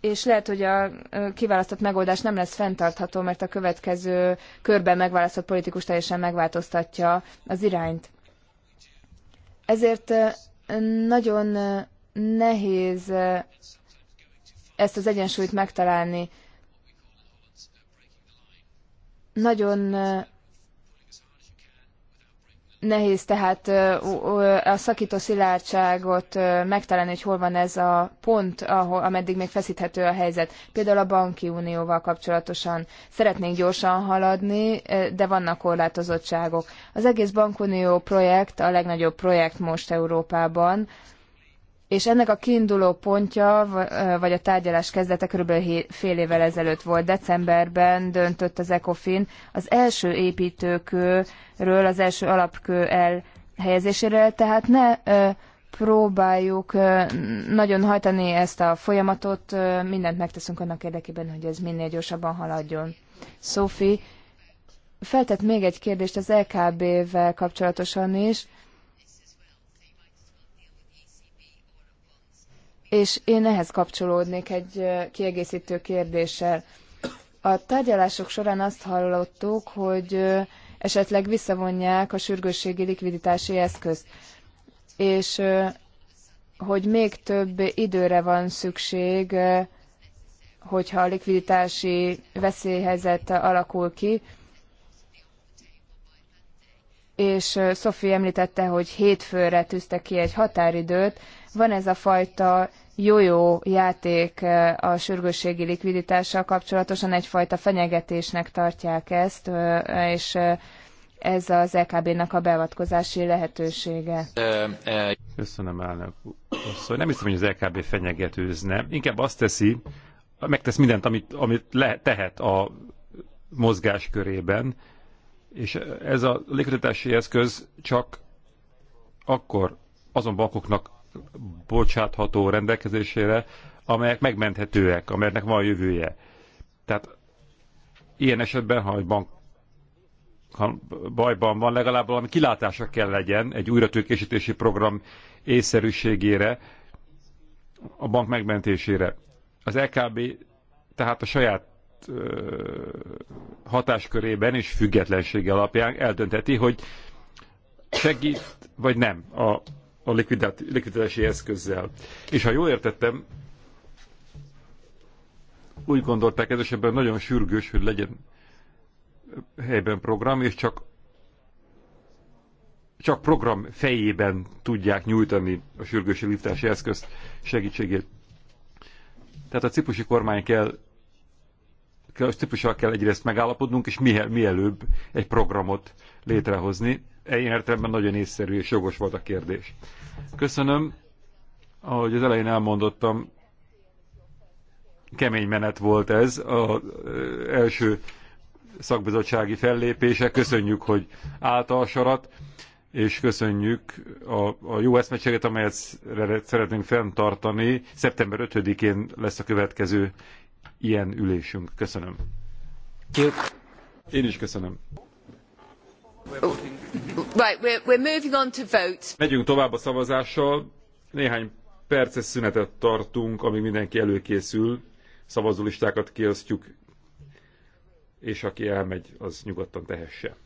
és lehet, hogy a kiválasztott megoldás nem lesz fenntartható, mert a következő körben megválasztott politikus teljesen megváltoztatja az irányt. Ezért nagyon nehéz ezt az egyensúlyt megtalálni. Nagyon Nehéz tehát a szakító szilárdságot megtalálni, hogy hol van ez a pont, ahol, ameddig még feszíthető a helyzet. Például a banki unióval kapcsolatosan szeretnénk gyorsan haladni, de vannak korlátozottságok. Az egész bankunió projekt a legnagyobb projekt most Európában, és ennek a kiinduló pontja, eh, vagy a tárgyalás kezdete körülbelül fél évvel ezelőtt volt. Decemberben döntött az ECOFIN az első építőkőről, az első alapkő elhelyezéséről, tehát ne eh, próbáljuk eh, nagyon hajtani ezt a folyamatot, mindent megteszünk annak érdekében, hogy ez minél gyorsabban haladjon. Sophie feltett még egy kérdést az lkb e vel kapcsolatosan is és én ehhez kapcsolódnék egy kiegészítő kérdéssel. A tárgyalások során azt hallottuk, hogy esetleg visszavonják a sürgősségi likviditási eszközt, és hogy még több időre van szükség, hogyha a likviditási veszélyhelyzet alakul ki, és Szofi említette, hogy hétfőre tűzte ki egy határidőt. Van ez a fajta jó jó játék a sürgősségi likviditással kapcsolatosan, egyfajta fenyegetésnek tartják ezt, és ez az LKB-nak e a beavatkozási lehetősége. Köszönöm, elnök asszony. Nem hiszem, hogy az LKB e fenyegetőzne. Inkább azt teszi, megtesz mindent, amit, amit le, tehet a mozgás körében, és ez a légkötetási eszköz csak akkor azon bankoknak bocsátható rendelkezésére, amelyek megmenthetőek, amelyeknek van jövője. Tehát ilyen esetben, ha egy bank ha bajban van, legalább valami kilátása kell legyen egy újratőkésítési program észszerűségére, a bank megmentésére. Az LKB e tehát a saját hatáskörében és függetlensége alapján eldönteti, hogy segít vagy nem a, a likviditási eszközzel. És ha jól értettem, úgy gondolták ez esetben nagyon sürgős, hogy legyen helyben program, és csak csak program fejében tudják nyújtani a sürgősségítási eszközt segítségét. Tehát a cipusi kormány kell típussal kell egyrészt megállapodnunk, és mihel, mielőbb egy programot létrehozni. Ilyen értelemben nagyon észszerű és jogos volt a kérdés. Köszönöm. Ahogy az elején elmondottam, kemény menet volt ez az első szakbizottsági fellépése. Köszönjük, hogy állta a sarat, és köszönjük a, a jó eszmecséget, amelyet szeretnénk fenntartani. Szeptember 5-én lesz a következő ilyen ülésünk. Köszönöm. Én is köszönöm. Right, we're, we're moving on to vote. Megyünk tovább a szavazással. Néhány perces szünetet tartunk, amíg mindenki előkészül. Szavazólistákat kiosztjuk, és aki elmegy, az nyugodtan tehesse.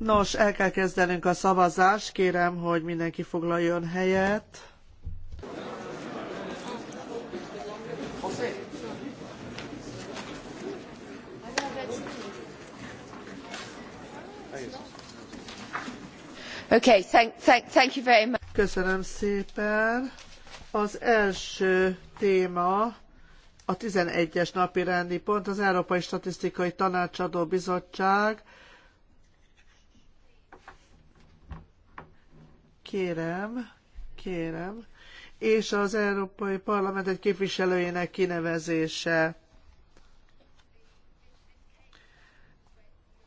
Nos, el kell kezdenünk a szavazást. Kérem, hogy mindenki foglaljon helyet. Okay, thank, thank, thank you very much. Köszönöm szépen. Az első téma a 11-es napi rendi pont az Európai Statisztikai Tanácsadó Bizottság. Kérem, kérem. És az Európai Parlament egy képviselőjének kinevezése.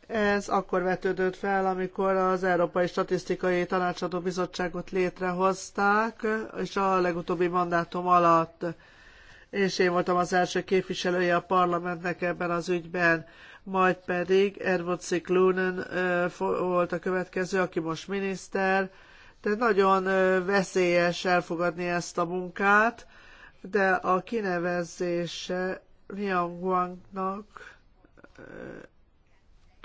Ez akkor vetődött fel, amikor az Európai Statisztikai Tanácsadó Bizottságot létrehozták, és a legutóbbi mandátum alatt és én voltam az első képviselője a parlamentnek ebben az ügyben, majd pedig Ervocsi Clunen volt a következő, aki most miniszter, de nagyon veszélyes elfogadni ezt a munkát, de a kinevezése Liang Wangnak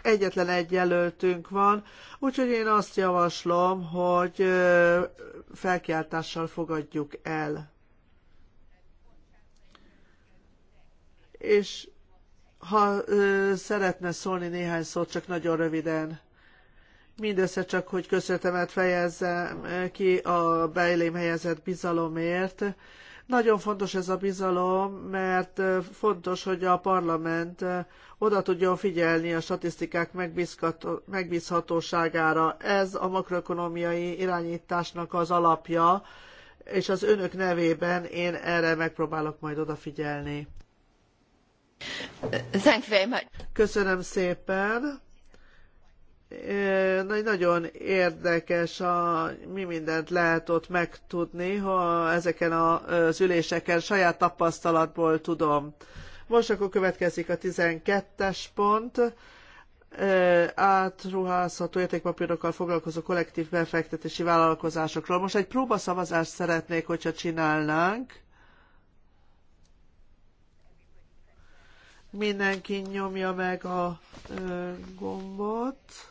egyetlen egy jelöltünk van, úgyhogy én azt javaslom, hogy felkiáltással fogadjuk el. és ha ö, szeretne szólni néhány szót, csak nagyon röviden. Mindössze csak, hogy köszönetemet fejezzem ki a beilém helyezett bizalomért. Nagyon fontos ez a bizalom, mert fontos, hogy a parlament oda tudjon figyelni a statisztikák megbízhatóságára. Ez a makroökonómiai irányításnak az alapja, és az önök nevében én erre megpróbálok majd odafigyelni. Köszönöm szépen. Nagyon érdekes, a, mi mindent lehet ott megtudni, ha ezeken az üléseken saját tapasztalatból tudom. Most akkor következik a 12-es pont átruházható értékpapírokkal foglalkozó kollektív befektetési vállalkozásokról. Most egy próbaszavazást szeretnék, hogyha csinálnánk. Mindenki nyomja meg a ö, gombot.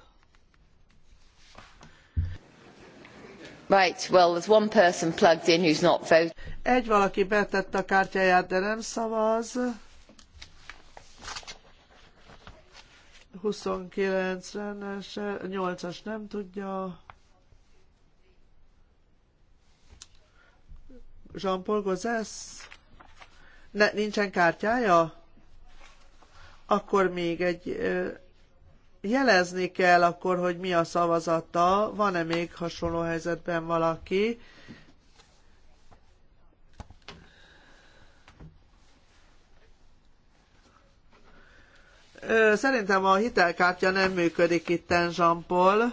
Right, well, there's one person plugged in who's not voting. Egy valaki betette a kártyáját, de nem szavaz. 29 rendes, 8-as nem tudja. Jean-Paul Gozesz? Ne, nincsen kártyája? akkor még egy jelezni kell akkor, hogy mi a szavazata, van-e még hasonló helyzetben valaki, Szerintem a hitelkártya nem működik itt, Jean-Paul.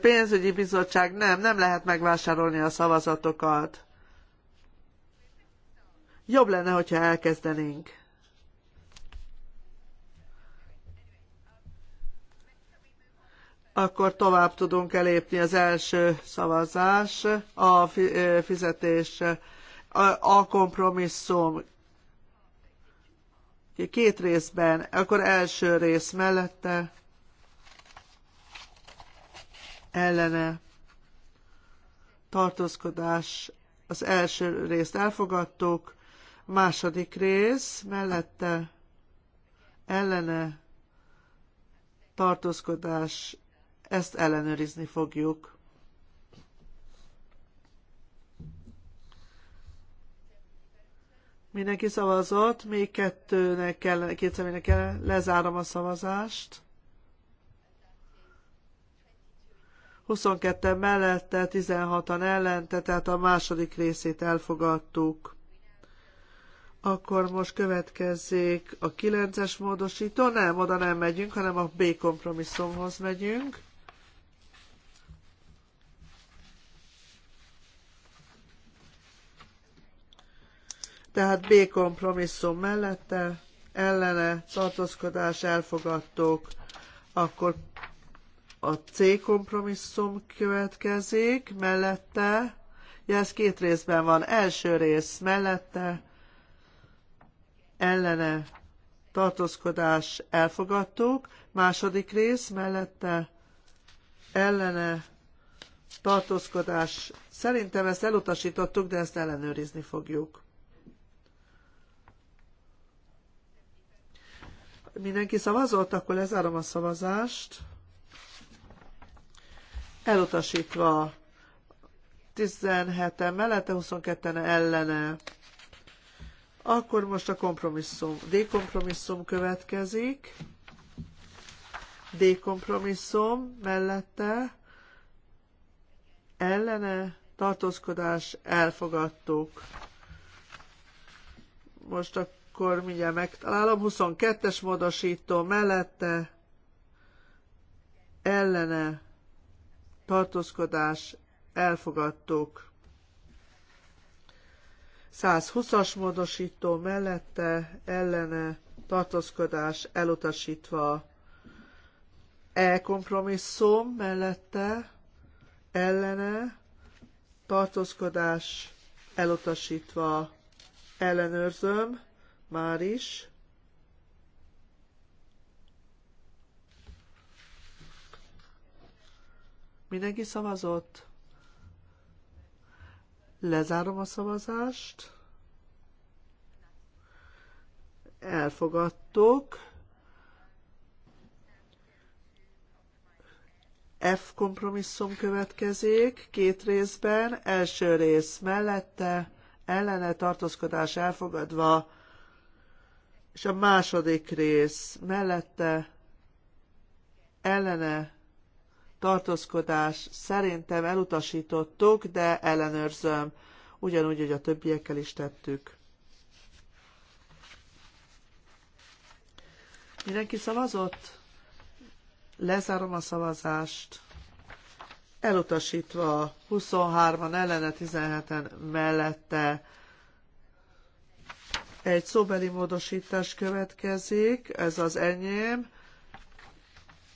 pénzügyi bizottság nem, nem lehet megvásárolni a szavazatokat. Jobb lenne, hogyha elkezdenénk. Akkor tovább tudunk elépni az első szavazás, a fizetés, a kompromisszum két részben, akkor első rész mellette ellene tartózkodás az első részt elfogadtuk, második rész mellette ellene tartózkodás, ezt ellenőrizni fogjuk. Mindenki szavazott, még kettőnek kell, két személynek kell, lezárom a szavazást. 22 mellette, 16-an ellente, tehát a második részét elfogadtuk. Akkor most következzék a 9-es módosító. Nem, oda nem megyünk, hanem a B kompromisszumhoz megyünk. Tehát B kompromisszum mellette, ellene, tartózkodás elfogadtuk, akkor a C kompromisszum következik, mellette, ja, ez két részben van, első rész mellette, ellene, tartózkodás elfogadtuk, második rész mellette, ellene, tartózkodás. Szerintem ezt elutasítottuk, de ezt ellenőrizni fogjuk. Mindenki szavazott, akkor lezárom a szavazást elutasítva 17-en mellette, 22-en ellene. Akkor most a kompromisszum. D kompromisszum következik. D kompromisszum mellette ellene tartózkodás elfogadtuk. Most akkor mindjárt megtalálom. 22-es módosító mellette ellene tartózkodás elfogadtuk. 120-as módosító mellette ellene tartózkodás elutasítva. E kompromisszum mellette ellene tartózkodás elutasítva ellenőrzöm már is. Mindenki szavazott? Lezárom a szavazást. Elfogadtok. F kompromisszum következik, két részben, első rész mellette, ellene tartózkodás elfogadva, és a második rész mellette, ellene tartózkodás szerintem elutasítottuk, de ellenőrzöm, ugyanúgy, hogy a többiekkel is tettük. Mindenki szavazott? Lezárom a szavazást. Elutasítva 23-an ellene, 17-en mellette. Egy szóbeli módosítás következik, ez az enyém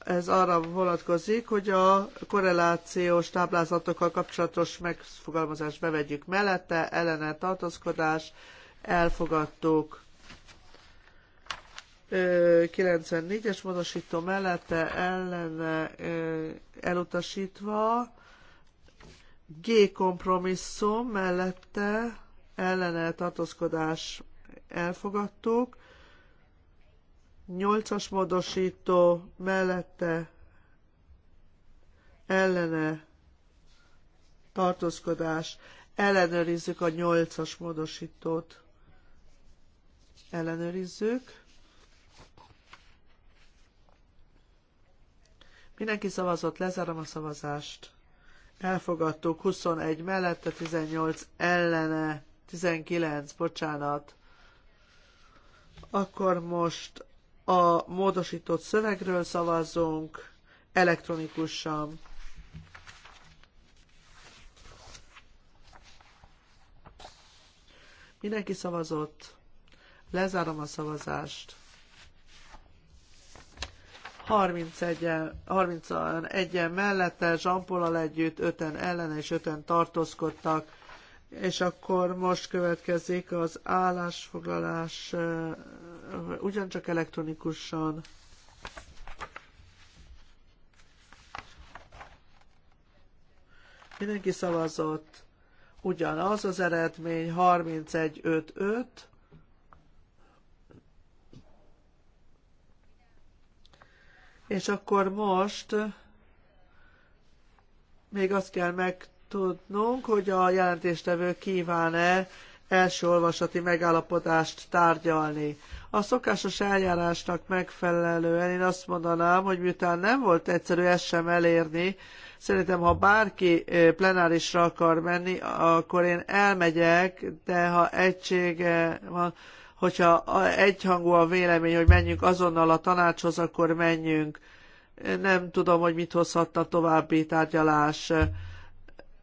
ez arra vonatkozik, hogy a korrelációs táblázatokkal kapcsolatos megfogalmazást bevegyük mellette, ellene tartózkodás, elfogadtuk. 94-es módosító mellette ellene elutasítva, G kompromisszum mellette ellene tartózkodás elfogadtuk, Nyolcas módosító mellette ellene tartózkodás. Ellenőrizzük a nyolcas módosítót. Ellenőrizzük. Mindenki szavazott, lezárom a szavazást. Elfogadtuk 21 mellette, 18 ellene, 19, bocsánat. Akkor most a módosított szövegről szavazzunk elektronikusan. Mindenki szavazott. Lezárom a szavazást. 31-en mellette, Zsampolal együtt, 5-en ellen és 5-en tartózkodtak. És akkor most következik az állásfoglalás ugyancsak elektronikusan. Mindenki szavazott. Ugyanaz az eredmény 31-5-5. És akkor most még azt kell megtudnunk, hogy a jelentéstevő kíván-e első olvasati megállapodást tárgyalni. A szokásos eljárásnak megfelelően én azt mondanám, hogy miután nem volt egyszerű ezt sem elérni, szerintem ha bárki plenárisra akar menni, akkor én elmegyek, de ha egysége van, hogyha egyhangú a vélemény, hogy menjünk azonnal a tanácshoz, akkor menjünk. Nem tudom, hogy mit hozhatna további tárgyalás.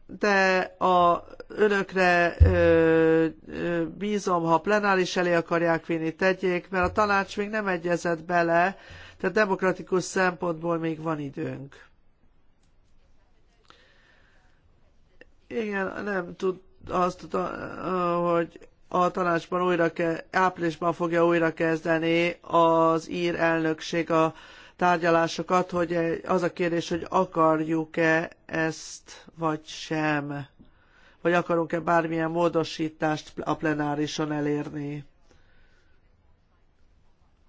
De a önökre ö, ö, bízom, ha plenáris elé akarják vinni, tegyék, mert a tanács még nem egyezett bele, tehát demokratikus szempontból még van időnk. Igen, nem tud azt, hogy a tanácsban újra ke, áprilisban fogja újra kezdeni az ír elnökség a tárgyalásokat, hogy az a kérdés, hogy akarjuk-e ezt vagy sem vagy akarunk-e bármilyen módosítást a plenárison elérni.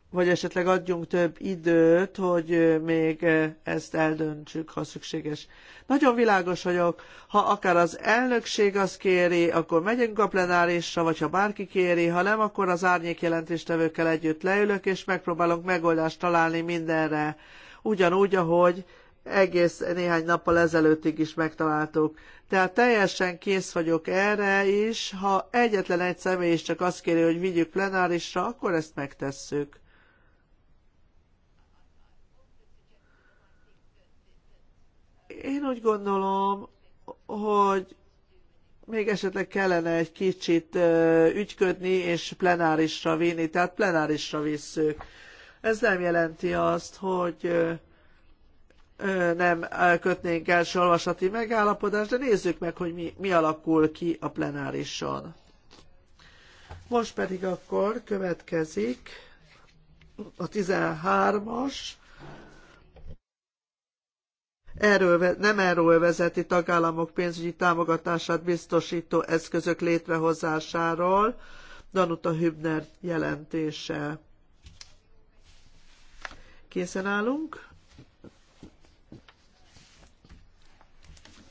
Vagy esetleg adjunk több időt, hogy még ezt eldöntsük, ha szükséges. Nagyon világos vagyok, ha akár az elnökség azt kéri, akkor megyünk a plenárisra, vagy ha bárki kéri, ha nem, akkor az árnyék jelentéstevőkkel együtt leülök, és megpróbálunk megoldást találni mindenre. Ugyanúgy, ahogy egész néhány nappal ezelőttig is megtaláltuk. Tehát teljesen kész vagyok erre is, ha egyetlen egy személy is csak azt kéri, hogy vigyük plenárisra, akkor ezt megtesszük. Én úgy gondolom, hogy még esetleg kellene egy kicsit ügyködni és plenárisra vinni, tehát plenárisra visszük. Ez nem jelenti azt, hogy nem kötnénk első olvasati megállapodást, de nézzük meg, hogy mi, mi alakul ki a plenárison. Most pedig akkor következik a 13-as erről, nem erővezeti tagállamok pénzügyi támogatását biztosító eszközök létrehozásáról, Danuta Hübner jelentése. Készen állunk?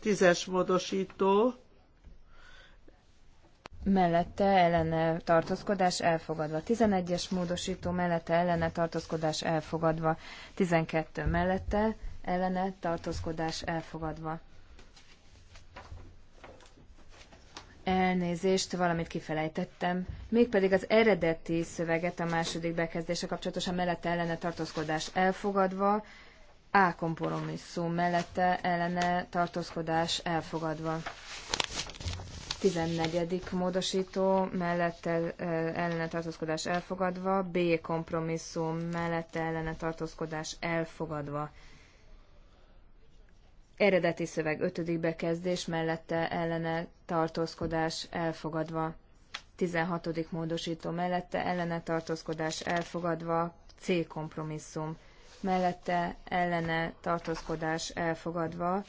Tízes módosító. Mellette ellene tartózkodás elfogadva. 11-es módosító mellette ellene tartózkodás elfogadva. 12 mellette ellene tartózkodás elfogadva. Elnézést, valamit kifelejtettem. Mégpedig az eredeti szöveget a második bekezdése kapcsolatosan mellette ellene tartózkodás elfogadva, a kompromisszum mellette ellene tartózkodás elfogadva. 14. módosító mellette eh, ellene tartózkodás elfogadva, B kompromisszum mellette ellene tartózkodás elfogadva. Eredeti szöveg 5. bekezdés mellette ellene tartózkodás elfogadva. 16. módosító mellette ellene tartózkodás elfogadva, C kompromisszum mellette ellene tartózkodás elfogadva,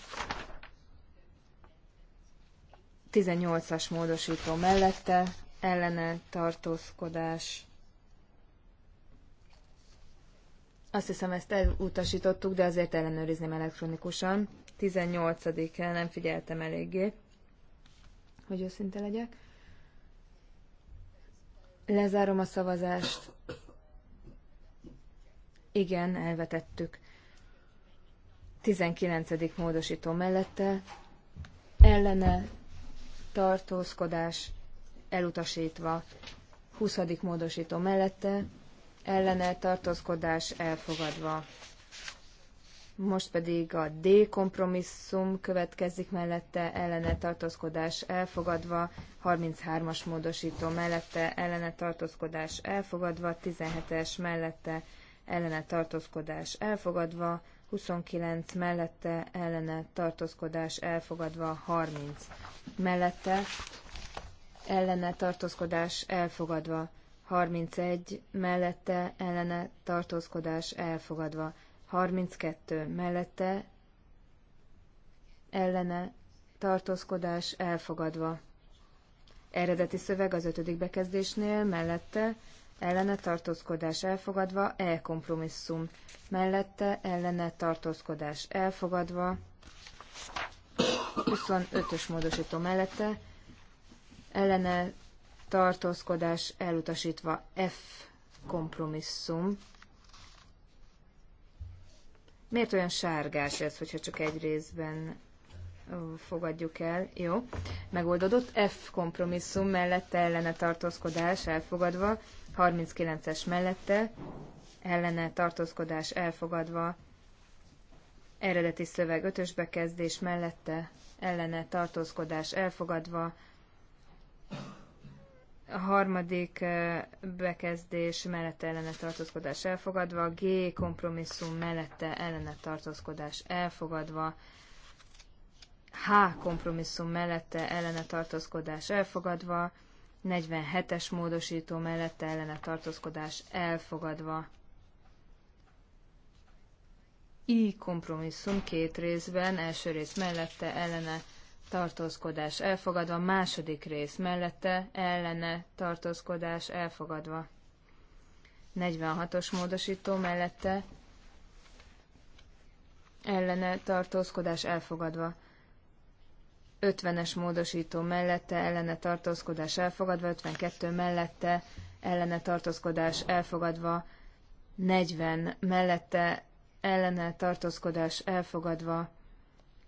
18-as módosító mellette ellene tartózkodás. Azt hiszem, ezt elutasítottuk, de azért ellenőrizném elektronikusan. 18 el nem figyeltem eléggé, hogy őszinte legyek. Lezárom a szavazást. Igen, elvetettük. 19. módosító mellette ellene tartózkodás elutasítva. 20. módosító mellette ellene tartózkodás elfogadva. Most pedig a D kompromisszum következik mellette, ellene tartózkodás elfogadva, 33-as módosító mellette, ellene tartózkodás elfogadva, 17-es mellette, ellene tartózkodás elfogadva, 29 mellette ellene tartózkodás elfogadva, 30 mellette ellene tartózkodás elfogadva, 31 mellette ellene tartózkodás elfogadva, 32 mellette ellene tartózkodás elfogadva. Eredeti szöveg az ötödik bekezdésnél mellette ellene tartózkodás elfogadva, E kompromisszum mellette ellene tartózkodás elfogadva, 25-ös módosító mellette ellene tartózkodás elutasítva F kompromisszum. Miért olyan sárgás ez, hogyha csak egy részben fogadjuk el? Jó, megoldódott. F kompromisszum mellette ellene tartózkodás elfogadva. 39-es mellette ellene tartózkodás elfogadva, eredeti szöveg ötös bekezdés mellette ellene tartózkodás elfogadva, a harmadik bekezdés mellette ellene tartózkodás elfogadva, G kompromisszum mellette ellene tartózkodás elfogadva, H kompromisszum mellette ellene tartózkodás elfogadva, 47-es módosító mellette ellene tartózkodás elfogadva. I kompromisszum két részben, első rész mellette ellene tartózkodás elfogadva, második rész mellette ellene tartózkodás elfogadva. 46-os módosító mellette ellene tartózkodás elfogadva. 50-es módosító mellette ellene tartózkodás elfogadva, 52 mellette ellene tartózkodás elfogadva, 40 mellette ellene tartózkodás elfogadva,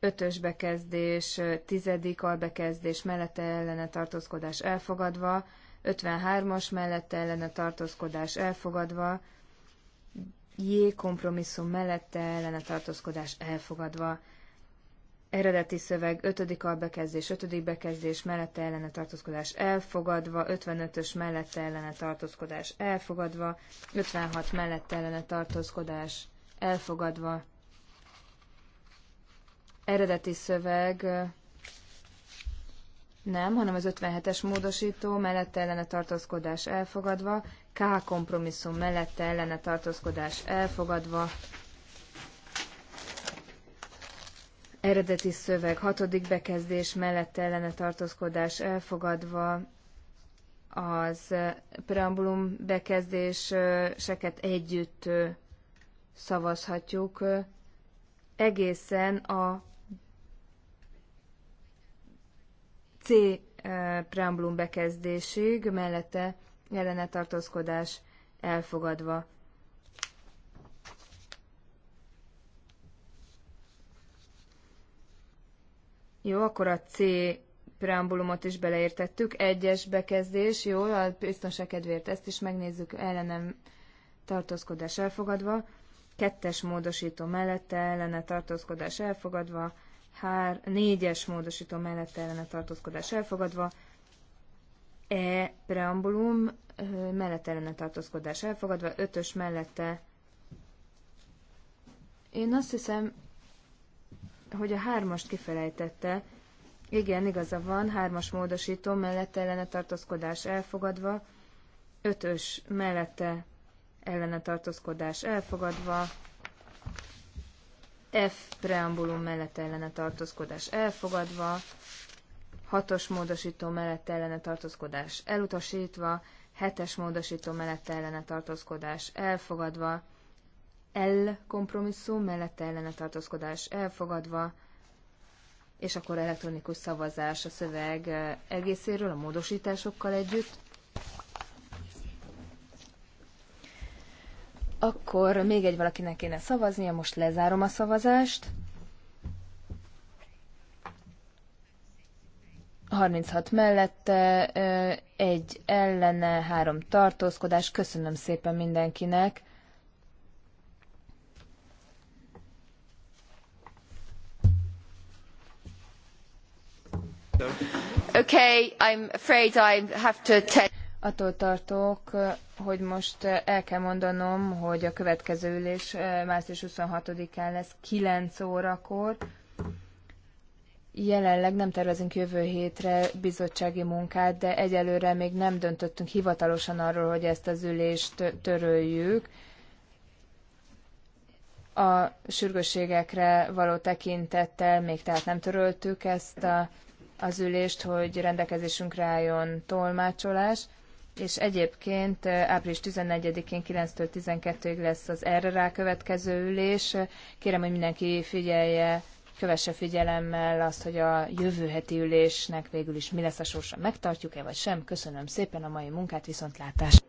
5-ös bekezdés, 10. albekezdés mellette ellene tartózkodás elfogadva, 53-as mellette ellene tartózkodás elfogadva, J kompromisszum mellette ellene tartózkodás elfogadva, eredeti szöveg 5. albekezdés, 5. bekezdés mellette ellene tartózkodás elfogadva, 55-ös mellette ellene tartózkodás elfogadva, 56 mellette ellene tartózkodás elfogadva. Eredeti szöveg nem, hanem az 57-es módosító mellette ellene tartózkodás elfogadva, K kompromisszum mellette ellene tartózkodás elfogadva, Eredeti szöveg, hatodik bekezdés mellett ellene tartózkodás elfogadva, az preambulum bekezdéseket együtt szavazhatjuk egészen a C preambulum bekezdésig, mellette ellene tartózkodás elfogadva. Jó, akkor a C preambulumot is beleértettük. Egyes bekezdés, jó, a biztonság kedvéért ezt is megnézzük, ellenem tartózkodás elfogadva. Kettes módosító mellette ellene tartózkodás elfogadva. Hár, négyes módosító mellette ellene tartózkodás elfogadva. E preambulum mellette ellene tartózkodás elfogadva. Ötös mellette. Én azt hiszem, hogy a hármast kifelejtette. Igen, igaza van, hármas módosító mellette ellene tartózkodás elfogadva, ötös mellette ellene tartózkodás elfogadva, F preambulum mellett ellene tartózkodás elfogadva, hatos módosító mellett ellene tartózkodás elutasítva, hetes módosító mellett ellene tartózkodás elfogadva, el kompromisszum mellette ellene tartózkodás elfogadva, és akkor elektronikus szavazás a szöveg egészéről a módosításokkal együtt. Akkor még egy valakinek kéne szavaznia, most lezárom a szavazást. 36 mellette, egy ellene, három tartózkodás. Köszönöm szépen mindenkinek Attól tartok, hogy most el kell mondanom, hogy a következő ülés eh, március 26-án lesz nine órakor. Jelenleg nem tervezünk jövő hétre bizottsági munkát, de egyelőre még nem döntöttünk hivatalosan arról, hogy ezt az ülést töröljük. A sürgősségekre való tekintettel még tehát nem töröltük ezt a az ülést, hogy rendelkezésünkre álljon tolmácsolás, és egyébként eh, április 14-én 9-től 12-ig lesz az erre következő ülés. Kérem, hogy mindenki figyelje, kövesse figyelemmel azt, hogy a jövő heti ülésnek végül is mi lesz a sorsa, megtartjuk-e vagy sem. Köszönöm szépen a mai munkát, viszontlátásra!